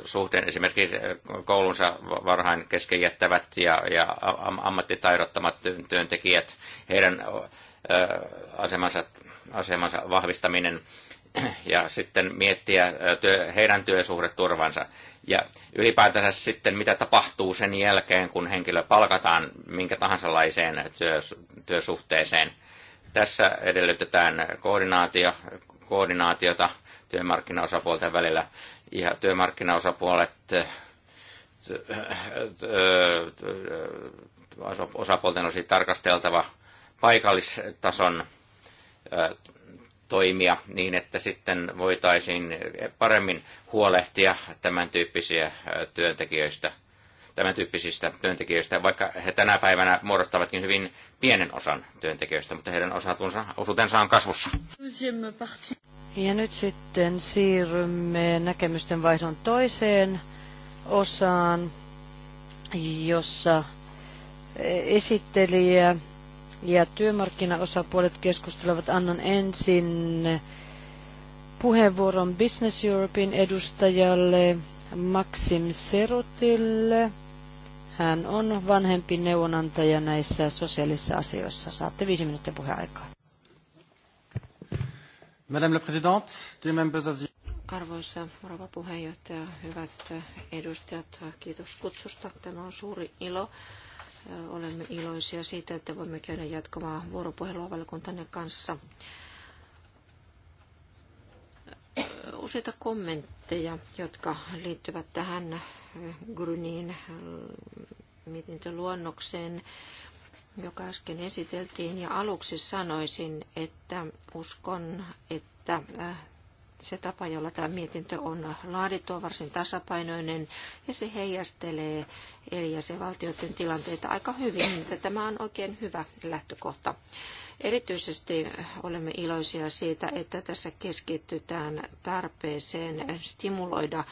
suhteen esimerkiksi koulunsa varhain kesken jättävät ja, ja ammattitaidottomat työntekijät, heidän asemansa, asemansa vahvistaminen ja sitten miettiä työ, heidän työsuhdeturvansa. Ja ylipäätänsä sitten, mitä tapahtuu sen jälkeen, kun henkilö palkataan minkä tahansa laiseen työ, työsuhteeseen. Tässä edellytetään koordinaatio, koordinaatiota työmarkkinaosapuolten välillä. Ja työmarkkinaosapuolet osapuolten osin siis tarkasteltava paikallistason toimia niin, että sitten voitaisiin paremmin huolehtia tämän tyyppisiä työntekijöistä, tämän tyyppisistä työntekijöistä, vaikka he tänä päivänä muodostavatkin hyvin pienen osan työntekijöistä, mutta heidän osatunsa, osuutensa on kasvussa. Ja nyt sitten siirrymme näkemysten vaihdon toiseen osaan, jossa e, esittelijä ja työmarkkinaosapuolet keskustelevat. Annan ensin puheenvuoron Business Europein edustajalle Maxim Serutille. Hän on vanhempi neuvonantaja näissä sosiaalisissa asioissa. Saatte viisi minuuttia puheaikaa. Madame la Présidente, dear members of the... Arvoisa rouva puheenjohtaja, hyvät edustajat, kiitos kutsusta. Tämä on suuri ilo Olemme iloisia siitä, että voimme käydä jatkavaa vuoropuhelua valiokuntanne kanssa. Useita kommentteja, jotka liittyvät tähän Grynin mietintöluonnokseen, joka äsken esiteltiin. Ja aluksi sanoisin, että uskon, että se tapa, jolla tämä mietintö on laadittu, on varsin tasapainoinen ja se heijastelee eri jäsenvaltioiden tilanteita aika hyvin, niin että tämä on oikein hyvä lähtökohta. Erityisesti olemme iloisia siitä, että tässä keskitytään tarpeeseen stimuloida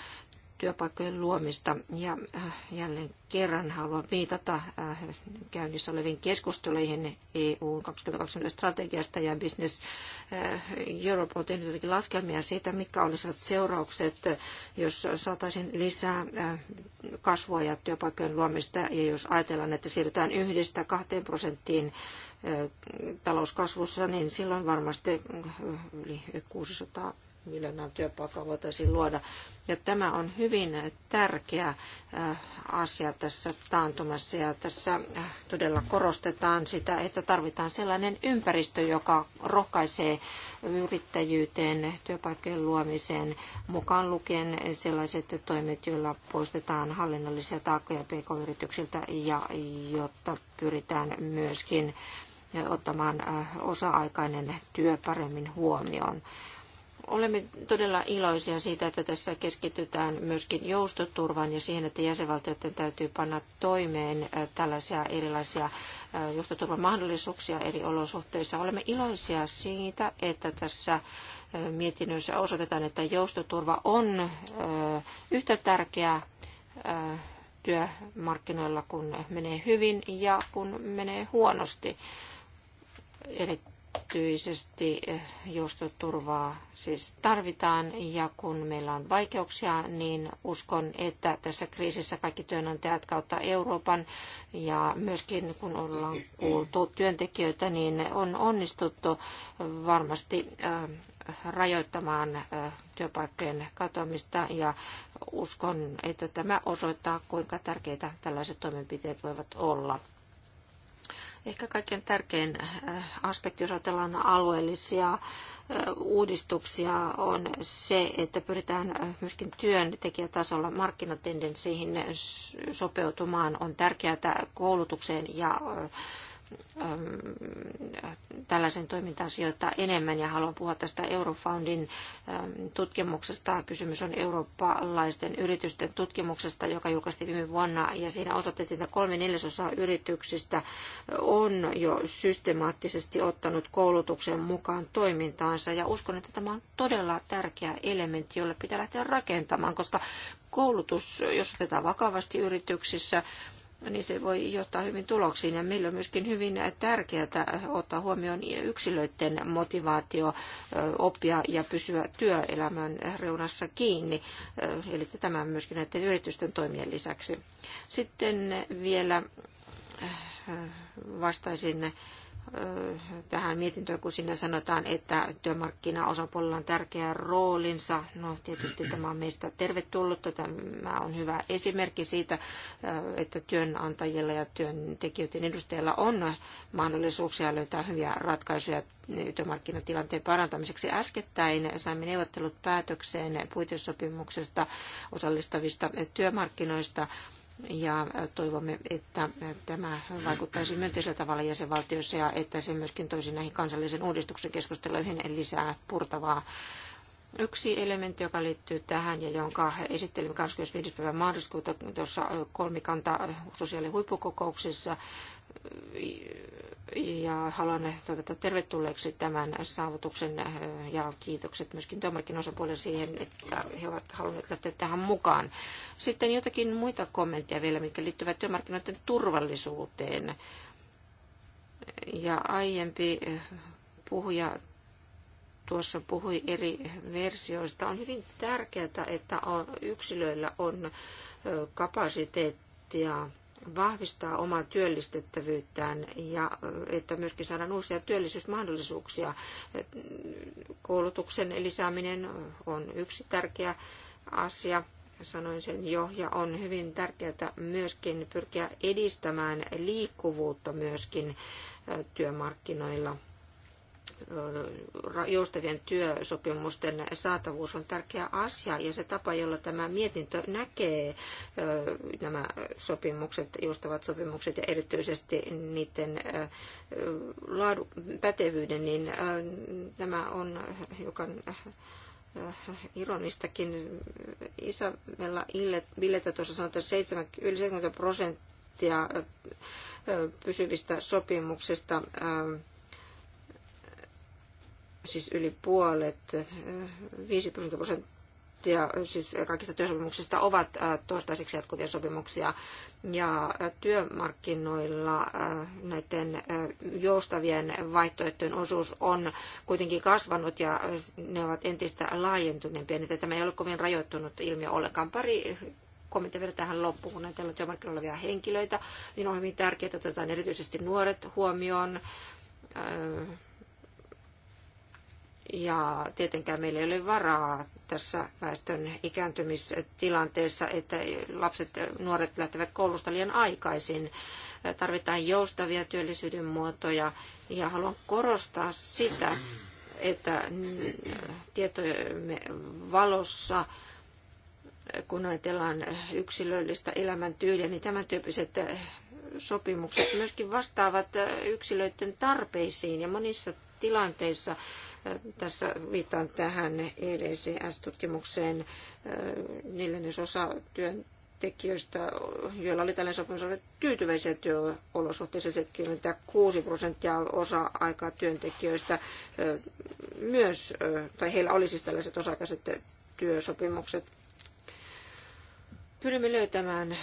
työpaikkojen luomista. Ja äh, jälleen kerran haluan viitata äh, käynnissä oleviin keskusteluihin EU 2020 strategiasta ja Business äh, Europe on tehnyt jotakin laskelmia siitä, mitkä olisivat seuraukset, jos saataisiin lisää kasvua ja työpaikkojen luomista ja jos ajatellaan, että siirrytään yhdestä kahteen prosenttiin talouskasvussa, niin silloin varmasti yli 600 millä nämä työpaikkaa voitaisiin luoda. Ja tämä on hyvin tärkeä äh, asia tässä taantumassa ja tässä äh, todella korostetaan sitä, että tarvitaan sellainen ympäristö, joka rohkaisee yrittäjyyteen, työpaikkojen luomiseen, mukaan lukien sellaiset toimet, joilla poistetaan hallinnollisia taakkoja pk-yrityksiltä ja jotta pyritään myöskin ottamaan äh, osa-aikainen työ paremmin huomioon. Olemme todella iloisia siitä, että tässä keskitytään myöskin joustoturvaan ja siihen, että jäsenvaltioiden täytyy panna toimeen tällaisia erilaisia joustoturvamahdollisuuksia eri olosuhteissa. Olemme iloisia siitä, että tässä mietinnössä osoitetaan, että joustoturva on yhtä tärkeä työmarkkinoilla, kun menee hyvin ja kun menee huonosti. Eli erityisesti eh, joustoturvaa siis tarvitaan ja kun meillä on vaikeuksia, niin uskon, että tässä kriisissä kaikki työnantajat kautta Euroopan ja myöskin kun ollaan kuultu työntekijöitä, niin on onnistuttu varmasti eh, rajoittamaan eh, työpaikkojen katoamista ja uskon, että tämä osoittaa, kuinka tärkeitä tällaiset toimenpiteet voivat olla. Ehkä kaikkein tärkein äh, aspekti, jos ajatellaan alueellisia äh, uudistuksia, on se, että pyritään äh, myöskin työntekijätasolla markkinatendensseihin sopeutumaan. On tärkeää koulutukseen ja Ähm, tällaisen toimintaan sijoittaa enemmän ja haluan puhua tästä Eurofoundin ähm, tutkimuksesta. Kysymys on eurooppalaisten yritysten tutkimuksesta, joka julkaistiin viime vuonna ja siinä osoitettiin, että kolme neljäsosaa yrityksistä on jo systemaattisesti ottanut koulutuksen mukaan toimintaansa ja uskon, että tämä on todella tärkeä elementti, jolle pitää lähteä rakentamaan, koska koulutus, jos otetaan vakavasti yrityksissä, niin se voi johtaa hyvin tuloksiin. Ja meillä on myöskin hyvin tärkeää ottaa huomioon yksilöiden motivaatio oppia ja pysyä työelämän reunassa kiinni. Eli tämä myöskin näiden yritysten toimien lisäksi. Sitten vielä vastaisin tähän mietintöön, kun siinä sanotaan, että työmarkkinaosapuolella on tärkeä roolinsa. No tietysti tämä on meistä tervetullut. Tämä on hyvä esimerkki siitä, äh, että työnantajilla ja työntekijöiden edustajilla on mahdollisuuksia löytää hyviä ratkaisuja työmarkkinatilanteen parantamiseksi. Äskettäin saimme neuvottelut päätökseen puitesopimuksesta osallistavista työmarkkinoista ja toivomme, että tämä vaikuttaisi myönteisellä tavalla jäsenvaltioissa ja että se myöskin toisi näihin kansallisen uudistuksen keskusteluihin lisää purtavaa. Yksi elementti, joka liittyy tähän ja jonka esittelimme 25. päivä maaliskuuta tuossa kolmikanta sosiaalihuippukokouksessa, ja haluan toivottaa tervetulleeksi tämän saavutuksen äh, ja kiitokset myöskin työmarkkinosapuolelle siihen, että he ovat halunneet lähteä tähän mukaan. Sitten jotakin muita kommentteja vielä, mitkä liittyvät työmarkkinoiden turvallisuuteen. Ja aiempi äh, puhuja tuossa puhui eri versioista. On hyvin tärkeää, että yksilöillä on äh, kapasiteettia vahvistaa omaa työllistettävyyttään ja että myöskin saadaan uusia työllisyysmahdollisuuksia. Koulutuksen lisääminen on yksi tärkeä asia sanoin sen jo, ja on hyvin tärkeää myöskin pyrkiä edistämään liikkuvuutta myöskin työmarkkinoilla joustavien työsopimusten saatavuus on tärkeä asia ja se tapa, jolla tämä mietintö näkee nämä sopimukset, joustavat sopimukset ja erityisesti niiden laadu, pätevyyden, niin tämä on hiukan ironistakin. Isabella Illeta tuossa sanoi, että 70, yli 70 prosenttia pysyvistä sopimuksista siis yli puolet, 5 eh, prosenttia eh, siis kaikista työsopimuksista ovat eh, toistaiseksi jatkuvia sopimuksia. Ja työmarkkinoilla näiden joustavien vaihtoehtojen osuus on kuitenkin kasvanut ja ne ovat entistä laajentuneempia. Niin tämä ei ole kovin rajoittunut ilmiö ollenkaan. Pari kommentti vielä tähän loppuun, kun näitä työmarkkinoilla olevia henkilöitä, niin on hyvin tärkeää, että otetaan erityisesti nuoret huomioon ja tietenkään meillä ei ole varaa tässä väestön ikääntymistilanteessa, että lapset, nuoret lähtevät koulusta liian aikaisin. Tarvitaan joustavia työllisyyden muotoja ja haluan korostaa sitä, että tietojemme valossa kun ajatellaan yksilöllistä elämäntyyliä, niin tämän tyyppiset sopimukset myöskin vastaavat yksilöiden tarpeisiin ja monissa tilanteissa. Tässä viittaan tähän evcs tutkimukseen neljännesosa työn tekijöistä, joilla oli tällainen sopimus, oli tyytyväisiä työolosuhteissa 76 prosenttia osa-aikaa työntekijöistä myös, tai heillä oli siis tällaiset osa-aikaiset työsopimukset. Pyrimme löytämään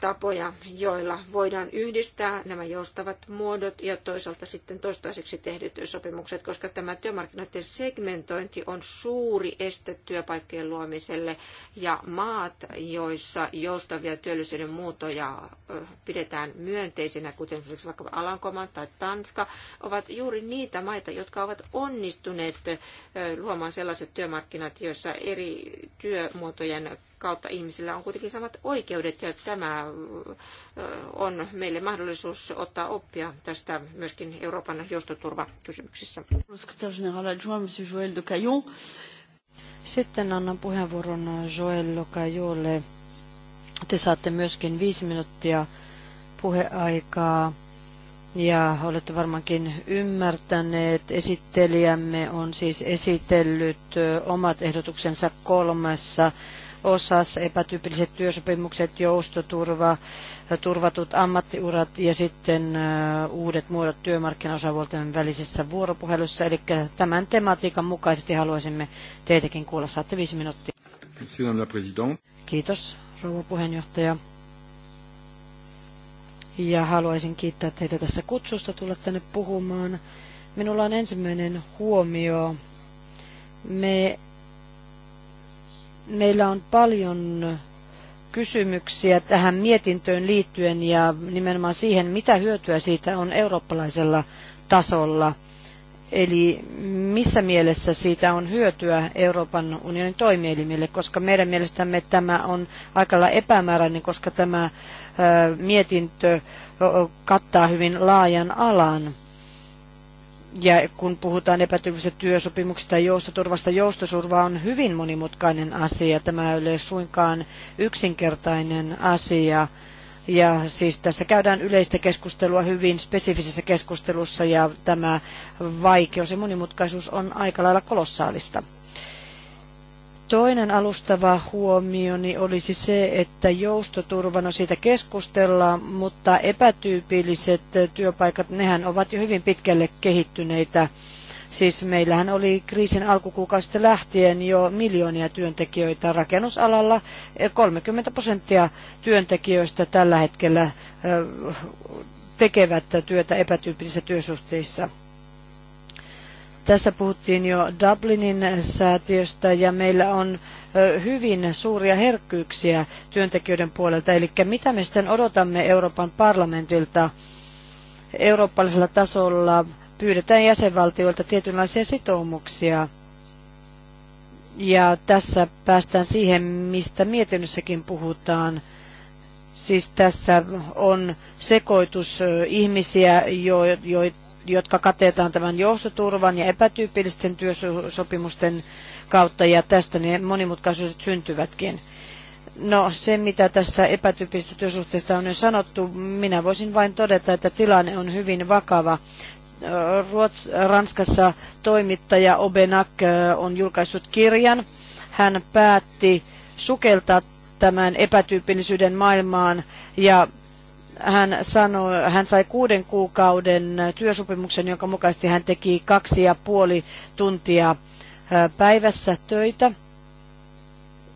tapoja, joilla voidaan yhdistää nämä joustavat muodot ja toisaalta sitten toistaiseksi tehdyt sopimukset, koska tämä työmarkkinoiden segmentointi on suuri este työpaikkojen luomiselle ja maat, joissa joustavia työllisyyden muutoja pidetään myönteisinä, kuten esimerkiksi vaikka Alankoman tai Tanska, ovat juuri niitä maita, jotka ovat onnistuneet luomaan sellaiset työmarkkinat, joissa eri työmuotojen kautta ihmisillä on kuitenkin samat oikeudet ja tämä on meille mahdollisuus ottaa oppia tästä myöskin Euroopan joustoturvakysymyksissä. Sitten annan puheenvuoron Joel Lokajolle. Te saatte myöskin viisi minuuttia puheaikaa. Ja olette varmaankin ymmärtäneet, esittelijämme on siis esitellyt omat ehdotuksensa kolmessa osas, epätyypilliset työsopimukset, joustoturva, turvatut ammattiurat ja sitten äh, uudet muodot työmarkkinaosapuolten välisessä vuoropuhelussa. Eli tämän tematiikan mukaisesti haluaisimme teitäkin kuulla. Saatte viisi minuuttia. Kiitos, rouva puheenjohtaja. Ja haluaisin kiittää teitä tästä kutsusta tulla tänne puhumaan. Minulla on ensimmäinen huomio. Me Meillä on paljon kysymyksiä tähän mietintöön liittyen ja nimenomaan siihen, mitä hyötyä siitä on eurooppalaisella tasolla. Eli missä mielessä siitä on hyötyä Euroopan unionin toimielimille, koska meidän mielestämme tämä on aika lailla epämääräinen, koska tämä mietintö kattaa hyvin laajan alan. Ja kun puhutaan epätyypillisistä työsopimuksista ja joustoturvasta, joustosurva on hyvin monimutkainen asia. Tämä ei ole suinkaan yksinkertainen asia. Ja siis tässä käydään yleistä keskustelua hyvin spesifisessä keskustelussa ja tämä vaikeus ja monimutkaisuus on aika lailla kolossaalista. Toinen alustava huomioni olisi se, että joustoturva, no siitä keskustellaan, mutta epätyypilliset työpaikat, nehän ovat jo hyvin pitkälle kehittyneitä. Siis meillähän oli kriisin alkukuukausista lähtien jo miljoonia työntekijöitä rakennusalalla. 30 prosenttia työntekijöistä tällä hetkellä tekevät työtä epätyypillisissä työsuhteissa. Tässä puhuttiin jo Dublinin säätiöstä ja meillä on hyvin suuria herkkyyksiä työntekijöiden puolelta. Eli mitä me sitten odotamme Euroopan parlamentilta eurooppalaisella tasolla? Pyydetään jäsenvaltioilta tietynlaisia sitoumuksia. Ja tässä päästään siihen, mistä mietinnössäkin puhutaan. Siis tässä on sekoitus ihmisiä, joita jotka katetaan tämän joustoturvan ja epätyypillisten työsopimusten kautta, ja tästä ne monimutkaisuudet syntyvätkin. No se, mitä tässä epätyypillisestä työsuhteista on jo sanottu, minä voisin vain todeta, että tilanne on hyvin vakava. Ruots, Ranskassa toimittaja Obenak äh, on julkaissut kirjan. Hän päätti sukeltaa tämän epätyypillisyyden maailmaan ja hän sanoi, hän sai kuuden kuukauden työsopimuksen, jonka mukaisesti hän teki kaksi ja puoli tuntia päivässä töitä.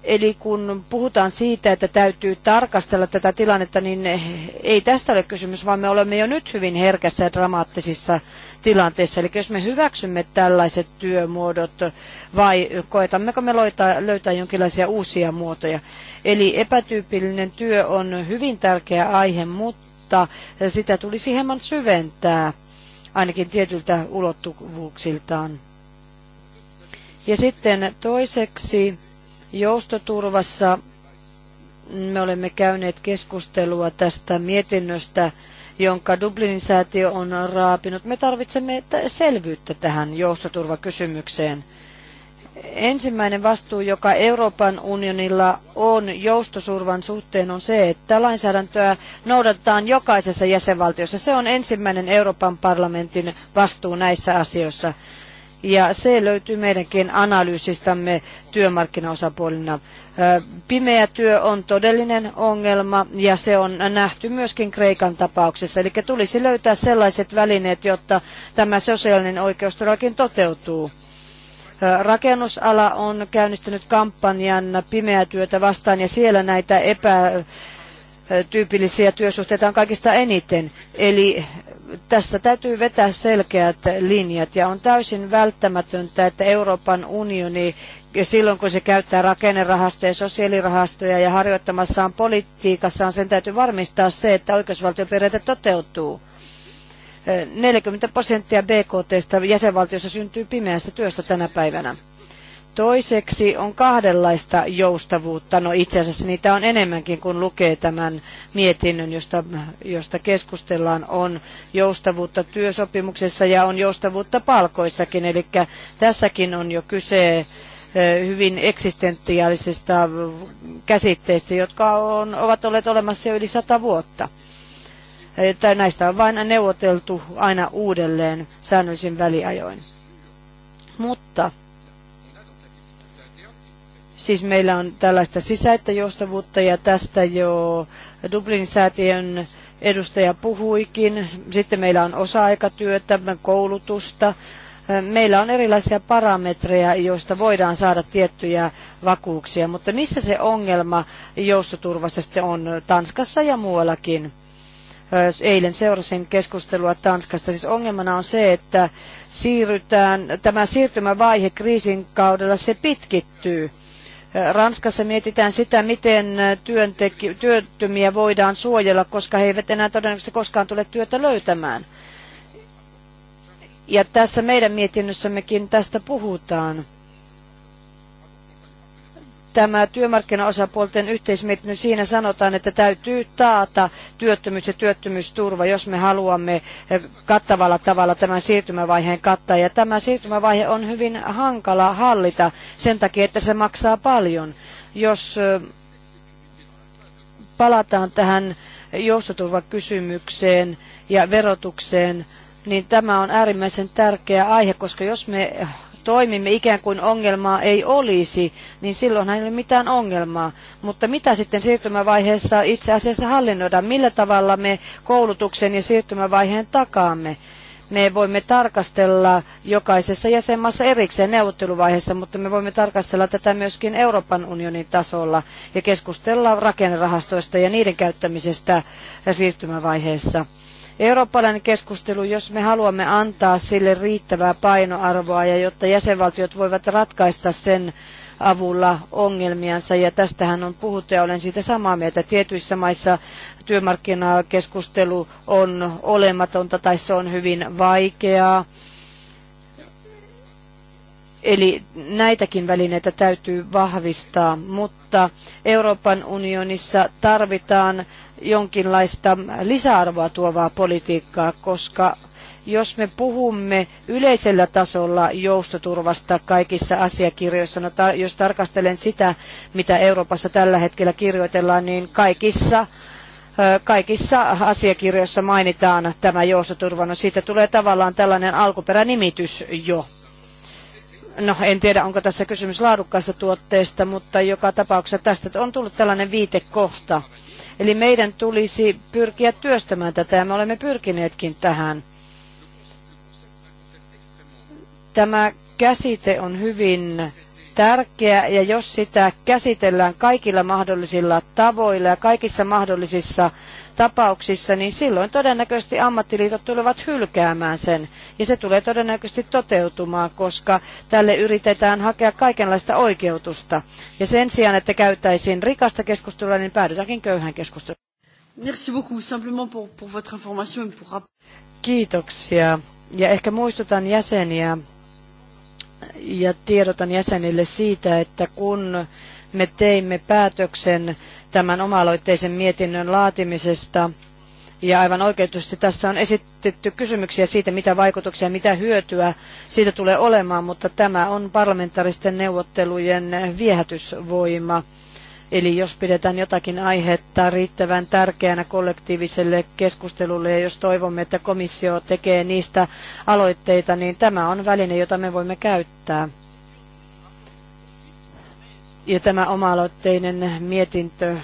Eli kun puhutaan siitä, että täytyy tarkastella tätä tilannetta, niin ei tästä ole kysymys, vaan me olemme jo nyt hyvin herkässä ja dramaattisissa tilanteissa. Eli jos me hyväksymme tällaiset työmuodot vai koetammeko me löytää löytää jonkinlaisia uusia muotoja. Eli epätyypillinen työ on hyvin tärkeä aihe, mutta sitä tulisi hieman syventää ainakin tietyltä ulottuvuuksiltaan. Ja sitten toiseksi Joustoturvassa me olemme käyneet keskustelua tästä mietinnöstä, jonka Dublinin säätiö on raapinut. Me tarvitsemme selvyyttä tähän joustoturvakysymykseen. Ensimmäinen vastuu, joka Euroopan unionilla on joustosurvan suhteen, on se, että lainsäädäntöä noudatetaan jokaisessa jäsenvaltiossa. Se on ensimmäinen Euroopan parlamentin vastuu näissä asioissa ja se löytyy meidänkin analyysistamme työmarkkinaosapuolina. Pimeä työ on todellinen ongelma ja se on nähty myöskin Kreikan tapauksessa. Eli tulisi löytää sellaiset välineet, jotta tämä sosiaalinen oikeus todellakin toteutuu. Rakennusala on käynnistänyt kampanjan pimeää työtä vastaan ja siellä näitä epätyypillisiä työsuhteita on kaikista eniten. Eli tässä täytyy vetää selkeät linjat ja on täysin välttämätöntä, että Euroopan unioni silloin kun se käyttää rakennerahastoja, sosiaalirahastoja ja harjoittamassaan politiikassaan, sen täytyy varmistaa se, että oikeusvaltioperiaate toteutuu. 40 prosenttia BKTstä jäsenvaltiossa syntyy pimeästä työstä tänä päivänä. Toiseksi on kahdenlaista joustavuutta. No itse asiassa niitä on enemmänkin, kun lukee tämän mietinnön, josta, josta keskustellaan. On joustavuutta työsopimuksessa ja on joustavuutta palkoissakin. Eli tässäkin on jo kyse eh, hyvin eksistentiaalisista käsitteistä, jotka on, ovat olleet olemassa jo yli sata vuotta. Eh, tai näistä on vain neuvoteltu aina uudelleen säännöllisin väliajoin. Mutta Siis meillä on tällaista sisäistä joustavuutta ja tästä jo Dublin säätiön edustaja puhuikin. Sitten meillä on osa-aikatyötä, koulutusta. Meillä on erilaisia parametreja, joista voidaan saada tiettyjä vakuuksia, mutta missä se ongelma joustoturvassa sitten on Tanskassa ja muuallakin? eilen seurasin keskustelua Tanskasta. Siis ongelmana on se, että siirrytään, tämä siirtymävaihe kriisin kaudella se pitkittyy. Ranskassa mietitään sitä, miten työnteki- työttömiä voidaan suojella, koska he eivät enää todennäköisesti koskaan tule työtä löytämään. Ja tässä meidän mietinnössämmekin tästä puhutaan tämä työmarkkinaosapuolten yhteismietintö, siinä sanotaan, että täytyy taata työttömyys ja työttömyysturva, jos me haluamme eh, kattavalla tavalla tämän siirtymävaiheen kattaa. Ja tämä siirtymävaihe on hyvin hankala hallita sen takia, että se maksaa paljon. Jos eh, palataan tähän joustoturvakysymykseen ja verotukseen, niin tämä on äärimmäisen tärkeä aihe, koska jos me toimimme ikään kuin ongelmaa ei olisi, niin silloinhan ei ole mitään ongelmaa. Mutta mitä sitten siirtymävaiheessa itse asiassa hallinnoidaan? Millä tavalla me koulutuksen ja siirtymävaiheen takaamme? me voimme tarkastella jokaisessa jäsenmaassa erikseen neuvotteluvaiheessa, mutta me voimme tarkastella tätä myöskin Euroopan unionin tasolla ja keskustella rakennerahastoista ja niiden käyttämisestä siirtymävaiheessa. Eurooppalainen keskustelu, jos me haluamme antaa sille riittävää painoarvoa ja jotta jäsenvaltiot voivat ratkaista sen avulla ongelmiansa ja tästähän on puhuttu ja olen siitä samaa mieltä. Tietyissä maissa työmarkkinakeskustelu on olematonta tai se on hyvin vaikeaa. Eli näitäkin välineitä täytyy vahvistaa, mutta Euroopan unionissa tarvitaan jonkinlaista lisäarvoa tuovaa politiikkaa, koska jos me puhumme yleisellä tasolla joustoturvasta kaikissa asiakirjoissa, no ta- jos tarkastelen sitä, mitä Euroopassa tällä hetkellä kirjoitellaan, niin kaikissa kaikissa asiakirjoissa mainitaan tämä joustoturva, no siitä tulee tavallaan tällainen alkuperänimitys jo. No en tiedä, onko tässä kysymys laadukkaasta tuotteesta, mutta joka tapauksessa tästä on tullut tällainen viitekohta. Eli meidän tulisi pyrkiä työstämään tätä ja me olemme pyrkineetkin tähän. Tämä käsite on hyvin tärkeä ja jos sitä käsitellään kaikilla mahdollisilla tavoilla ja kaikissa mahdollisissa tapauksissa, niin silloin todennäköisesti ammattiliitot tulevat hylkäämään sen. Ja se tulee todennäköisesti toteutumaan, koska tälle yritetään hakea kaikenlaista oikeutusta. Ja sen sijaan, että käytäisiin rikasta keskustelua, niin päädytäänkin köyhän keskusteluun. Merci beaucoup, simplement pour, pour votre information et pour... Kiitoksia. Ja ehkä muistutan jäseniä ja tiedotan jäsenille siitä, että kun me teimme päätöksen tämän oma-aloitteisen mietinnön laatimisesta. Ja aivan oikeutusti tässä on esitetty kysymyksiä siitä, mitä vaikutuksia, mitä hyötyä siitä tulee olemaan, mutta tämä on parlamentaaristen neuvottelujen viehätysvoima. Eli jos pidetään jotakin aihetta riittävän tärkeänä kollektiiviselle keskustelulle ja jos toivomme, että komissio tekee niistä aloitteita, niin tämä on väline, jota me voimme käyttää. Ja tämä oma-aloitteinen mietintö,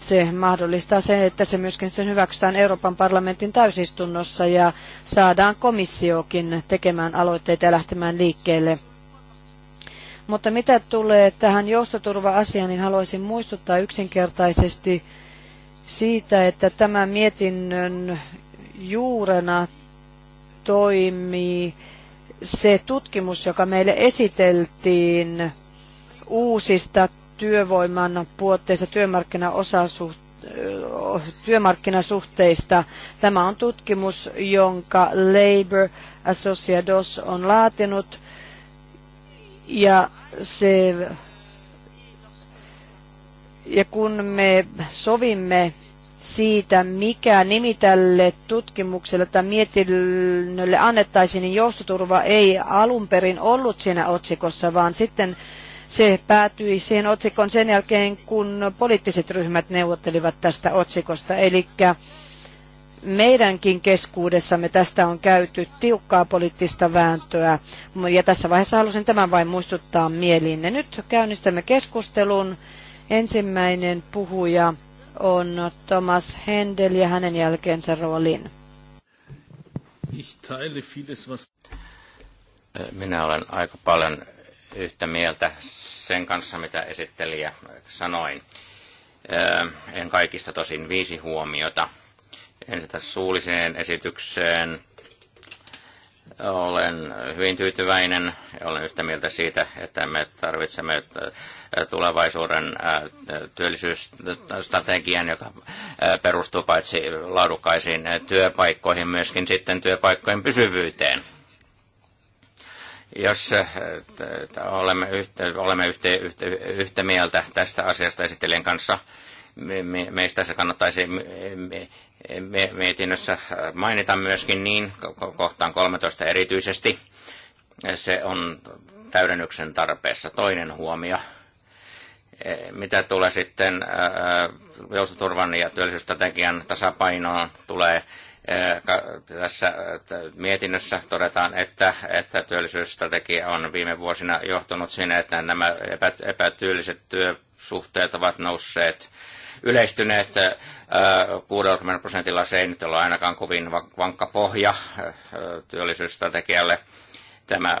se mahdollistaa sen, että se myöskin sitten hyväksytään Euroopan parlamentin täysistunnossa ja saadaan komissiokin tekemään aloitteita ja lähtemään liikkeelle. Mutta mitä tulee tähän joustoturva-asiaan, niin haluaisin muistuttaa yksinkertaisesti siitä, että tämän mietinnön juurena toimii se tutkimus, joka meille esiteltiin uusista työvoiman puotteista, työmarkkinasuhteista. Tämä on tutkimus, jonka Labour Associados on laatinut ja se ja kun me sovimme siitä, mikä nimi tälle tutkimukselle tai mietinnölle annettaisiin, niin joustoturva ei alun perin ollut siinä otsikossa, vaan sitten se päätyi siihen otsikon sen jälkeen, kun poliittiset ryhmät neuvottelivat tästä otsikosta. Eli meidänkin keskuudessamme tästä on käyty tiukkaa poliittista vääntöä. Ja tässä vaiheessa halusin tämän vain muistuttaa mieliinne. Nyt käynnistämme keskustelun. Ensimmäinen puhuja on Thomas Händel ja hänen jälkeensä Roolin. Minä olen aika paljon yhtä mieltä sen kanssa, mitä esittelijä sanoin. En kaikista tosin viisi huomiota. Ensin suulliseen esitykseen olen hyvin tyytyväinen ja olen yhtä mieltä siitä, että me tarvitsemme tulevaisuuden työllisyysstrategian, joka perustuu paitsi laadukkaisiin työpaikkoihin, myöskin sitten työpaikkojen pysyvyyteen jos äh, olemme, yhtä, olemme yhtä, yhtä, yhtä mieltä tästä asiasta esittelijän kanssa, meistä se kannattaisi mietinnössä mainita myöskin niin, kohtaan 13 erityisesti. Se on täydennyksen tarpeessa. Toinen huomio, e, mitä tulee sitten joustoturvan ja työllisyysstrategian tasapainoon, tulee tässä mietinnössä todetaan, että, että työllisyysstrategia on viime vuosina johtunut sinne, että nämä epä, epätyölliset työsuhteet ovat nousseet yleistyneet 60 prosentilla. Se ei nyt ole ainakaan kovin vankka pohja työllisyysstrategialle. Tämä,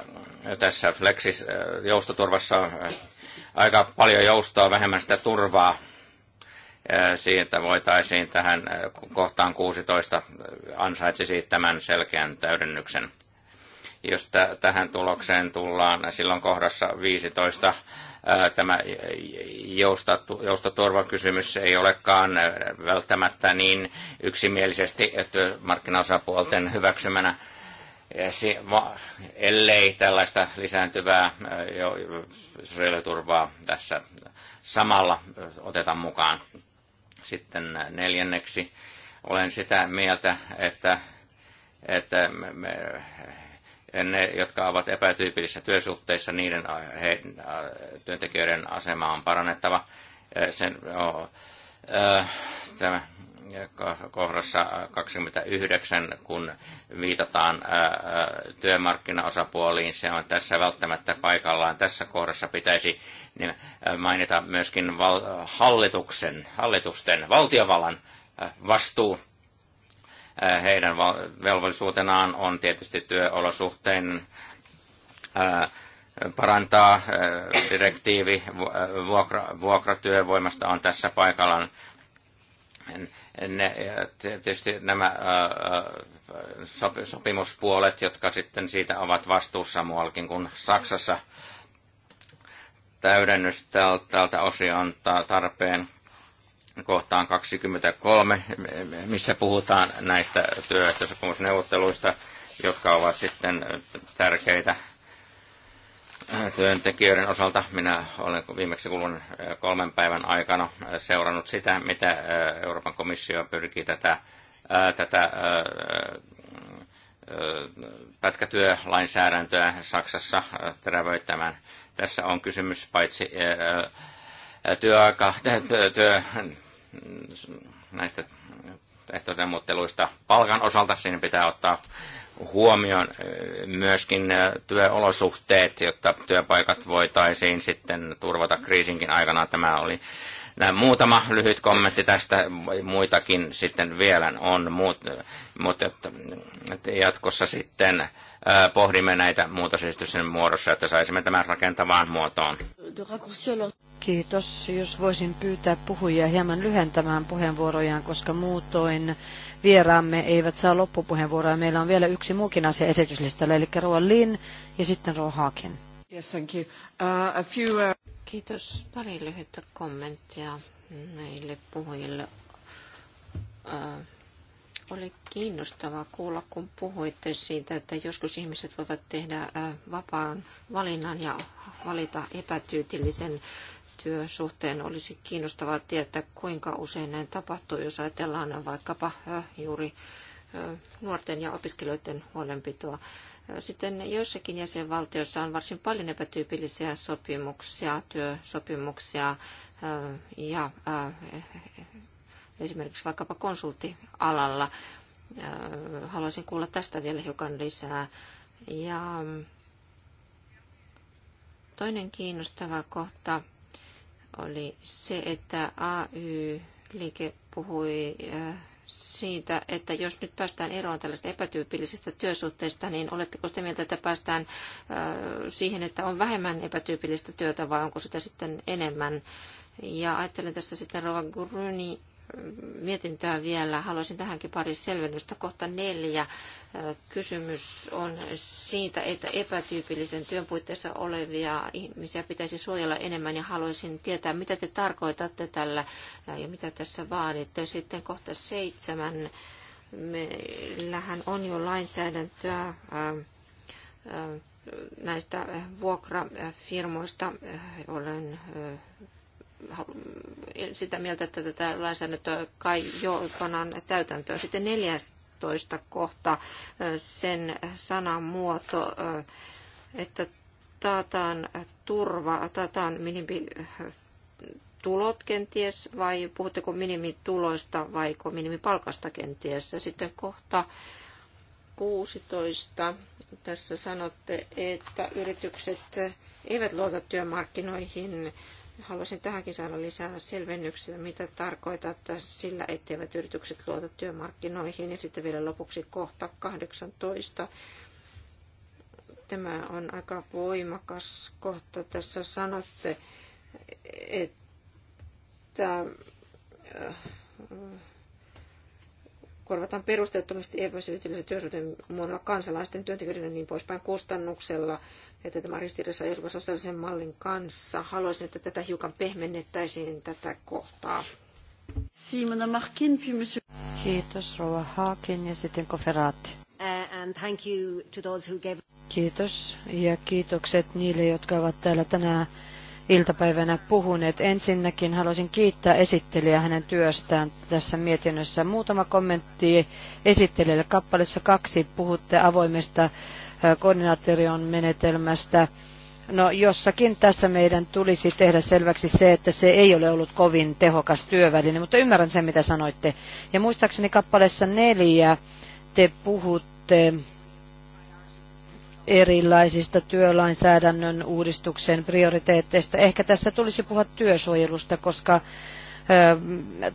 tässä Flexis joustoturvassa on aika paljon joustoa, vähemmän sitä turvaa siitä voitaisiin tähän kohtaan 16 ansaitsisi tämän selkeän täydennyksen. Jos tähän tulokseen tullaan, silloin kohdassa 15 tämä joustoturvakysymys ei olekaan välttämättä niin yksimielisesti työmarkkinaosapuolten hyväksymänä, ellei tällaista lisääntyvää sosiaaliturvaa tässä samalla oteta mukaan sitten äh, neljänneksi olen sitä mieltä, että, että me, ne, jotka ovat epätyypillisissä työsuhteissa, niiden äh, he, äh, työntekijöiden asema on parannettava. Sen, oh, tämä kohdassa 29, kun viitataan työmarkkinaosapuoliin, se on tässä välttämättä paikallaan. Tässä kohdassa pitäisi niin, mainita myöskin hallituksen, hallitusten, valtiovallan vastuu. Heidän velvollisuutenaan on tietysti työolosuhteen parantaa direktiivi vuokra, vuokratyövoimasta on tässä paikallaan ne, tietysti nämä sopimuspuolet, jotka sitten siitä ovat vastuussa muuallakin kuin Saksassa, täydennys tältä osia on tarpeen kohtaan 23, missä puhutaan näistä työehtosopimusneuvotteluista, jotka ovat sitten tärkeitä työntekijöiden osalta. Minä olen viimeksi kulun kolmen päivän aikana seurannut sitä, mitä Euroopan komissio pyrkii tätä, tätä pätkätyölainsäädäntöä Saksassa terävöittämään. Tässä on kysymys paitsi työaika, työ, näistä ehtoneuvotteluista palkan osalta. Siinä pitää ottaa huomioon eh, myöskin eh, työolosuhteet, jotta työpaikat voitaisiin sitten turvata kriisinkin aikana. Tämä oli Nämä muutama lyhyt kommentti tästä, muitakin sitten vielä on, mutta jatkossa sitten pohdimme näitä muutosesitysten muodossa, että saisimme tämän rakentavaan muotoon. Kiitos. Jos voisin pyytää puhujia hieman lyhentämään puheenvuorojaan, koska muutoin vieraamme eivät saa loppupuheenvuoroa. Meillä on vielä yksi muukin asia esityslistalla, eli Roa Lin ja sitten Roa Haakin. Yes, thank you. Uh, a few, uh... Kiitos. Pari lyhyttä kommenttia näille puhujille. Uh, oli kiinnostavaa kuulla, kun puhuitte siitä, että joskus ihmiset voivat tehdä uh, vapaan valinnan ja valita epätyytillisen työsuhteen olisi kiinnostavaa tietää, kuinka usein näin tapahtuu, jos ajatellaan vaikkapa juuri nuorten ja opiskelijoiden huolenpitoa. Sitten joissakin jäsenvaltioissa on varsin paljon epätyypillisiä sopimuksia, työsopimuksia ja esimerkiksi vaikkapa konsulttialalla. Haluaisin kuulla tästä vielä hiukan lisää. Ja mm, toinen kiinnostava kohta oli se, että AY-liike puhui äh, siitä, että jos nyt päästään eroon tällaista epätyypillisestä työsuhteista, niin oletteko sitä mieltä, että päästään äh, siihen, että on vähemmän epätyypillistä työtä vai onko sitä sitten enemmän? Ja ajattelen tässä sitten Rova Gruni mietintöä vielä. Haluaisin tähänkin pari selvennystä. Kohta neljä. Kysymys on siitä, että epätyypillisen työn puitteissa olevia ihmisiä pitäisi suojella enemmän ja haluaisin tietää, mitä te tarkoitatte tällä ja mitä tässä vaaditte. Sitten kohta seitsemän. Meillähän on jo lainsäädäntöä näistä vuokrafirmoista. Olen sitä mieltä, että tätä lainsäädäntöä kai jo pannaan täytäntöön. Sitten 14 kohta sen sanan muoto, että taataan turva, taataan minimi tulot kenties, vai puhutteko minimituloista vai minimipalkasta kenties. Ja sitten kohta 16 tässä sanotte, että yritykset eivät luota työmarkkinoihin Haluaisin tähänkin saada lisää selvennyksiä, mitä tarkoittaa sillä, etteivät yritykset luota työmarkkinoihin. Ja sitten vielä lopuksi kohta 18 tämä on aika voimakas kohta. Tässä sanotte, että äh, korvataan perusteettomasti epäsyytillisellä työsuhteen muodolla kansalaisten, työntekijöiden ja niin poispäin kustannuksella että tämä on ristiriidassa Euroopan sosiaalisen mallin kanssa. Haluaisin, että tätä hiukan pehmennettäisiin tätä kohtaa. Kiitos Rova Haakin ja sitten Koferaatti. Uh, Kiitos ja kiitokset niille, jotka ovat täällä tänään iltapäivänä puhuneet. Ensinnäkin haluaisin kiittää esittelijää hänen työstään tässä mietinnössä. Muutama kommentti esittelijälle. Kappaleessa kaksi puhutte avoimesta koordinaation menetelmästä. No jossakin tässä meidän tulisi tehdä selväksi se, että se ei ole ollut kovin tehokas työväline, mutta ymmärrän sen, mitä sanoitte. Ja muistaakseni kappaleessa neljä te puhutte erilaisista työlainsäädännön uudistuksen prioriteetteista. Ehkä tässä tulisi puhua työsuojelusta, koska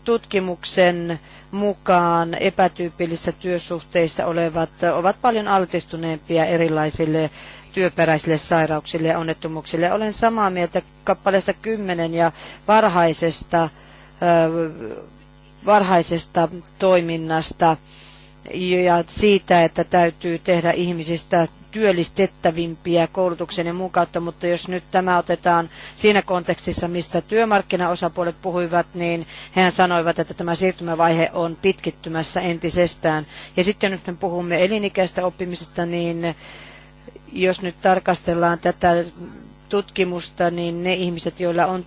tutkimuksen mukaan epätyypillisissä työsuhteissa olevat ovat paljon altistuneempia erilaisille työperäisille sairauksille ja onnettomuuksille. Olen samaa mieltä kappaleesta 10 ja varhaisesta, varhaisesta toiminnasta ja siitä, että täytyy tehdä ihmisistä työllistettävimpiä koulutuksen ja muun kautta, mutta jos nyt tämä otetaan siinä kontekstissa, mistä työmarkkinaosapuolet puhuivat, niin hehän sanoivat, että tämä siirtymävaihe on pitkittymässä entisestään. Ja sitten nyt me puhumme elinikäistä oppimisesta, niin jos nyt tarkastellaan tätä tutkimusta, niin ne ihmiset, joilla on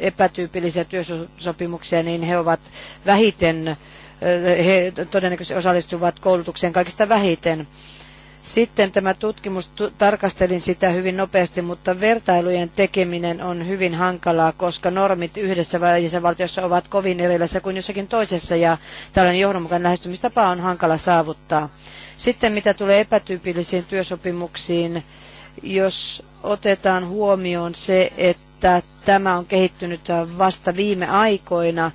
epätyypillisiä työsopimuksia, niin he ovat vähiten he todennäköisesti osallistuvat koulutukseen kaikista vähiten. Sitten tämä tutkimus, tarkastelin sitä hyvin nopeasti, mutta vertailujen tekeminen on hyvin hankalaa, koska normit yhdessä jäsenvaltiossa ovat kovin erilaisia kuin jossakin toisessa, ja tällainen johdonmukainen lähestymistapa on hankala saavuttaa. Sitten mitä tulee epätyypillisiin työsopimuksiin, jos otetaan huomioon se, että tämä on kehittynyt vasta viime aikoina,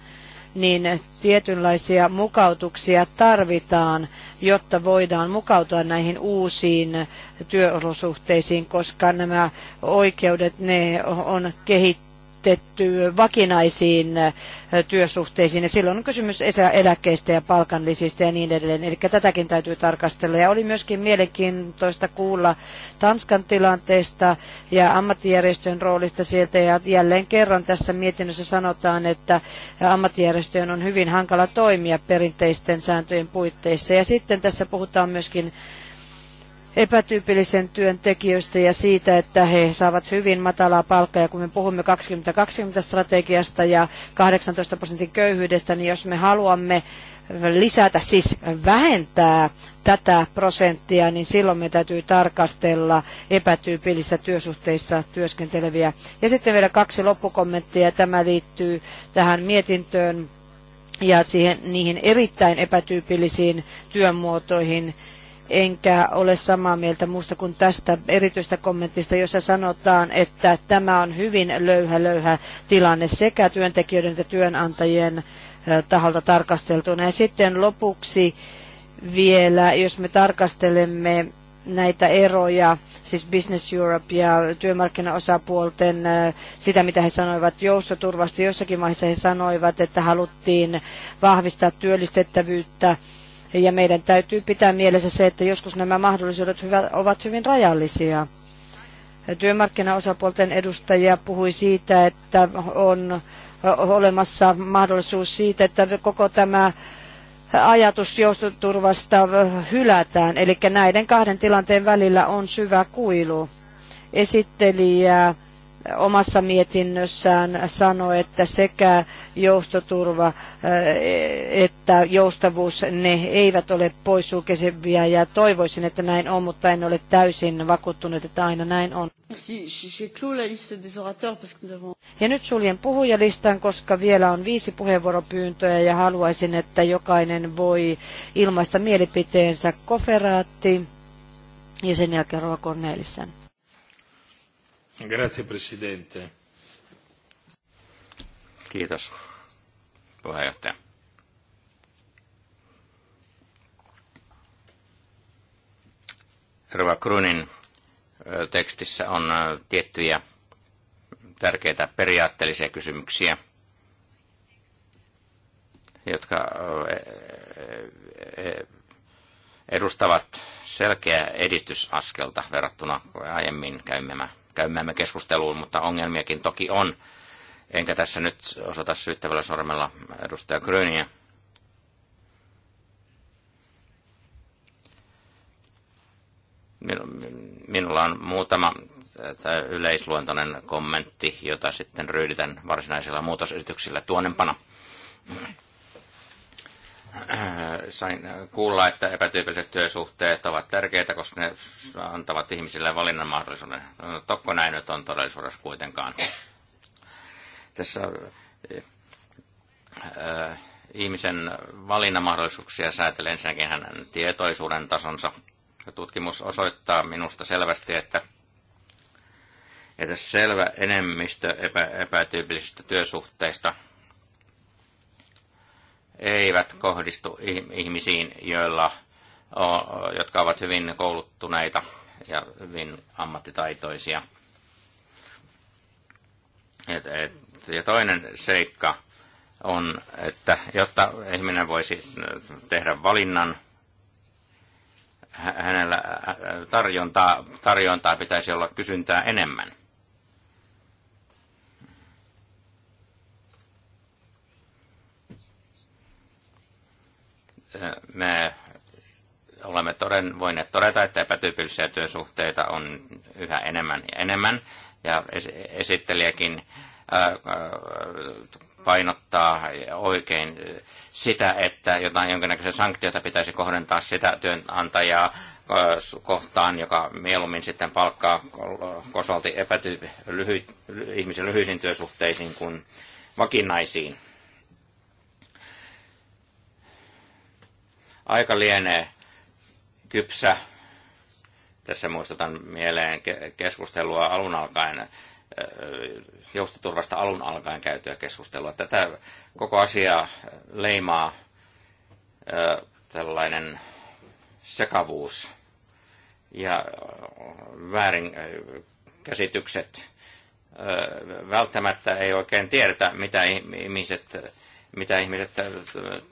niin tietynlaisia mukautuksia tarvitaan, jotta voidaan mukautua näihin uusiin työolosuhteisiin, koska nämä oikeudet ne on kehittynyt liitetty vakinaisiin äh, työsuhteisiin. Ja silloin on kysymys eläkkeistä ja palkanlisistä ja niin edelleen. Eli tätäkin täytyy tarkastella. Ja oli myöskin mielenkiintoista kuulla Tanskan tilanteesta ja ammattijärjestöjen roolista sieltä. Ja jälleen kerran tässä mietinnössä sanotaan, että ammattijärjestöjen on hyvin hankala toimia perinteisten sääntöjen puitteissa. Ja sitten tässä puhutaan myöskin epätyypillisen työn tekijöistä ja siitä, että he saavat hyvin matalaa palkkaa. Ja kun me puhumme 2020-strategiasta ja 18 prosentin köyhyydestä, niin jos me haluamme lisätä, siis vähentää tätä prosenttia, niin silloin me täytyy tarkastella epätyypillisissä työsuhteissa työskenteleviä. Ja sitten vielä kaksi loppukommenttia. Tämä liittyy tähän mietintöön ja siihen, niihin erittäin epätyypillisiin työmuotoihin, enkä ole samaa mieltä muusta kuin tästä erityistä kommentista, jossa sanotaan, että tämä on hyvin löyhä löyhä tilanne sekä työntekijöiden että työnantajien taholta tarkasteltuna. Ja sitten lopuksi vielä, jos me tarkastelemme näitä eroja, siis Business Europe ja työmarkkinaosapuolten sitä, mitä he sanoivat joustoturvasti. Jossakin vaiheessa he sanoivat, että haluttiin vahvistaa työllistettävyyttä ja meidän täytyy pitää mielessä se, että joskus nämä mahdollisuudet ovat hyvin rajallisia. Työmarkkinaosapuolten edustajia puhui siitä, että on olemassa mahdollisuus siitä, että koko tämä ajatus joustoturvasta hylätään. Eli näiden kahden tilanteen välillä on syvä kuilu. Esittelijä omassa mietinnössään sanoi, että sekä joustoturva äh, että joustavuus, ne eivät ole poissulkesevia ja toivoisin, että näin on, mutta en ole täysin vakuuttunut, että aina näin on. Ja nyt suljen puhujalistan, koska vielä on viisi puheenvuoropyyntöä ja haluaisin, että jokainen voi ilmaista mielipiteensä koferaatti ja sen jälkeen Rova Cornelissen. Grazie, presidente. Kiitos, puheenjohtaja. Rova Krunin tekstissä on tiettyjä tärkeitä periaatteellisia kysymyksiä, jotka e, e, e, edustavat selkeää edistysaskelta verrattuna aiemmin käymään käymäämme keskusteluun, mutta ongelmiakin toki on. Enkä tässä nyt osata syyttävällä sormella edustaja Gröniä. Minulla on muutama yleisluontoinen kommentti, jota sitten ryhdytän varsinaisilla muutosesityksillä tuonempana. Äh, sain kuulla, että epätyypilliset työsuhteet ovat tärkeitä, koska ne antavat ihmisille valinnan mahdollisuuden. No, tokko näin nyt on todellisuudessa kuitenkaan. Tässä ihmisen äh, ihmisen valinnanmahdollisuuksia säätelee ensinnäkin hänen tietoisuuden tasonsa. Tutkimus osoittaa minusta selvästi, että että selvä enemmistö epä, epätyypillisistä työsuhteista – eivät kohdistu ihmisiin, joilla, jotka ovat hyvin kouluttuneita ja hyvin ammattitaitoisia. Et, et, ja toinen seikka on, että jotta ihminen voisi tehdä valinnan, hänellä tarjontaa, tarjontaa pitäisi olla kysyntää enemmän. me olemme toden, voineet todeta, että epätyypillisiä työsuhteita on yhä enemmän ja enemmän. Ja esittelijäkin painottaa oikein sitä, että jotain jonkinnäköisiä sanktioita pitäisi kohdentaa sitä työnantajaa kohtaan, joka mieluummin sitten palkkaa kosolti epätyy- lyhy, ihmisen lyhyisiin työsuhteisiin kuin vakinaisiin Aika lienee kypsä. Tässä muistutan mieleen keskustelua alun alkaen, joustoturvasta alun alkaen käytyä keskustelua. Tätä koko asiaa leimaa tällainen sekavuus ja väärin käsitykset. Välttämättä ei oikein tiedetä, mitä ihmiset, mitä ihmiset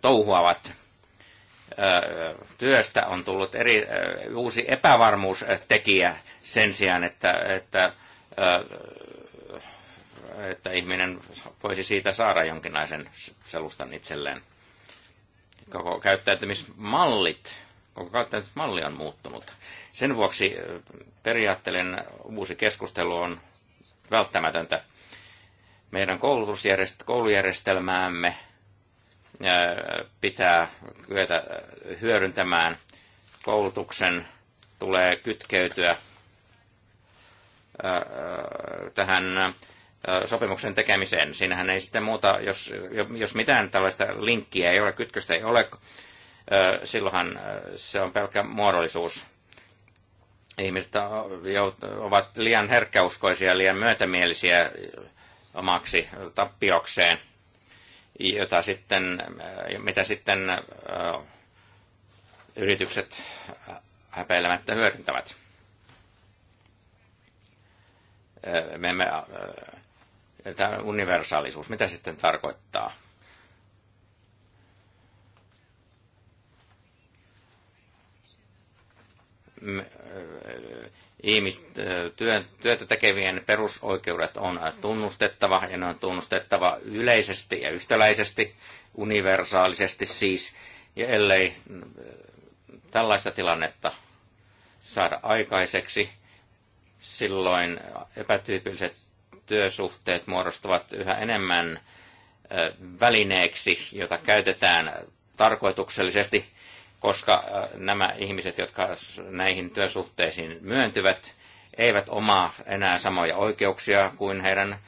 touhuavat työstä on tullut eri, uusi epävarmuustekijä sen sijaan, että, että, että ihminen voisi siitä saada jonkinlaisen selustan itselleen. Koko käyttäytymismallit, koko käyttäytymismalli on muuttunut. Sen vuoksi periaatteellinen uusi keskustelu on välttämätöntä. Meidän koulujärjestelmäämme pitää kyetä hyödyntämään. Koulutuksen tulee kytkeytyä tähän sopimuksen tekemiseen. Siinähän ei sitten muuta, jos, jos mitään tällaista linkkiä ei ole, kytköstä ei ole, silloinhan se on pelkkä muodollisuus. Ihmiset ovat liian herkkäuskoisia, liian myötämielisiä omaksi tappiokseen jota sitten, äh, mitä sitten äh, yritykset äh, häpeilemättä hyödyntävät. Me emme, tämä universaalisuus, mitä sitten tarkoittaa? Me, ihmis, työtä tekevien perusoikeudet on tunnustettava ja ne on tunnustettava yleisesti ja yhtäläisesti, universaalisesti siis. Ja ellei tällaista tilannetta saada aikaiseksi, silloin epätyypilliset työsuhteet muodostuvat yhä enemmän välineeksi, jota käytetään tarkoituksellisesti koska äh, nämä ihmiset, jotka näihin työsuhteisiin myöntyvät, eivät omaa enää samoja oikeuksia kuin heidän äh,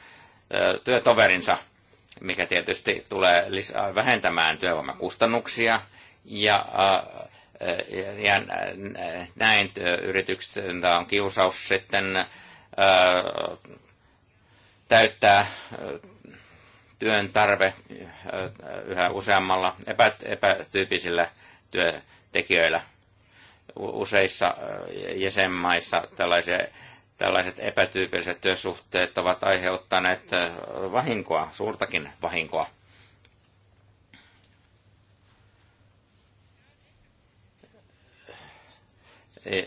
työtoverinsa, mikä tietysti tulee lisää, äh, vähentämään työvoimakustannuksia ja, ja näin yritykset on kiusaus sitten täyttää työn tarve yhä useammalla epä, epätyypisillä työntekijöillä. Useissa jäsenmaissa tällaisia, tällaiset epätyypilliset työsuhteet ovat aiheuttaneet vahinkoa, suurtakin vahinkoa. E,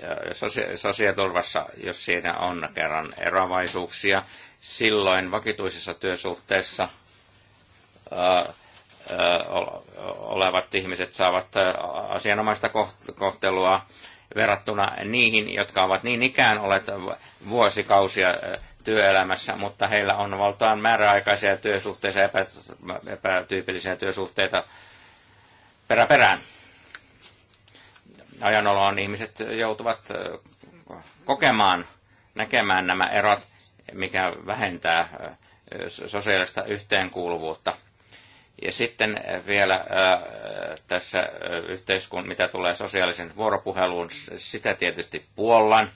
sosiaaliturvassa, jos siinä on kerran eroavaisuuksia, silloin vakituisessa työsuhteessa ää, olevat ihmiset saavat asianomaista kohtelua verrattuna niihin, jotka ovat niin ikään olleet vuosikausia työelämässä, mutta heillä on valtaan määräaikaisia työsuhteita ja epä, epätyypillisiä työsuhteita perään. Ajanoloon ihmiset joutuvat kokemaan, näkemään nämä erot, mikä vähentää sosiaalista yhteenkuuluvuutta – ja sitten äh, vielä äh, tässä äh, yhteiskunnan, mitä tulee sosiaalisen vuoropuheluun, sitä tietysti puollan,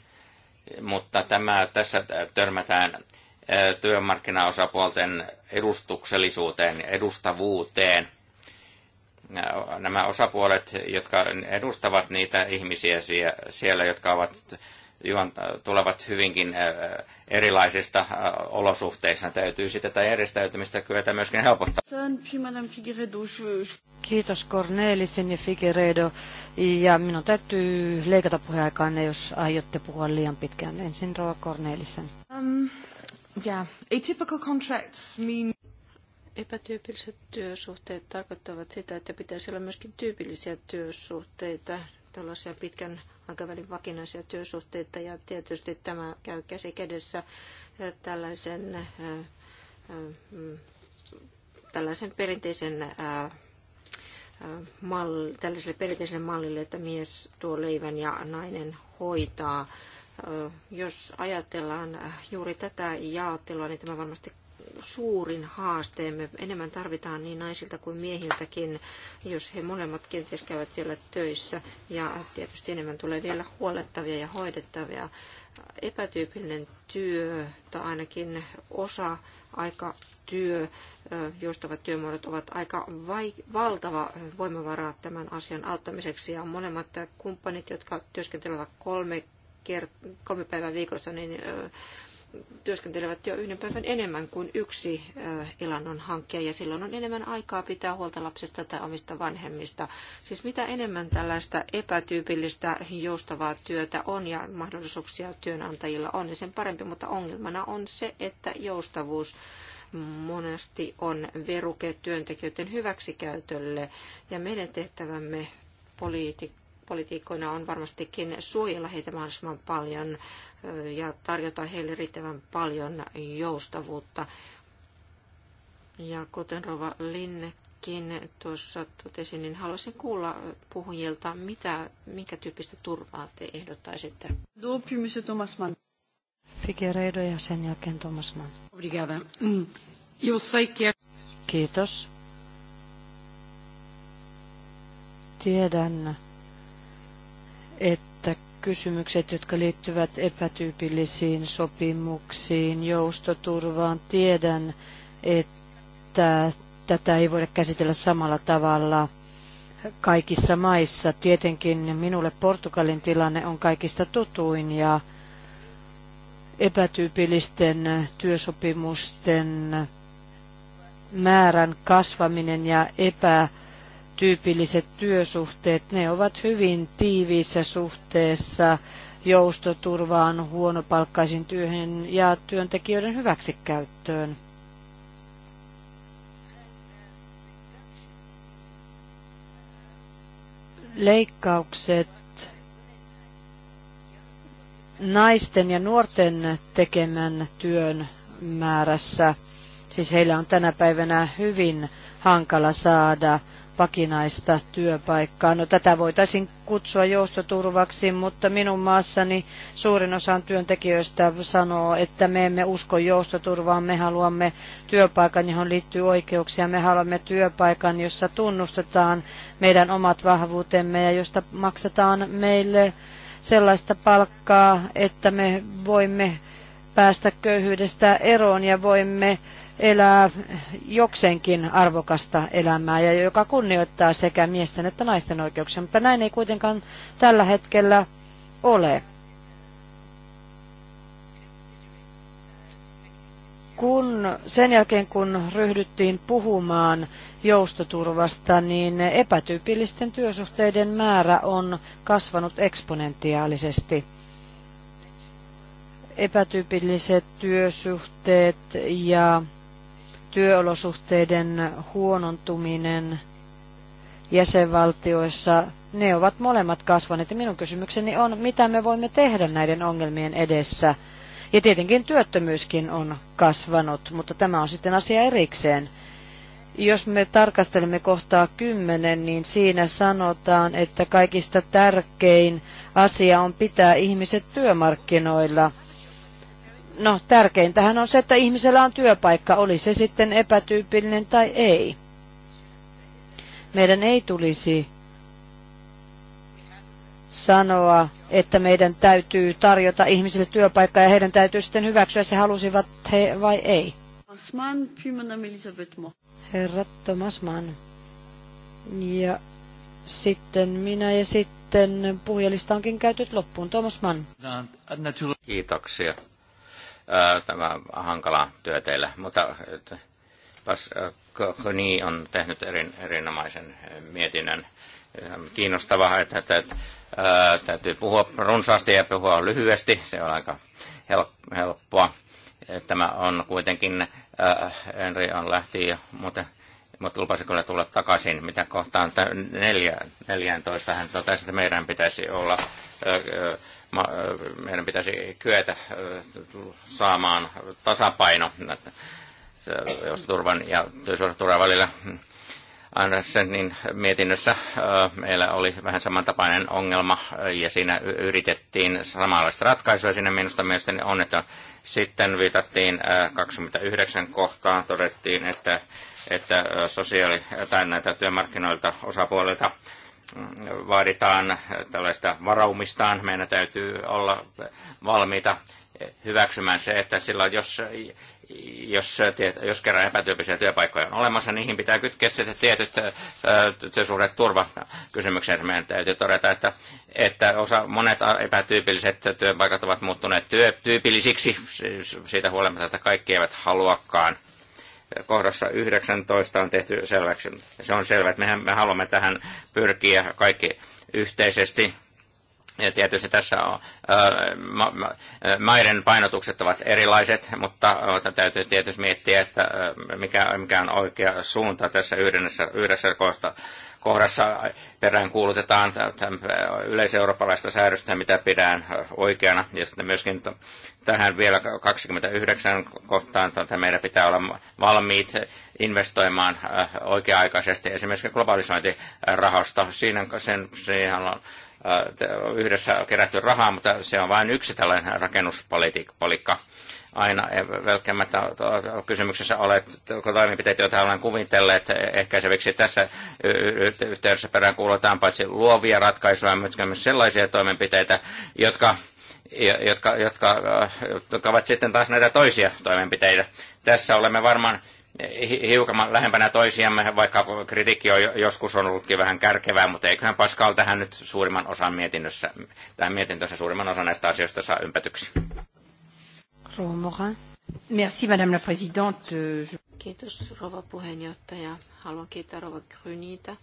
mutta tämä, tässä törmätään työmarkkinaosapuolten edustuksellisuuteen ja edustavuuteen. Nämä osapuolet, jotka edustavat niitä ihmisiä siellä, jotka ovat juon, äh, tulevat hyvinkin äh, erilaisista äh, olosuhteista. Täytyy sitä tätä järjestäytymistä kyetä myöskin helpottaa. Kiitos Cornelisen ja Figueredo. Ja minun täytyy leikata puheaikaanne, jos aiotte puhua liian pitkään. Ensin Roa Cornelisen. Um, yeah. Atypical contracts mean... Epätyypilliset työsuhteet tarkoittavat sitä, että pitäisi olla myöskin tyypillisiä työsuhteita, tällaisia pitkän aikavälin vakinaisia työsuhteita ja tietysti tämä käy käsi kädessä eh, tällaisen, eh, eh, tällaisen perinteisen malli, tällaiselle perinteiselle mallille, että mies tuo leivän ja nainen hoitaa. Jos ajatellaan juuri tätä jaottelua, niin tämä varmasti suurin haasteemme. Enemmän tarvitaan niin naisilta kuin miehiltäkin, jos he molemmat kenties käyvät vielä töissä. Ja tietysti enemmän tulee vielä huolettavia ja hoidettavia. Epätyypillinen työ tai ainakin osa aika työ, joustavat työmuodot ovat aika vai, valtava voimavara tämän asian auttamiseksi. Ja molemmat kumppanit, jotka työskentelevät kolme, kert- kolme päivää viikossa, niin työskentelevät jo yhden päivän enemmän kuin yksi äh, elannon hankkija ja silloin on enemmän aikaa pitää huolta lapsesta tai omista vanhemmista. Siis mitä enemmän tällaista epätyypillistä joustavaa työtä on ja mahdollisuuksia työnantajilla on, niin sen parempi, mutta ongelmana on se, että joustavuus monesti on veruke työntekijöiden hyväksikäytölle ja meidän tehtävämme poliitikkoina on varmastikin suojella heitä mahdollisimman paljon ja tarjota heille riittävän paljon joustavuutta. Ja kuten Rova Linnekin tuossa totesi, niin haluaisin kuulla puhujilta, mitä, minkä tyyppistä turvaa te ehdottaisitte. Figueiredo ja sen jälkeen Thomas Mann. Obrigada. Mm. Eu sei Kiitos. Tiedän, että kysymykset, jotka liittyvät epätyypillisiin sopimuksiin, joustoturvaan. Tiedän, että tätä ei voida käsitellä samalla tavalla kaikissa maissa. Tietenkin minulle Portugalin tilanne on kaikista tutuin ja epätyypillisten työsopimusten määrän kasvaminen ja epä tyypilliset työsuhteet, ne ovat hyvin tiiviissä suhteessa joustoturvaan, huonopalkkaisin työhön ja työntekijöiden hyväksikäyttöön. Leikkaukset naisten ja nuorten tekemän työn määrässä, siis heillä on tänä päivänä hyvin hankala saada vakinaista työpaikkaa. No tätä voitaisiin kutsua joustoturvaksi, mutta minun maassani suurin osa työntekijöistä sanoo, että me emme usko joustoturvaan, me haluamme työpaikan, johon liittyy oikeuksia, me haluamme työpaikan, jossa tunnustetaan meidän omat vahvuutemme ja josta maksetaan meille sellaista palkkaa, että me voimme päästä köyhyydestä eroon ja voimme elää jokseenkin arvokasta elämää ja joka kunnioittaa sekä miesten että naisten oikeuksia, mutta näin ei kuitenkaan tällä hetkellä ole. Kun, sen jälkeen kun ryhdyttiin puhumaan joustoturvasta, niin epätyypillisten työsuhteiden määrä on kasvanut eksponentiaalisesti epätyypilliset työsuhteet ja työolosuhteiden huonontuminen jäsenvaltioissa, ne ovat molemmat kasvaneet. Ja minun kysymykseni on, mitä me voimme tehdä näiden ongelmien edessä. Ja tietenkin työttömyyskin on kasvanut, mutta tämä on sitten asia erikseen. Jos me tarkastelemme kohtaa 10, niin siinä sanotaan, että kaikista tärkein asia on pitää ihmiset työmarkkinoilla – No, tärkeintähän on se, että ihmisellä on työpaikka, oli se sitten epätyypillinen tai ei. Meidän ei tulisi sanoa, että meidän täytyy tarjota ihmisille työpaikkaa ja heidän täytyy sitten hyväksyä se halusivat he vai ei. Herra Thomas Mann. Ja sitten minä ja sitten puhujalista onkin käyty loppuun. Thomas Mann. Kiitoksia tämä hankala työ teillä, mutta Pas Koni on tehnyt erin, erinomaisen mietinnän. Kiinnostavaa, että, että, että ää, täytyy puhua runsaasti ja puhua lyhyesti, se on aika helppoa. Tämä on kuitenkin, ää, Henri on lähti jo, mutta, mutta lupasi kyllä tulla takaisin, mitä kohtaan neljä, 14 hän totesi, että meidän pitäisi olla ää, meidän pitäisi kyetä saamaan tasapaino jos turvan ja työsuojeluturvan välillä. Andersenin niin mietinnössä meillä oli vähän samantapainen ongelma ja siinä yritettiin samanlaista ratkaisua. Siinä minusta mielestäni on, että sitten viitattiin 29 kohtaan, todettiin, että, että sosiaali- tai näitä työmarkkinoilta osapuolilta vaaditaan tällaista varaumistaan. Meidän täytyy olla valmiita hyväksymään se, että silloin jos, jos, jos kerran epätyypillisiä työpaikkoja on olemassa, niin niihin pitää kytkeä tietyt työsuhdeturvakysymykset. Meidän täytyy todeta, että, että osa, monet epätyypilliset työpaikat ovat muuttuneet työtyypillisiksi tyypillisiksi siis siitä huolimatta, että kaikki eivät haluakaan kohdassa 19 on tehty selväksi. Se on selvä, että mehän, me haluamme tähän pyrkiä kaikki yhteisesti. Ja tietysti tässä on, ää, ma, ma, maiden painotukset ovat erilaiset, mutta täytyy tietysti miettiä, että mikä, mikä on oikea suunta tässä yhdessä, yhdessä koosta kohdassa perään kuulutetaan yleiseurooppalaista säädöstä, mitä pidään oikeana. Ja sitten myöskin tähän vielä 29 kohtaan, että meidän pitää olla valmiit investoimaan äh, oikea-aikaisesti esimerkiksi globalisointirahasto. Siinä sen, siihen on äh, yhdessä kerätty rahaa, mutta se on vain yksi tällainen rakennuspolitiikka aina e, välttämättä kysymyksessä ole toimenpiteet, joita ollaan kuvitelleet ehkäiseviksi. Tässä yhteydessä perään kuulutaan paitsi luovia ratkaisuja, myös sellaisia toimenpiteitä, jotka jotka, jotka, jotka ovat sitten taas näitä toisia toimenpiteitä. Tässä olemme varmaan hiukan lähempänä toisiamme, vaikka kritiikki on joskus on ollutkin vähän kärkevää, mutta eiköhän Pascal tähän nyt suurimman osan mietinnössä, tähän mietintössä suurimman osan näistä asioista saa ympätyksi. Rouva Morin. Merci, Madame la Présidente. Euh, Kiitos, rouva puheenjohtaja. Haluan kiittää rouva Grynitä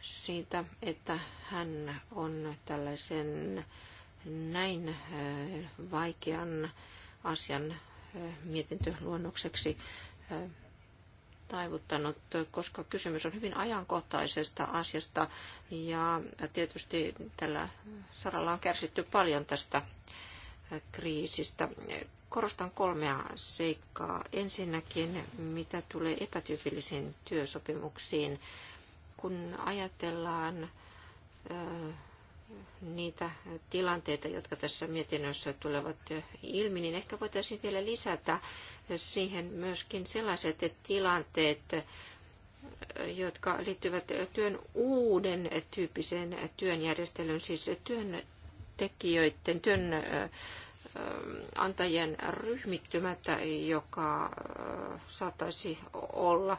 siitä, että hän on tällaisen näin äh, vaikean asian äh, mietintöluonnokseksi äh, taivuttanut, koska kysymys on hyvin ajankohtaisesta asiasta ja tietysti tällä saralla on kärsitty paljon tästä kriisistä. Korostan kolmea seikkaa. Ensinnäkin, mitä tulee epätyypillisiin työsopimuksiin. Kun ajatellaan niitä tilanteita, jotka tässä mietinnössä tulevat ilmi, niin ehkä voitaisiin vielä lisätä siihen myöskin sellaiset tilanteet, jotka liittyvät työn uuden tyyppiseen työnjärjestelyyn, siis työntekijöiden, työn antajien ryhmittymät, joka saattaisi olla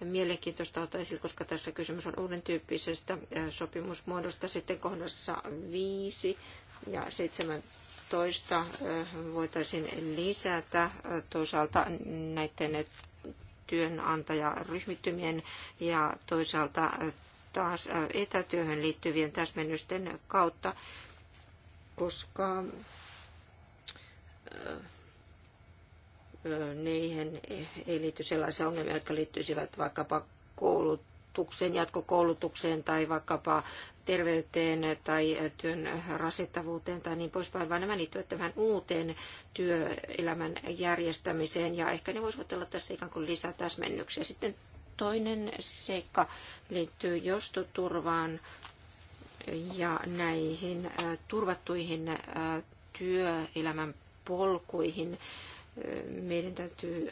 mielenkiintoista ottaa esille, koska tässä kysymys on uuden tyyppisestä sopimusmuodosta. Sitten kohdassa 5 ja 17 voitaisiin lisätä toisaalta näiden työnantajaryhmittymien ja toisaalta taas etätyöhön liittyvien täsmennysten kautta, koska niihin ei liity sellaisia ongelmia, jotka liittyisivät vaikkapa koulutukseen, jatkokoulutukseen tai vaikkapa terveyteen tai työn rasittavuuteen tai niin poispäin, vaan nämä liittyvät tähän uuteen työelämän järjestämiseen ja ehkä ne voisivat olla tässä ikään kuin lisätäsmennyksiä. Sitten toinen seikka liittyy jostoturvaan ja näihin turvattuihin työelämän polkuihin. Meidän täytyy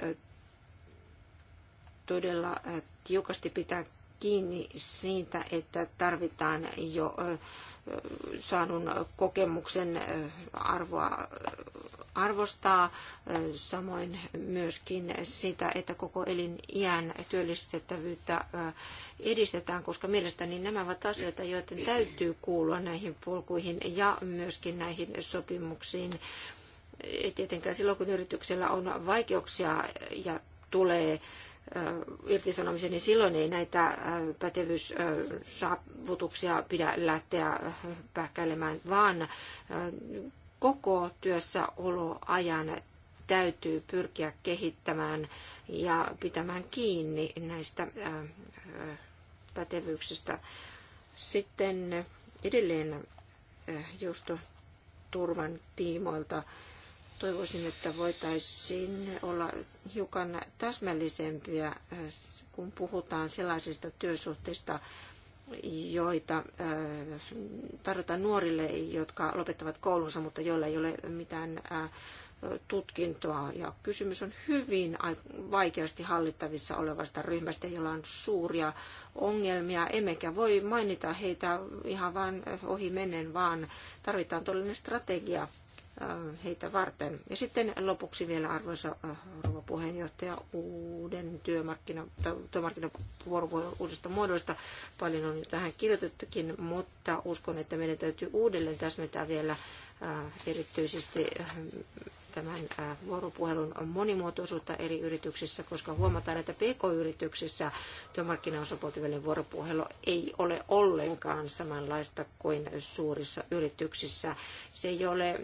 todella tiukasti pitää kiinni siitä, että tarvitaan jo saanut kokemuksen arvoa arvostaa, samoin myöskin sitä, että koko iän työllistettävyyttä edistetään, koska mielestäni nämä ovat asioita, joiden täytyy kuulua näihin polkuihin ja myöskin näihin sopimuksiin tietenkään silloin, kun yrityksellä on vaikeuksia ja tulee irtisanomisen, niin silloin ei näitä pätevyyssaavutuksia pidä lähteä pähkäilemään, vaan koko työssäoloajan täytyy pyrkiä kehittämään ja pitämään kiinni näistä pätevyyksistä. Sitten edelleen turvan tiimoilta toivoisin, että voitaisiin olla hiukan täsmällisempiä, äh, kun puhutaan sellaisista työsuhteista, joita äh, tarjotaan nuorille, jotka lopettavat koulunsa, mutta joilla ei ole mitään äh, tutkintoa. Ja kysymys on hyvin vaikeasti hallittavissa olevasta ryhmästä, jolla on suuria ongelmia. Emmekä voi mainita heitä ihan vain ohi mennen, vaan tarvitaan todellinen strategia – Äh, heitä varten. Ja sitten lopuksi vielä, arvoisa äh, rouva puheenjohtaja, uuden työmarkkina, työmarkkinavuoropuhelun uusista muodoista. Paljon on jo tähän kirjoitettukin, mutta uskon, että meidän täytyy uudelleen täsmentää vielä äh, erityisesti tämän vuoropuhelun monimuotoisuutta eri yrityksissä, koska huomataan, että PK-yrityksissä työmarkkinaosapuolten välinen vuoropuhelu ei ole ollenkaan samanlaista kuin suurissa yrityksissä. Se ei ole,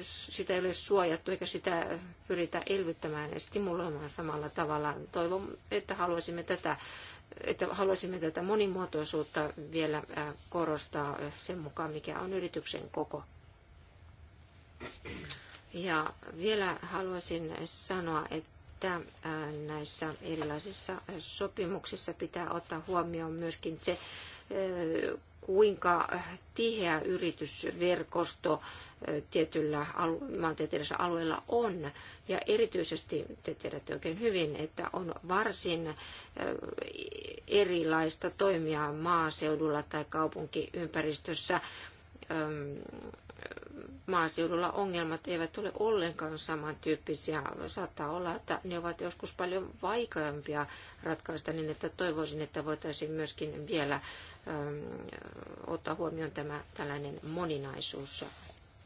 sitä ei ole suojattu eikä sitä pyritä elvyttämään ja stimuloimaan samalla tavalla. Toivon, että haluaisimme tätä että haluaisimme tätä monimuotoisuutta vielä korostaa sen mukaan, mikä on yrityksen koko. Ja vielä haluaisin sanoa, että näissä erilaisissa sopimuksissa pitää ottaa huomioon myöskin se, kuinka tiheä yritysverkosto tietyllä alu- maantieteellisellä alueella on. Ja erityisesti te tiedätte oikein hyvin, että on varsin erilaista toimia maaseudulla tai kaupunkiympäristössä maaseudulla ongelmat eivät ole ollenkaan samantyyppisiä. Saattaa olla, että ne ovat joskus paljon vaikeampia ratkaista, niin että toivoisin, että voitaisiin myöskin vielä ähm, ottaa huomioon tämä tällainen moninaisuus.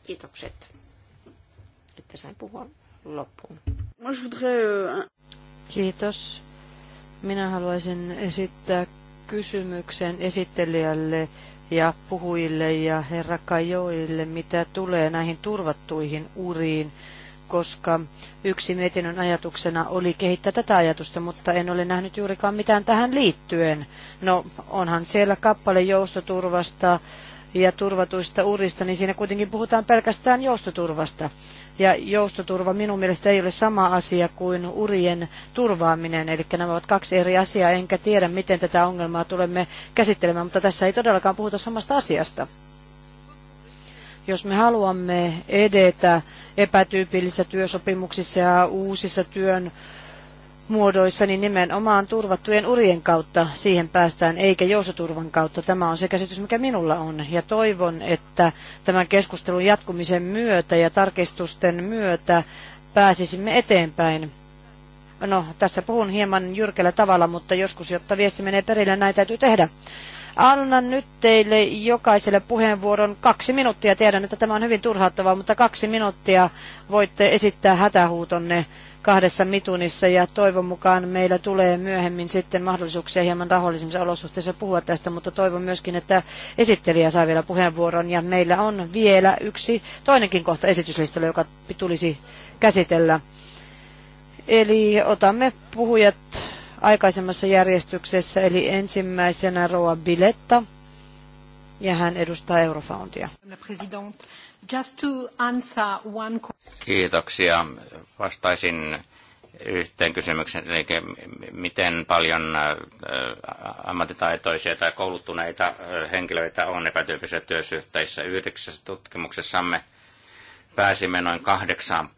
Kiitokset, että sain puhua loppuun. Euh, Kiitos. Minä haluaisin esittää kysymyksen esittelijälle ja puhujille ja herra Kajoille, mitä tulee näihin turvattuihin uriin, koska yksi mietinnön ajatuksena oli kehittää tätä ajatusta, mutta en ole nähnyt juurikaan mitään tähän liittyen. No, onhan siellä kappale joustoturvasta ja turvatuista urista, niin siinä kuitenkin puhutaan pelkästään joustoturvasta. Ja joustoturva minun mielestä ei ole sama asia kuin urien turvaaminen, eli nämä ovat kaksi eri asiaa, enkä tiedä miten tätä ongelmaa tulemme käsittelemään, mutta tässä ei todellakaan puhuta samasta asiasta jos me haluamme edetä epätyypillisissä työsopimuksissa ja uusissa työn muodoissa, niin nimenomaan turvattujen urien kautta siihen päästään, eikä jousoturvan kautta. Tämä on se käsitys, mikä minulla on. Ja toivon, että tämän keskustelun jatkumisen myötä ja tarkistusten myötä pääsisimme eteenpäin. No, tässä puhun hieman jyrkellä tavalla, mutta joskus, jotta viesti menee perille, näin täytyy tehdä. Annan nyt teille jokaiselle puheenvuoron kaksi minuuttia. Tiedän, että tämä on hyvin turhauttavaa, mutta kaksi minuuttia voitte esittää hätähuutonne kahdessa mitunissa ja toivon mukaan meillä tulee myöhemmin sitten mahdollisuuksia hieman rahoillisemmissa olosuhteissa puhua tästä, mutta toivon myöskin, että esittelijä saa vielä puheenvuoron ja meillä on vielä yksi toinenkin kohta esityslistalla, joka tulisi käsitellä. Eli otamme puhujat aikaisemmassa järjestyksessä, eli ensimmäisenä Roa Biletta, ja hän edustaa Eurofoundia. Just to answer one... Kiitoksia. Vastaisin yhteen kysymykseen, eli miten paljon ammattitaitoisia tai kouluttuneita henkilöitä on epätyypillisissä työsuhteissa. Yhdeksässä tutkimuksessamme pääsimme noin 8 äh,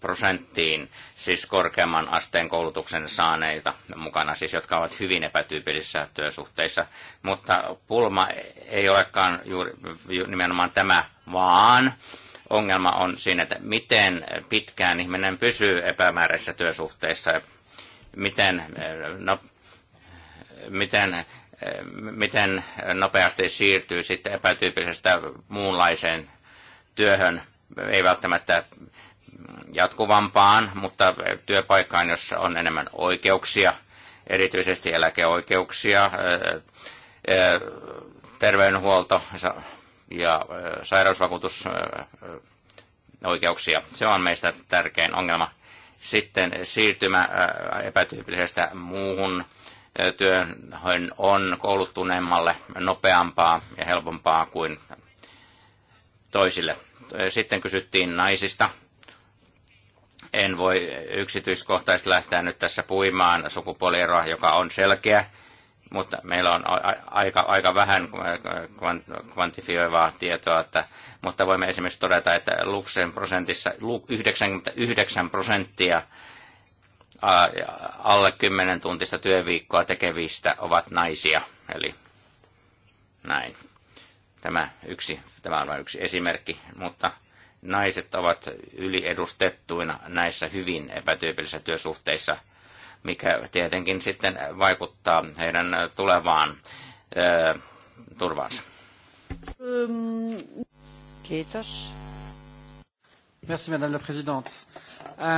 prosenttiin siis korkeamman asteen koulutuksen saaneita mukana, siis jotka ovat hyvin epätyypillisissä työsuhteissa. Mutta pulma ei olekaan juuri nimenomaan tämä, vaan ongelma on siinä, että miten pitkään ihminen pysyy epämääräisissä työsuhteissa, miten, äh, no, miten äh, miten nopeasti siirtyy sitten epätyypillisestä muunlaiseen työhön – ei välttämättä jatkuvampaan, mutta työpaikkaan, jossa on enemmän oikeuksia, erityisesti eläkeoikeuksia, terveydenhuolto ja sairausvakuutusoikeuksia. Se on meistä tärkein ongelma. Sitten siirtymä epätyypillisestä muuhun työhön on kouluttuneemmalle nopeampaa ja helpompaa kuin toisille sitten kysyttiin naisista. En voi yksityiskohtaisesti lähteä nyt tässä puimaan sukupuolieroa, joka on selkeä, mutta meillä on aika, aika vähän kvantifioivaa tietoa, että, mutta voimme esimerkiksi todeta, että Luxen prosentissa 99 prosenttia alle 10 tuntista työviikkoa tekevistä ovat naisia, eli näin. Tämä, yksi, tämä on vain yksi esimerkki, mutta naiset ovat yliedustettuina näissä hyvin epätyypillisissä työsuhteissa, mikä tietenkin sitten vaikuttaa heidän tulevaan ö, turvaansa. Kiitos. Merci, Madame la Présidente.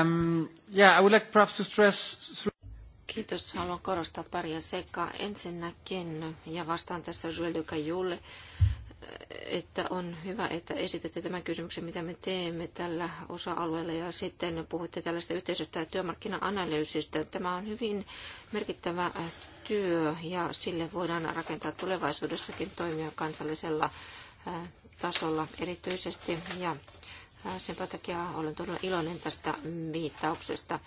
Um, yeah, I would like perhaps to stress... Kiitos. Haluan korostaa paria seikkaa. Ensinnäkin, ja vastaan tässä Jules Cajulle, että on hyvä, että esitätte tämän kysymyksen, mitä me teemme tällä osa-alueella ja sitten puhutte tällaista yhteisestä työmarkkina-analyysistä. Tämä on hyvin merkittävä äh, työ ja sille voidaan rakentaa tulevaisuudessakin toimia kansallisella äh, tasolla erityisesti ja äh, sen takia olen todella iloinen tästä viittauksesta.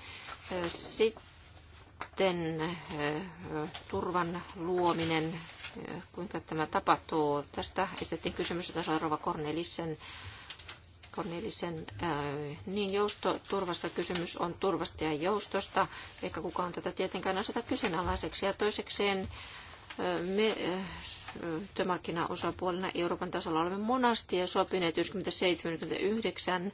Sitten turvan luominen kuinka tämä tapahtuu. Tästä esitettiin kysymys tasolla Rova Kornelissen ää, äh, niin joustoturvassa kysymys on turvasta ja joustosta, eikä kukaan tätä tietenkään aseta kyseenalaiseksi. Ja toisekseen äh, me äh, työmarkkinaosapuolena Euroopan tasolla olemme monasti ja sopineet 1979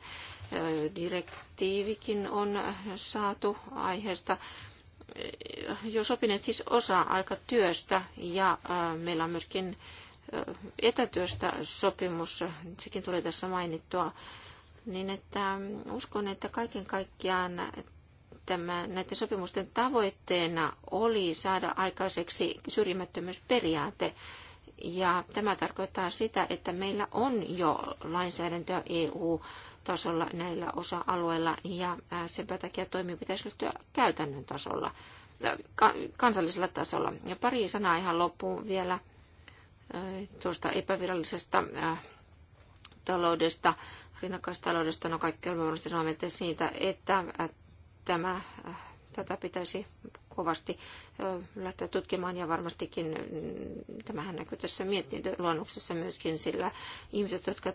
direktiivikin on saatu aiheesta jo sopineet siis osa työstä ja meillä on myöskin etätyöstä sopimus, sekin tuli tässä mainittua, niin että uskon, että kaiken kaikkiaan tämä, näiden sopimusten tavoitteena oli saada aikaiseksi syrjimättömyysperiaate. Ja tämä tarkoittaa sitä, että meillä on jo lainsäädäntöä EU tasolla näillä osa-alueilla ja sen takia toimi pitäisi ryhtyä käytännön tasolla, kansallisella tasolla. Ja pari sanaa ihan loppuun vielä tuosta epävirallisesta taloudesta, rinnakkaistaloudesta, no kaikki on varmasti samaa mieltä siitä, että tämä, tätä pitäisi kovasti lähteä tutkimaan ja varmastikin tämähän näkyy tässä mietintöluonnoksessa myöskin, sillä ihmiset, jotka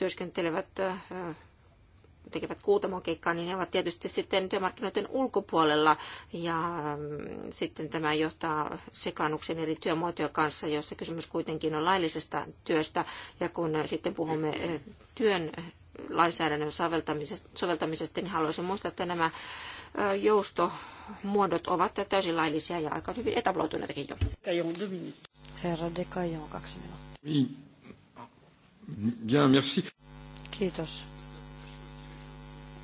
työskentelevät, tekevät kuutamokeikkaa, niin he ovat tietysti sitten työmarkkinoiden ulkopuolella. Ja mm, sitten tämä johtaa sekaannuksen eri työmuotojen kanssa, jossa kysymys kuitenkin on laillisesta työstä. Ja kun sitten puhumme työn lainsäädännön soveltamisesta, niin haluaisin muistaa, että nämä joustomuodot ovat täysin laillisia ja aika hyvin etabloituneetkin jo. Herra Dekajon, kaksi minuuttia. Niin. Kiitos.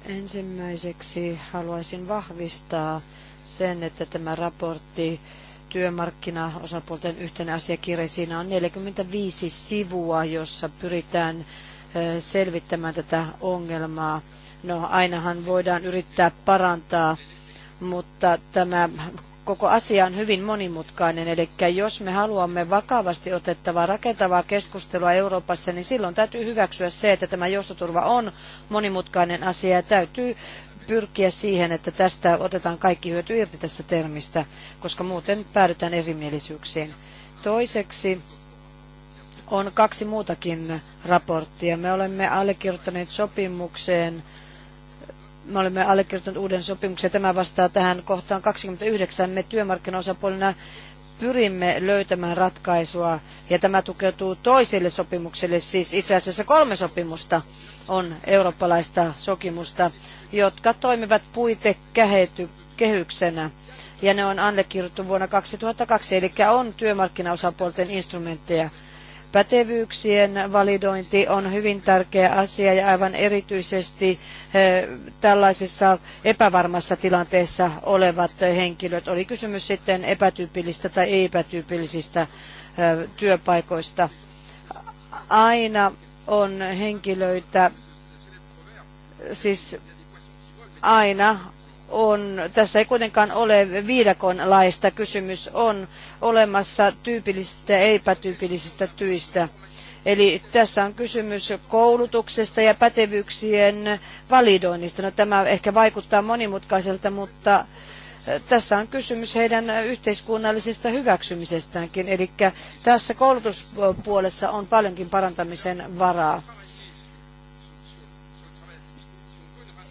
Ensimmäiseksi haluaisin vahvistaa sen, että tämä raportti työmarkkinaosapuolten yhtenä asiakirja, siinä on 45 sivua, jossa pyritään selvittämään tätä ongelmaa. No ainahan voidaan yrittää parantaa, mutta tämä koko asia on hyvin monimutkainen, eli jos me haluamme vakavasti otettavaa rakentavaa keskustelua Euroopassa, niin silloin täytyy hyväksyä se, että tämä joustoturva on monimutkainen asia ja täytyy pyrkiä siihen, että tästä otetaan kaikki hyöty irti tästä termistä, koska muuten päädytään erimielisyyksiin. Toiseksi on kaksi muutakin raporttia. Me olemme allekirjoittaneet sopimukseen me olemme allekirjoittaneet uuden sopimuksen. Tämä vastaa tähän kohtaan 29. Me työmarkkinaosapuolina pyrimme löytämään ratkaisua ja tämä tukeutuu toiselle sopimukselle, siis itse asiassa kolme sopimusta on eurooppalaista sopimusta, jotka toimivat puitekehyksenä ja ne on allekirjoitettu vuonna 2002, eli on työmarkkinaosapuolten instrumentteja pätevyyksien validointi on hyvin tärkeä asia ja aivan erityisesti eh, tällaisessa epävarmassa tilanteessa olevat henkilöt. Oli kysymys sitten epätyypillistä tai epätyypillisistä eh, työpaikoista. Aina on henkilöitä, siis aina on, tässä ei kuitenkaan ole viidakon laista. Kysymys on olemassa tyypillisistä ja epätyypillisistä tyistä. Eli tässä on kysymys koulutuksesta ja pätevyyksien validoinnista. No, tämä ehkä vaikuttaa monimutkaiselta, mutta eh, tässä on kysymys heidän yhteiskunnallisesta hyväksymisestäänkin. Eli tässä koulutuspuolessa on paljonkin parantamisen varaa.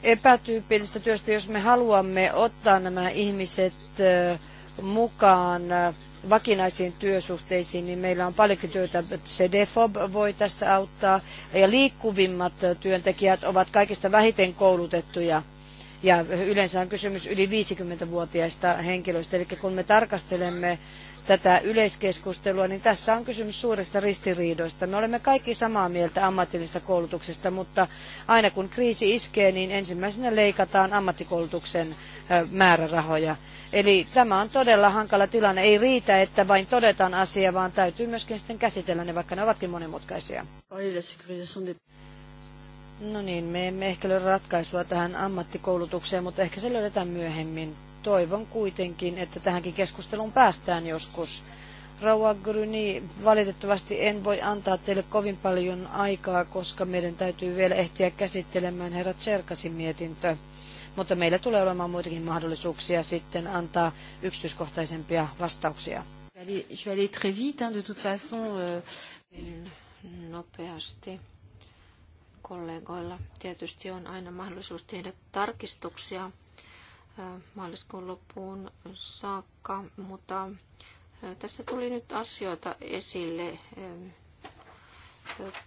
epätyypillistä työstä, jos me haluamme ottaa nämä ihmiset mukaan vakinaisiin työsuhteisiin, niin meillä on paljonkin työtä. CDFOB voi tässä auttaa. Ja liikkuvimmat työntekijät ovat kaikista vähiten koulutettuja. Ja yleensä on kysymys yli 50-vuotiaista henkilöistä. Eli kun me tarkastelemme tätä yleiskeskustelua, niin tässä on kysymys suurista ristiriidoista. Me olemme kaikki samaa mieltä ammatillisesta koulutuksesta, mutta aina kun kriisi iskee, niin ensimmäisenä leikataan ammattikoulutuksen määrärahoja. Eli tämä on todella hankala tilanne. Ei riitä, että vain todetaan asia, vaan täytyy myöskin sitten käsitellä ne, vaikka ne ovatkin monimutkaisia. No niin, me emme ehkä löydä ratkaisua tähän ammattikoulutukseen, mutta ehkä se löydetään myöhemmin. Toivon kuitenkin, että tähänkin keskusteluun päästään joskus. Rauha Gryni, valitettavasti en voi antaa teille kovin paljon aikaa, koska meidän täytyy vielä ehtiä käsittelemään herra Tserkasin mietintö. Mutta meillä tulee olemaan muitakin mahdollisuuksia sitten antaa yksityiskohtaisempia vastauksia. Je très vite, de toute façon. Euh. Nopeasti kollegoilla tietysti on aina mahdollisuus tehdä tarkistuksia Äh, maaliskuun loppuun saakka, mutta äh, tässä tuli nyt asioita esille. Ähm,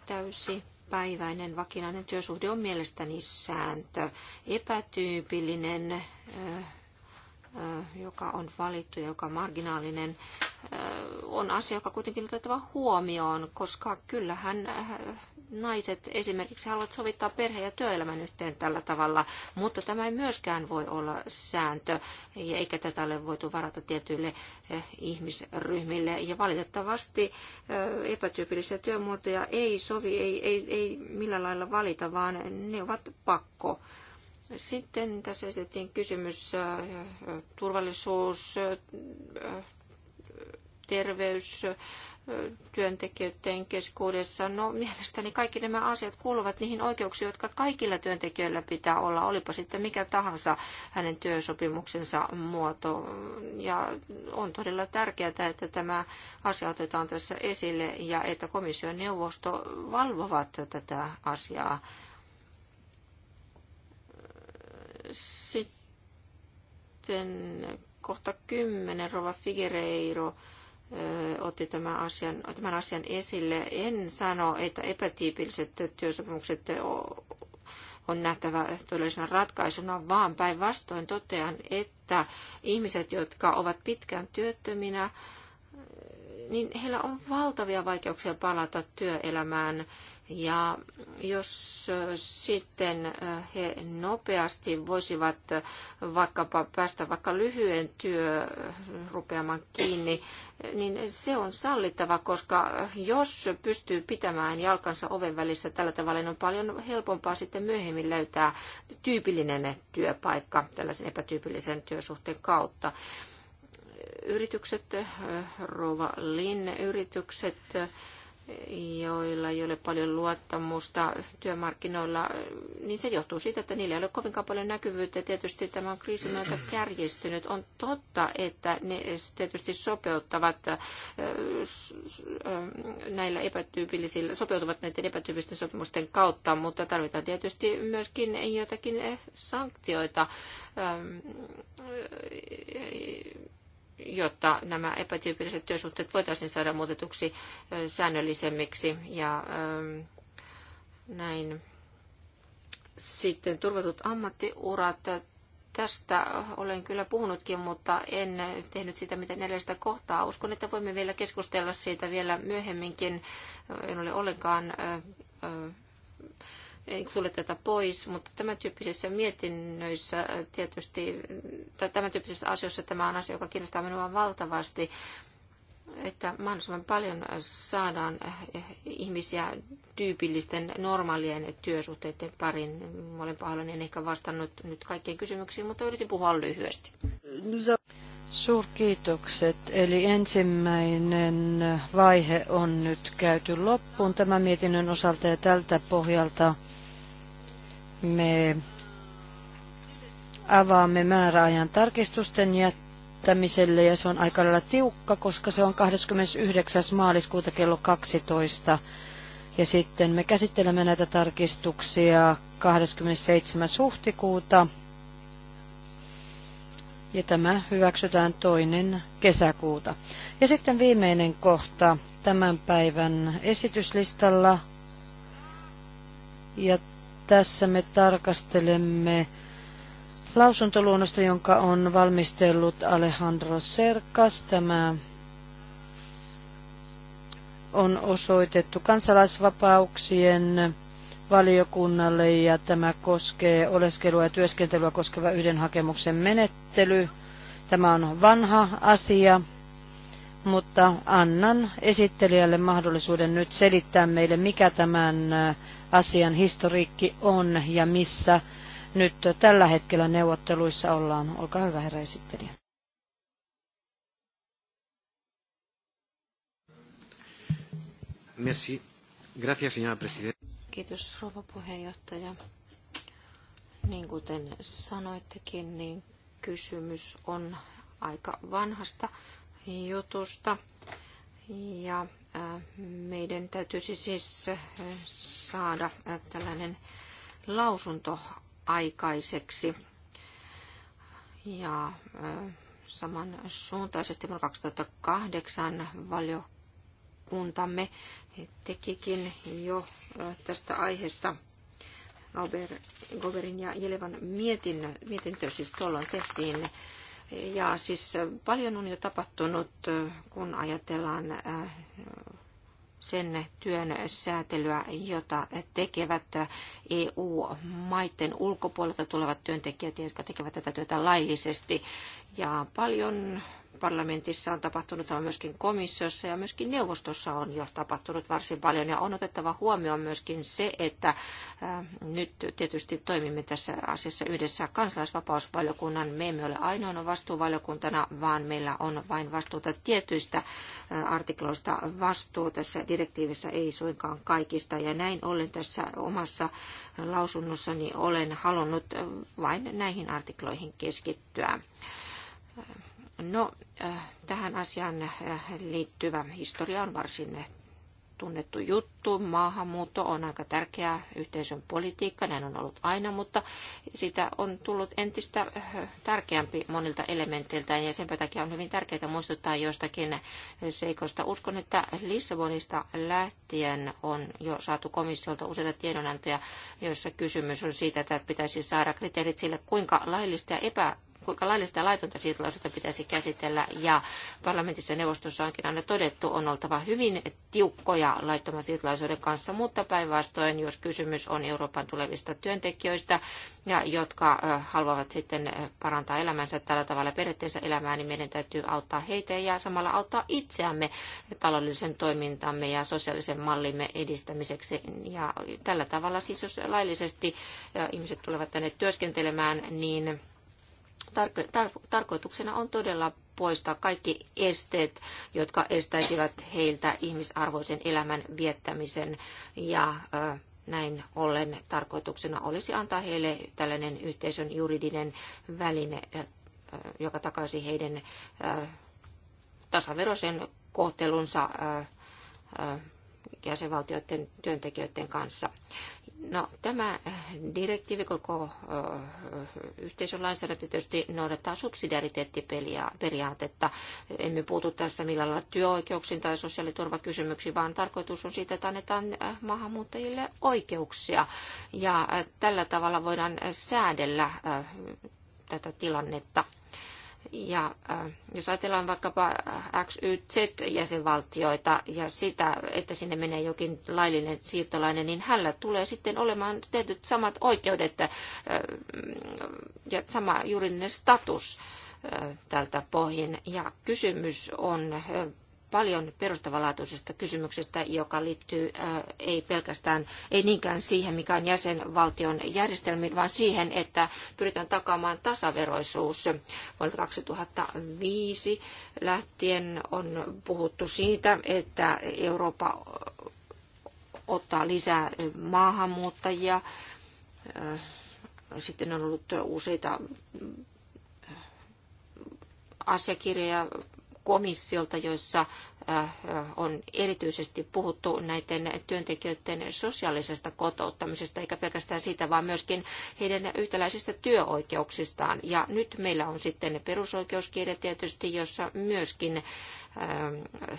Täysi päiväinen vakinainen työsuhde on mielestäni sääntö. Epätyypillinen, äh, joka on valittu ja joka on marginaalinen, on asia, joka kuitenkin otettava huomioon, koska kyllähän naiset esimerkiksi haluavat sovittaa perhe- ja työelämän yhteen tällä tavalla, mutta tämä ei myöskään voi olla sääntö, eikä tätä ole voitu varata tietyille eh, ihmisryhmille. Ja valitettavasti eh, epätyypillisiä työmuotoja ei sovi, ei, ei, ei millään lailla valita, vaan ne ovat pakko. Sitten tässä esitettiin kysymys eh, turvallisuus, terveys, työntekijöiden keskuudessa. No mielestäni kaikki nämä asiat kuuluvat niihin oikeuksiin, jotka kaikilla työntekijöillä pitää olla, olipa sitten mikä tahansa hänen työsopimuksensa muoto. Ja on todella tärkeää, että tämä asia otetaan tässä esille ja että komission neuvosto valvovat tätä asiaa. Sitten kohta kymmenen Rova Figueiredo otti tämän asian, tämän asian esille. En sano, että epätyypilliset työsopimukset on nähtävä todellisena ratkaisuna, vaan päinvastoin totean, että ihmiset, jotka ovat pitkään työttöminä, niin heillä on valtavia vaikeuksia palata työelämään ja jos sitten he nopeasti voisivat vaikkapa päästä vaikka lyhyen työ rupeamaan kiinni, niin se on sallittava, koska jos pystyy pitämään jalkansa oven välissä tällä tavalla, niin on paljon helpompaa sitten myöhemmin löytää tyypillinen työpaikka tällaisen epätyypillisen työsuhteen kautta. Yritykset, Rova Lin, yritykset, joilla ei ole paljon luottamusta työmarkkinoilla, niin se johtuu siitä, että niillä ei ole kovinkaan paljon näkyvyyttä. Tietysti tämä on kriisin myötä kärjistynyt. On totta, että ne tietysti sopeuttavat näillä epätyypillisillä, sopeutuvat näiden epätyypillisten sopimusten kautta, mutta tarvitaan tietysti myöskin jotakin eh, sanktioita jotta nämä epätyypilliset työsuhteet voitaisiin saada muutetuksi säännöllisemmiksi ja näin. Sitten turvatut ammattiurat. Tästä olen kyllä puhunutkin, mutta en tehnyt sitä mitä neljästä kohtaa. Uskon, että voimme vielä keskustella siitä vielä myöhemminkin. En ole ollenkaan ei suljeteta pois, mutta tämän tyyppisissä mietinnöissä tietysti, tai tämän tyyppisissä asioissa tämä on asia, joka kiinnostaa minua valtavasti, että mahdollisimman paljon saadaan ihmisiä tyypillisten normaalien työsuhteiden parin. Mä olen pahoillani, en ehkä vastannut nyt kaikkien kysymyksiin, mutta yritin puhua lyhyesti. Suurkiitokset. Eli ensimmäinen vaihe on nyt käyty loppuun tämän mietinnön osalta ja tältä pohjalta me avaamme määräajan tarkistusten jättämiselle ja se on aika lailla tiukka, koska se on 29. maaliskuuta kello 12. Ja sitten me käsittelemme näitä tarkistuksia 27. huhtikuuta. Ja tämä hyväksytään toinen kesäkuuta. Ja sitten viimeinen kohta tämän päivän esityslistalla. Ja tässä me tarkastelemme lausuntoluonnosta, jonka on valmistellut Alejandro Serkas. Tämä on osoitettu kansalaisvapauksien valiokunnalle ja tämä koskee oleskelua ja työskentelyä koskeva yhden hakemuksen menettely. Tämä on vanha asia, mutta annan esittelijälle mahdollisuuden nyt selittää meille, mikä tämän asian historiikki on ja missä nyt tällä hetkellä neuvotteluissa ollaan. Olkaa hyvä, herra esittelijä. Merci. Gracias, señora presidenta. Kiitos, rouva puheenjohtaja. Niin kuten sanoittekin, niin kysymys on aika vanhasta jutusta. Ja meidän täytyisi siis saada tällainen lausunto aikaiseksi. Ja samansuuntaisesti vuonna 2008 valiokuntamme tekikin jo tästä aiheesta Goberin ja Jelevan mietintö, mietintö siis tuolloin tehtiin ja siis paljon on jo tapahtunut, kun ajatellaan äh, sen työn säätelyä, jota tekevät EU-maiden ulkopuolelta tulevat työntekijät, jotka tekevät tätä työtä laillisesti. Ja paljon parlamentissa on tapahtunut, sama myöskin komissiossa ja myöskin neuvostossa on jo tapahtunut varsin paljon. Ja on otettava huomioon myöskin se, että nyt tietysti toimimme tässä asiassa yhdessä kansalaisvapausvaliokunnan. Me emme ole ainoana vastuuvaliokuntana, vaan meillä on vain vastuuta tietyistä artikloista vastuu tässä direktiivissä, ei suinkaan kaikista. Ja näin ollen tässä omassa lausunnossani olen halunnut vain näihin artikloihin keskittyä No, äh, tähän asiaan äh, liittyvä historia on varsin tunnettu juttu. Maahanmuutto on aika tärkeä yhteisön politiikka, näin on ollut aina, mutta sitä on tullut entistä äh, tärkeämpi monilta elementeiltä ja sen takia on hyvin tärkeää muistuttaa joistakin seikoista. Uskon, että Lissabonista lähtien on jo saatu komissiolta useita tiedonantoja, joissa kysymys on siitä, että pitäisi saada kriteerit sille, kuinka laillista ja epä kuinka laillista ja laitonta siirtolaisuutta pitäisi käsitellä. Ja parlamentissa ja neuvostossa onkin aina todettu, on oltava hyvin tiukkoja laittoman siirtolaisuuden kanssa, mutta päinvastoin, jos kysymys on Euroopan tulevista työntekijöistä, ja jotka haluavat sitten parantaa elämänsä tällä tavalla periaatteessa elämää, niin meidän täytyy auttaa heitä ja samalla auttaa itseämme taloudellisen toimintamme ja sosiaalisen mallimme edistämiseksi. Ja tällä tavalla siis, jos laillisesti ihmiset tulevat tänne työskentelemään, niin Tarko- tar- tarkoituksena on todella poistaa kaikki esteet, jotka estäisivät heiltä ihmisarvoisen elämän viettämisen ja näin ollen tarkoituksena olisi antaa heille tällainen yhteisön juridinen väline, joka takaisi heidän tasaveroisen kohtelunsa jäsenvaltioiden työntekijöiden kanssa. No, tämä direktiivi koko yhteisön lainsäädäntö tietysti noudattaa subsidiariteettiperiaatetta. Emme puutu tässä millään lailla työoikeuksiin tai sosiaaliturvakysymyksiin, vaan tarkoitus on siitä, että annetaan maahanmuuttajille oikeuksia. Ja tällä tavalla voidaan säädellä tätä tilannetta. Ja äh, jos ajatellaan vaikkapa XYZ-jäsenvaltioita ja sitä, että sinne menee jokin laillinen siirtolainen, niin hänellä tulee sitten olemaan tietyt samat oikeudet äh, ja sama juridinen status äh, tältä pohjin. Ja kysymys on paljon perustavanlaatuisesta kysymyksestä, joka liittyy äh, ei pelkästään, ei niinkään siihen, mikä on jäsenvaltion järjestelmiin, vaan siihen, että pyritään takaamaan tasaveroisuus. Vuodelta 2005 lähtien on puhuttu siitä, että Eurooppa ottaa lisää maahanmuuttajia. Äh, sitten on ollut useita asiakirjoja komissiolta, joissa äh, äh, on erityisesti puhuttu näiden työntekijöiden sosiaalisesta kotouttamisesta, eikä pelkästään siitä, vaan myöskin heidän yhtäläisistä työoikeuksistaan. Ja nyt meillä on sitten perusoikeuskirja tietysti, jossa myöskin ähm,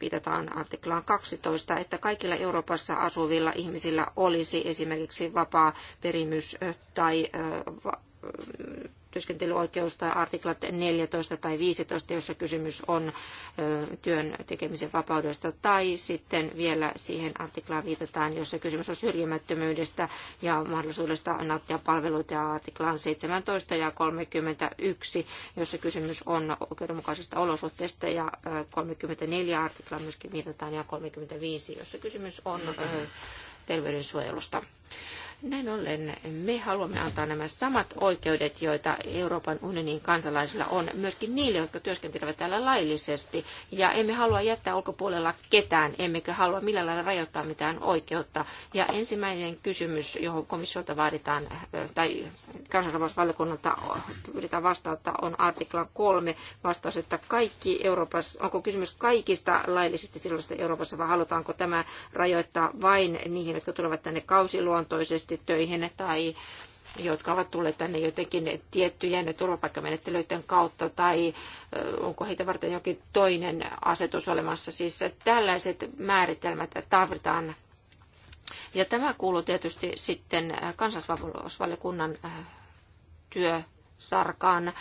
viitataan artiklaan 12, että kaikilla Euroopassa asuvilla ihmisillä olisi esimerkiksi vapaa perimys äh, tai työskentelyoikeus tai artiklat 14 tai 15, jossa kysymys on työn tekemisen vapaudesta, tai sitten vielä siihen artiklaan viitataan, jossa kysymys on syrjimättömyydestä ja mahdollisuudesta nauttia palveluita, ja artiklaan 17 ja 31, jossa kysymys on oikeudenmukaisista olosuhteista, ja 34 artiklaan myöskin viitataan, ja 35, jossa kysymys on terveydensuojelusta. Näin ollen me haluamme antaa nämä samat oikeudet, joita Euroopan unionin kansalaisilla on, myöskin niille, jotka työskentelevät täällä laillisesti. Ja emme halua jättää ulkopuolella ketään, emmekä halua millään lailla rajoittaa mitään oikeutta. Ja ensimmäinen kysymys, johon komissiolta vaaditaan, tai kansalaisvaliokunnalta pyritään vastata, on artiklan kolme vastaus, että kaikki Euroopassa, onko kysymys kaikista laillisesti silloista Euroopassa, vai halutaanko tämä rajoittaa vain niihin, jotka tulevat tänne kausiluontoon, vapaaehtoisesti töihin tai jotka ovat tulleet tänne jotenkin tiettyjen turvapaikkamenettelyiden kautta tai onko heitä varten jokin toinen asetus olemassa. Siis tällaiset määritelmät tarvitaan. Ja tämä kuuluu tietysti sitten kansallisvaliokunnan työsarkaan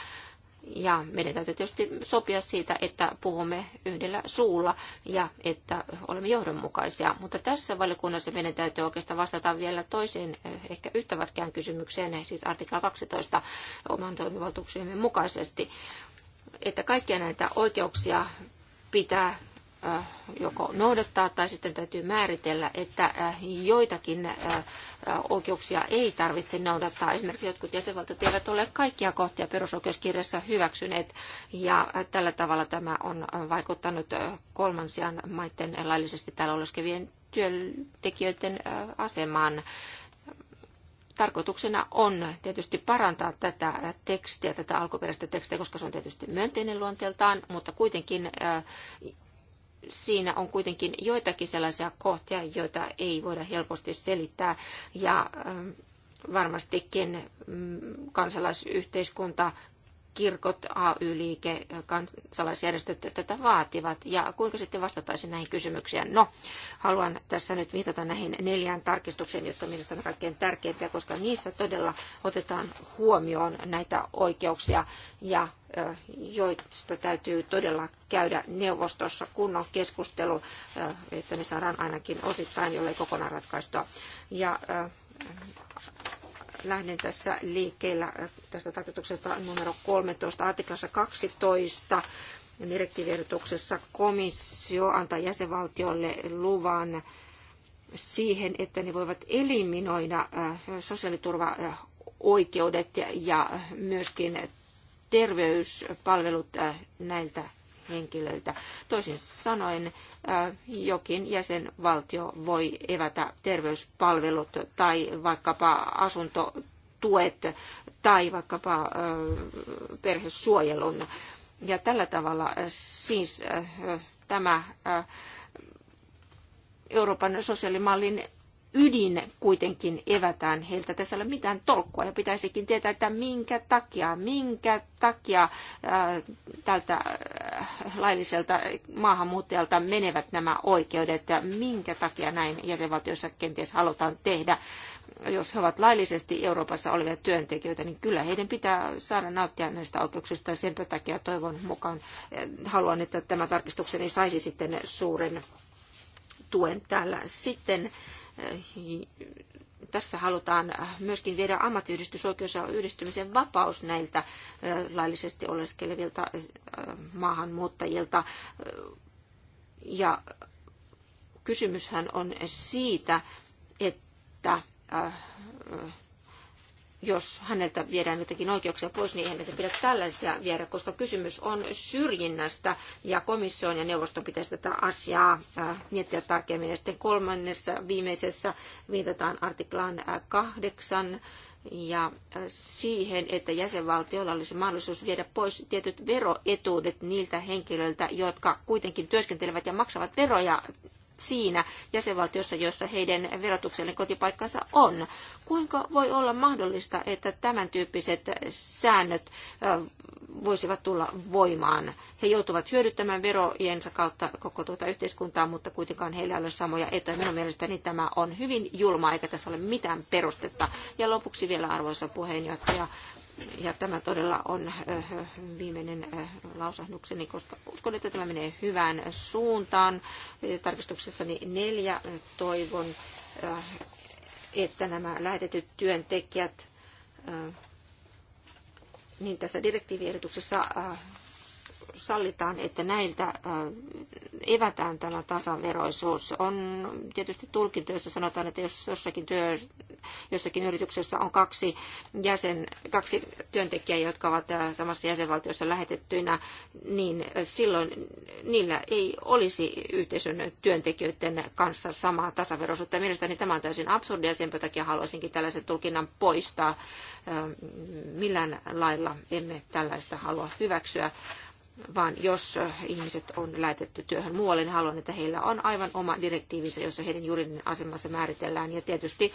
ja meidän täytyy tietysti sopia siitä, että puhumme yhdellä suulla ja että olemme johdonmukaisia. Mutta tässä valiokunnassa meidän täytyy oikeastaan vastata vielä toiseen, eh, ehkä yhtä vaikeaan kysymykseen, siis artikla 12 oman toimivaltuuksiemme mukaisesti, että kaikkia näitä oikeuksia pitää eh, joko noudattaa tai sitten täytyy määritellä, että eh, joitakin oikeuksia ei tarvitse noudattaa. Esimerkiksi jotkut jäsenvaltiot eivät ole kaikkia kohtia perusoikeuskirjassa hyväksyneet, ja tällä tavalla tämä on vaikuttanut kolmansian maiden laillisesti täällä oleskevien työntekijöiden asemaan tarkoituksena on tietysti parantaa tätä tekstiä, tätä alkuperäistä tekstiä, koska se on tietysti myönteinen luonteeltaan, mutta kuitenkin siinä on kuitenkin joitakin sellaisia kohtia, joita ei voida helposti selittää ja ähm, varmastikin mm, kansalaisyhteiskunta kirkot, AY-liike, kansalaisjärjestöt tätä vaativat ja kuinka sitten vastataisiin näihin kysymyksiin. No, haluan tässä nyt viitata näihin neljään tarkistukseen, jotka minusta on kaikkein tärkeimpiä, koska niissä todella otetaan huomioon näitä oikeuksia ja joista täytyy todella käydä neuvostossa kunnon keskustelu, että me saadaan ainakin osittain, jollei kokonaan ratkaistua. Ja lähden tässä liikkeellä tästä tarkoituksesta numero 13 artiklassa 12. Direktiiviehdotuksessa komissio antaa jäsenvaltiolle luvan siihen, että ne voivat eliminoida äh, sosiaaliturvaoikeudet ja myöskin terveyspalvelut äh, näiltä henkilöltä. Toisin sanoen jokin jäsenvaltio voi evätä terveyspalvelut tai vaikkapa asuntotuet tai vaikkapa perhesuojelun. Ja tällä tavalla siis tämä Euroopan sosiaalimallin ydin kuitenkin evätään heiltä. Tässä ei ole mitään tolkkua ja pitäisikin tietää, että minkä takia, minkä takia äh, tältä äh, lailliselta maahanmuuttajalta menevät nämä oikeudet ja minkä takia näin jäsenvaltiossa kenties halutaan tehdä. Jos he ovat laillisesti Euroopassa olevia työntekijöitä, niin kyllä heidän pitää saada nauttia näistä oikeuksista sen takia toivon mukaan äh, haluan, että tämä tarkistukseni saisi sitten suuren tuen täällä. Sitten Äh, tässä halutaan myöskin viedä ammattiyhdistysoikeus ja yhdistymisen vapaus näiltä äh, laillisesti oleskelevilta äh, maahanmuuttajilta. Ja kysymyshän on siitä, että jos häneltä viedään jotakin oikeuksia pois, niin ei häneltä pidä tällaisia viedä, koska kysymys on syrjinnästä ja komission ja neuvoston pitäisi tätä asiaa äh, miettiä tarkemmin. Ja sitten kolmannessa viimeisessä viitataan artiklaan äh, kahdeksan ja äh, siihen, että jäsenvaltioilla olisi mahdollisuus viedä pois tietyt veroetuudet niiltä henkilöiltä, jotka kuitenkin työskentelevät ja maksavat veroja siinä jäsenvaltiossa, jossa heidän verotuksellinen kotipaikkansa on. Kuinka voi olla mahdollista, että tämän tyyppiset säännöt voisivat tulla voimaan? He joutuvat hyödyttämään verojensa kautta koko tuota yhteiskuntaa, mutta kuitenkaan heillä ei ole samoja etuja. Minun mielestäni tämä on hyvin julma, eikä tässä ole mitään perustetta. Ja lopuksi vielä, arvoisa puheenjohtaja, ja tämä todella on viimeinen lausahdukseni, koska uskon, että tämä menee hyvään suuntaan. Tarkistuksessani neljä toivon, että nämä lähetetyt työntekijät, niin tässä direktiiviehdotuksessa sallitaan, että näiltä äh, evätään tämä tasaveroisuus. On tietysti tulkintoissa sanotaan, että jos jossakin, työ, jossakin yrityksessä on kaksi, jäsen, kaksi työntekijää, jotka ovat äh, samassa jäsenvaltiossa lähetettyinä, niin silloin niillä ei olisi yhteisön työntekijöiden kanssa samaa tasaveroisuutta. Mielestäni tämä on täysin absurdia, sen takia haluaisinkin tällaisen tulkinnan poistaa. Äh, millään lailla emme tällaista halua hyväksyä vaan jos ihmiset on lähetetty työhön muualle, niin haluan, että heillä on aivan oma direktiivinsä, jossa heidän juridinen asemansa määritellään. Ja tietysti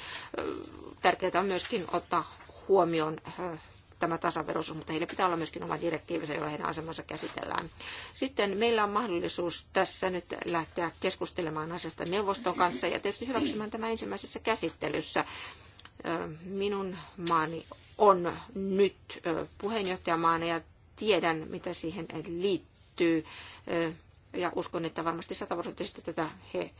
tärkeää on myöskin ottaa huomioon tämä tasaveroisuus, mutta heillä pitää olla myöskin oma direktiivinsä, jolla heidän asemansa käsitellään. Sitten meillä on mahdollisuus tässä nyt lähteä keskustelemaan asiasta neuvoston kanssa ja tietysti hyväksymään tämä ensimmäisessä käsittelyssä. Minun maani on nyt puheenjohtajamaana ja tiedän, mitä siihen liittyy. Ja uskon, että varmasti sataprosenttisesti tätä he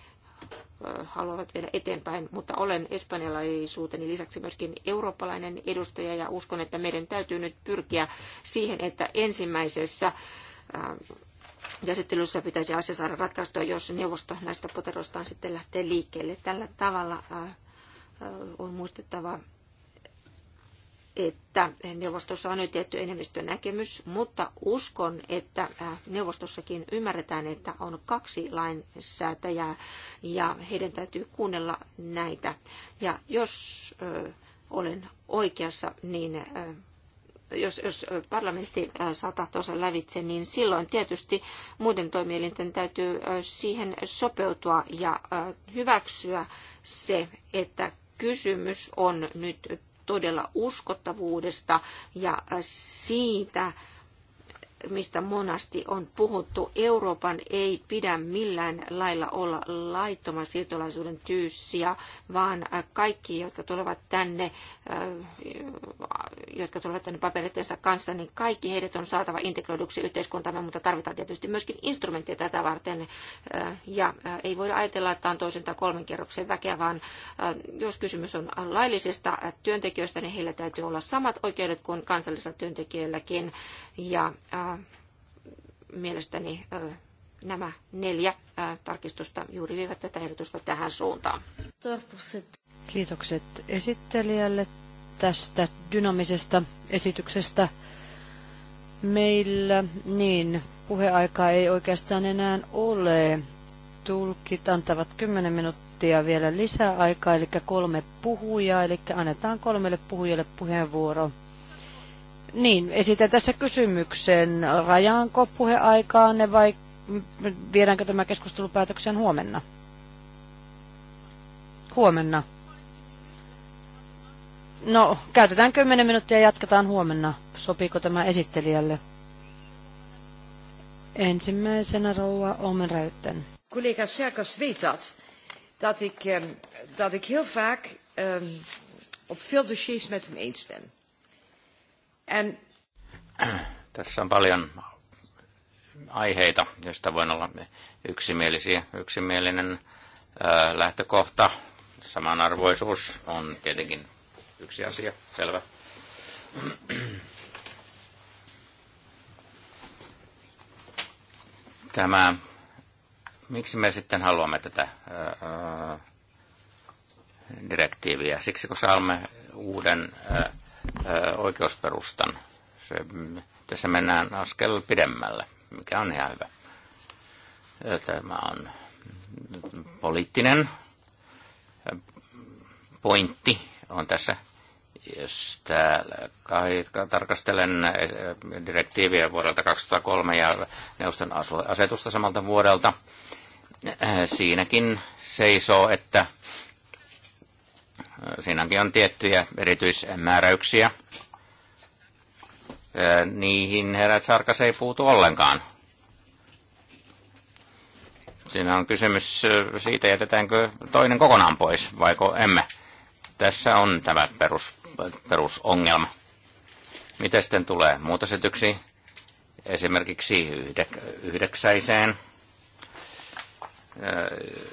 haluavat viedä eteenpäin, mutta olen espanjalaisuuteni lisäksi myöskin eurooppalainen edustaja ja uskon, että meidän täytyy nyt pyrkiä siihen, että ensimmäisessä käsittelyssä pitäisi asia saada ratkaistua, jos neuvosto näistä poteroistaan sitten lähtee liikkeelle. Tällä tavalla on muistettava että neuvostossa on nyt tietty enemmistönäkemys, mutta uskon, että neuvostossakin ymmärretään, että on kaksi lainsäätäjää ja heidän täytyy kuunnella näitä. Ja jos olen oikeassa, niin jos, jos parlamentti saa tahtonsa lävitse, niin silloin tietysti muiden toimielinten täytyy siihen sopeutua ja hyväksyä se, että kysymys on nyt todella uskottavuudesta ja siitä, mistä monasti on puhuttu. Euroopan ei pidä millään lailla olla laittoman siirtolaisuuden tyyssiä, vaan kaikki, jotka tulevat tänne, äh, jotka tulevat tänne paperittensa kanssa, niin kaikki heidät on saatava integroiduksi yhteiskuntamme, mutta tarvitaan tietysti myöskin instrumentteja tätä varten. Äh, ja äh, ei voida ajatella, että on toisen tai kolmen kerroksen väkeä, vaan jos kysymys on laillisista työntekijöistä, niin heillä täytyy olla samat oikeudet kuin kansallisilla työntekijöilläkin. Ja äh, Äh, mielestäni nämä neljä äh, tarkistusta juuri vievät tätä ehdotusta tähän suuntaan. Kiitokset esittelijälle tästä dynaamisesta esityksestä. Meillä niin puheaikaa ei oikeastaan enää ole. Tulkit antavat 10 minuuttia vielä lisää aikaa, eli kolme puhujaa, eli annetaan kolmelle puhujalle puheenvuoro. Niin, esitän tässä kysymyksen. Rajaanko puheaikaanne vai viedäänkö tämä keskustelupäätöksen huomenna? Huomenna. No, käytetään 10 minuuttia ja jatketaan huomenna. Sopiiko tämä esittelijälle? Ensimmäisenä rouva Omen Räytten. Kollega Serkas weet dat, dat ik, ehm, dat ik heel vaak um, op veel dossiers met hem eens ben. And... Tässä on paljon aiheita, joista voin olla yksimielisiä. Yksimielinen äh, lähtökohta, samanarvoisuus on tietenkin yksi asia, selvä. Tämä, miksi me sitten haluamme tätä ää, direktiiviä? Siksi kun saamme uuden ää, oikeusperustan. Se, tässä mennään askel pidemmälle, mikä on ihan hyvä. Tämä on poliittinen pointti on tässä. Jos täällä kai, tarkastelen direktiiviä vuodelta 2003 ja neuvoston asetusta samalta vuodelta, siinäkin seisoo, että Siinäkin on tiettyjä erityismääräyksiä. Niihin herät sarkas ei puutu ollenkaan. Siinä on kysymys siitä, jätetäänkö toinen kokonaan pois, vaiko emme. Tässä on tämä perus, perusongelma. Mitä sitten tulee muutosetyksi? Esimerkiksi yhdek, yhdeksäiseen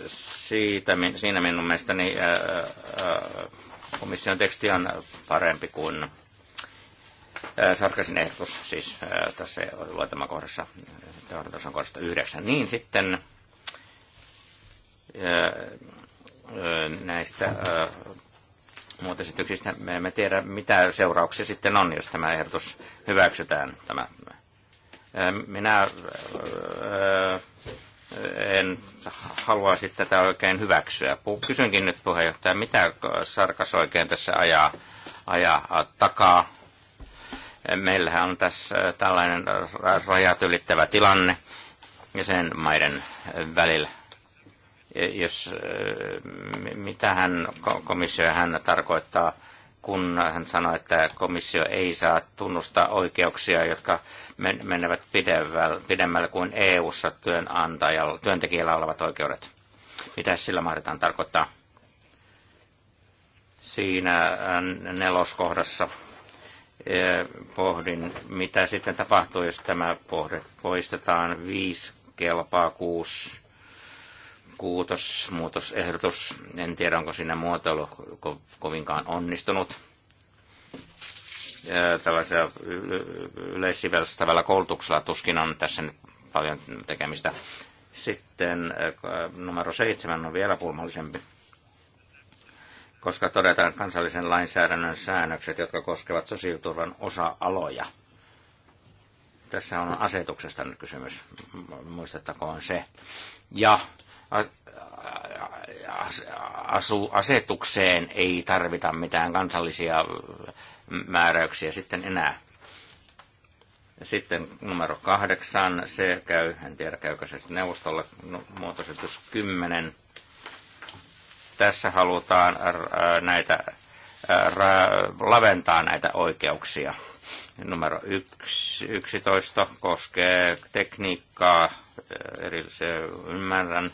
siitä, siinä minun mielestäni äh, äh, komission teksti on parempi kuin äh, Sarkasin ehdotus, siis tässä tässä on kohdassa yhdeksän. Niin sitten näistä muutosityksistä me emme tiedä, mitä seurauksia sitten on, jos tämä ehdotus hyväksytään. Tämä. Minä en haluaisi tätä oikein hyväksyä. Kysynkin nyt puheenjohtaja, mitä Sarkas oikein tässä ajaa, ajaa takaa? Meillähän on tässä tällainen rajat ylittävä tilanne sen maiden välillä. Jos, eh, mitä hän, komissio hän tarkoittaa – kun hän sanoi, että komissio ei saa tunnustaa oikeuksia, jotka menevät pidemmälle kuin EU-ssa työnantajalla, työntekijällä olevat oikeudet. Mitä sillä mahdetaan tarkoittaa? Siinä äh, neloskohdassa äh, pohdin, mitä sitten tapahtuu, jos tämä pohde poistetaan. Viisi kelpaa kuusi kuutos muutosehdotus. En tiedä, onko siinä muotoilu ko- kovinkaan onnistunut. Tällaisella yleissivellistävällä koulutuksella tuskin on tässä nyt paljon tekemistä. Sitten numero seitsemän on vielä pulmallisempi, koska todetaan kansallisen lainsäädännön säännökset, jotka koskevat sosiaaliturvan osa-aloja. Tässä on asetuksesta nyt kysymys, muistettakoon se. Ja asu, asetukseen ei tarvita mitään kansallisia määräyksiä sitten enää. Sitten numero kahdeksan, se käy, en tiedä käykö se sitten neuvostolle, no, muotoisetus kymmenen Tässä halutaan äh, näitä, äh, laventaa näitä oikeuksia. Numero 11 koskee tekniikkaa, äh, eri, se ymmärrän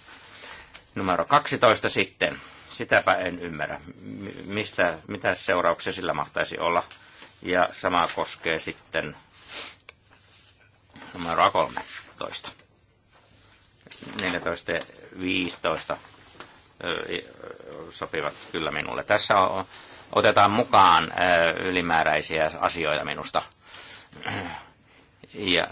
numero 12 sitten. Sitäpä en ymmärrä, mistä, mitä seurauksia sillä mahtaisi olla. Ja sama koskee sitten numero 13. 14 ja 15 sopivat kyllä minulle. Tässä otetaan mukaan ylimääräisiä asioita minusta ja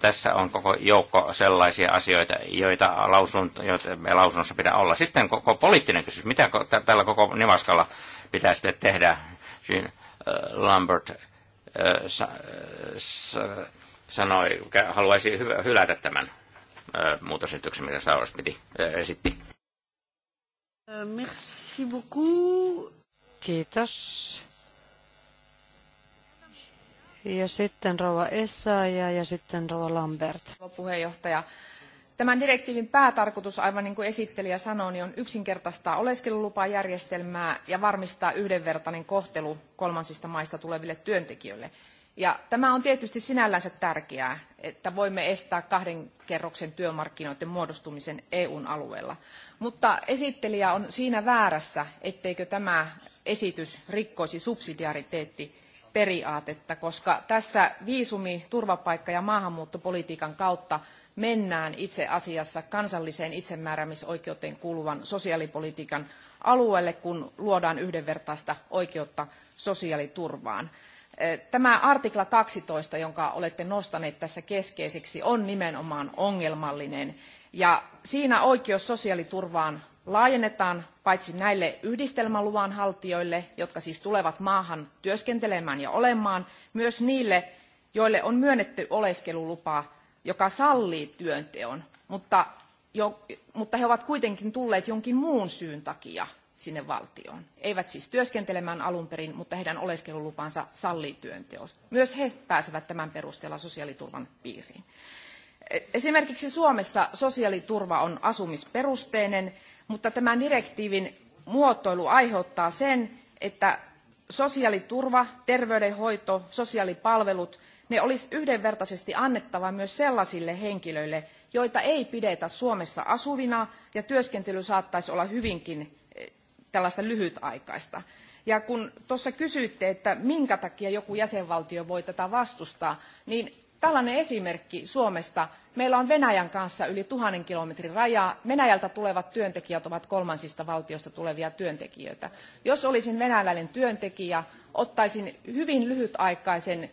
tässä on koko joukko sellaisia asioita, joita, lausun, joita me lausunnossa pitää olla. Sitten koko poliittinen kysymys, mitä tällä koko nivaskalla pitää sitten tehdä. Jean äh, Lambert äh, äh, sanoi, haluaisi hylätä tämän muutosesityksen, mitä Sauras piti, esitti. Merci beaucoup. Kiitos ja sitten Rova Essaaja ja sitten Rova Lambert. Puheenjohtaja, tämän direktiivin päätarkoitus, aivan niin kuin esittelijä sanoi, niin on yksinkertaistaa oleskelulupajärjestelmää ja varmistaa yhdenvertainen kohtelu kolmansista maista tuleville työntekijöille. Ja tämä on tietysti sinällänsä tärkeää, että voimme estää kahden kerroksen työmarkkinoiden muodostumisen EUn alueella. Mutta esittelijä on siinä väärässä, etteikö tämä esitys rikkoisi subsidiariteetti periaatetta, koska tässä viisumi, turvapaikka ja maahanmuuttopolitiikan kautta mennään itse asiassa kansalliseen itsemääräämisoikeuteen kuuluvan sosiaalipolitiikan alueelle, kun luodaan yhdenvertaista oikeutta sosiaaliturvaan. Tämä artikla 12, jonka olette nostaneet tässä keskeiseksi, on nimenomaan ongelmallinen. Ja siinä oikeus sosiaaliturvaan laajennetaan paitsi näille yhdistelmäluvan haltijoille, jotka siis tulevat maahan työskentelemään ja olemaan, myös niille, joille on myönnetty oleskelulupa, joka sallii työnteon, mutta, jo, mutta he ovat kuitenkin tulleet jonkin muun syyn takia sinne valtioon. Eivät siis työskentelemään alun perin, mutta heidän oleskelulupansa sallii työnteon. Myös he pääsevät tämän perusteella sosiaaliturvan piiriin. Esimerkiksi Suomessa sosiaaliturva on asumisperusteinen, mutta tämän direktiivin muotoilu aiheuttaa sen, että sosiaaliturva, terveydenhoito, sosiaalipalvelut, ne olisi yhdenvertaisesti annettava myös sellaisille henkilöille, joita ei pidetä Suomessa asuvina ja työskentely saattaisi olla hyvinkin eh, tällaista lyhytaikaista. Ja kun tuossa kysyitte, että minkä takia joku jäsenvaltio voi tätä vastustaa, niin Tällainen esimerkki Suomesta. Meillä on Venäjän kanssa yli tuhannen kilometrin raja. Venäjältä tulevat työntekijät ovat kolmansista valtioista tulevia työntekijöitä. Jos olisin venäläinen työntekijä, ottaisin hyvin lyhytaikaisen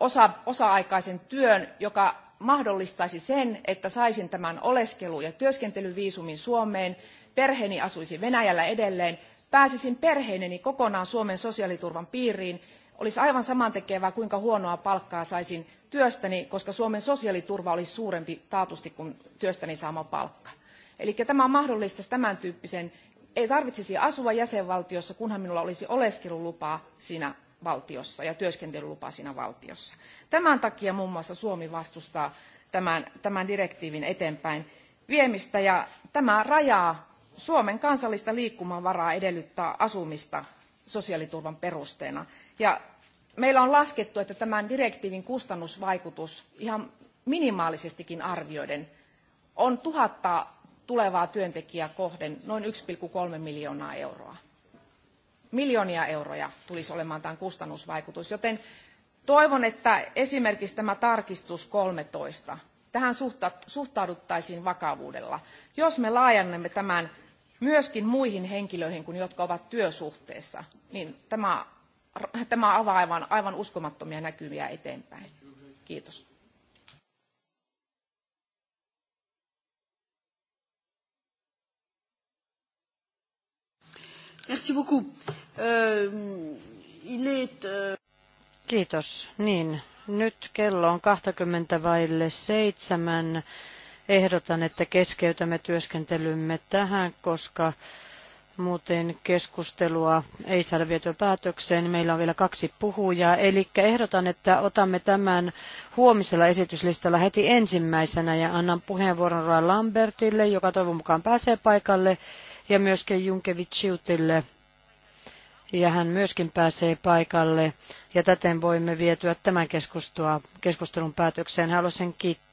osa, osa-aikaisen työn, joka mahdollistaisi sen, että saisin tämän oleskelu- ja työskentelyviisumin Suomeen, perheeni asuisi Venäjällä edelleen, pääsisin perheineni kokonaan Suomen sosiaaliturvan piiriin olisi aivan samantekevää, kuinka huonoa palkkaa saisin työstäni, koska Suomen sosiaaliturva olisi suurempi taatusti kuin työstäni saama palkka. Eli tämä mahdollistaisi tämän tyyppisen, ei tarvitsisi asua jäsenvaltiossa, kunhan minulla olisi oleskelulupa siinä valtiossa ja työskentelylupa siinä valtiossa. Tämän takia muun muassa Suomi vastustaa tämän, tämän direktiivin eteenpäin viemistä ja tämä rajaa Suomen kansallista liikkumavaraa edellyttää asumista sosiaaliturvan perusteena. Ja meillä on laskettu, että tämän direktiivin kustannusvaikutus ihan minimaalisestikin arvioiden on tuhatta tulevaa työntekijää kohden noin 1,3 miljoonaa euroa. Miljoonia euroja tulisi olemaan tämän kustannusvaikutus, joten toivon, että esimerkiksi tämä tarkistus 13, tähän suhtauduttaisiin vakavuudella. Jos me laajennamme tämän myöskin muihin henkilöihin kuin jotka ovat työsuhteessa, niin tämä tämä avaa aivan, aivan uskomattomia näkymiä eteenpäin. Kiitos. Merci beaucoup. Euh, euh, Kiitos. Niin, nyt kello on 20 vaille seitsemän. Ehdotan, että keskeytämme työskentelymme tähän, koska muuten keskustelua ei saada vietyä päätökseen. Meillä on vielä kaksi puhujaa, eli ehdotan, että otamme tämän huomisella esityslistalla heti ensimmäisenä ja annan puheenvuoron Roy Lambertille, joka toivon mukaan pääsee paikalle, ja myöskin Junkevichiutille, ja hän myöskin pääsee paikalle, ja täten voimme vietyä tämän keskustelun päätökseen. Haluaisin kiittää.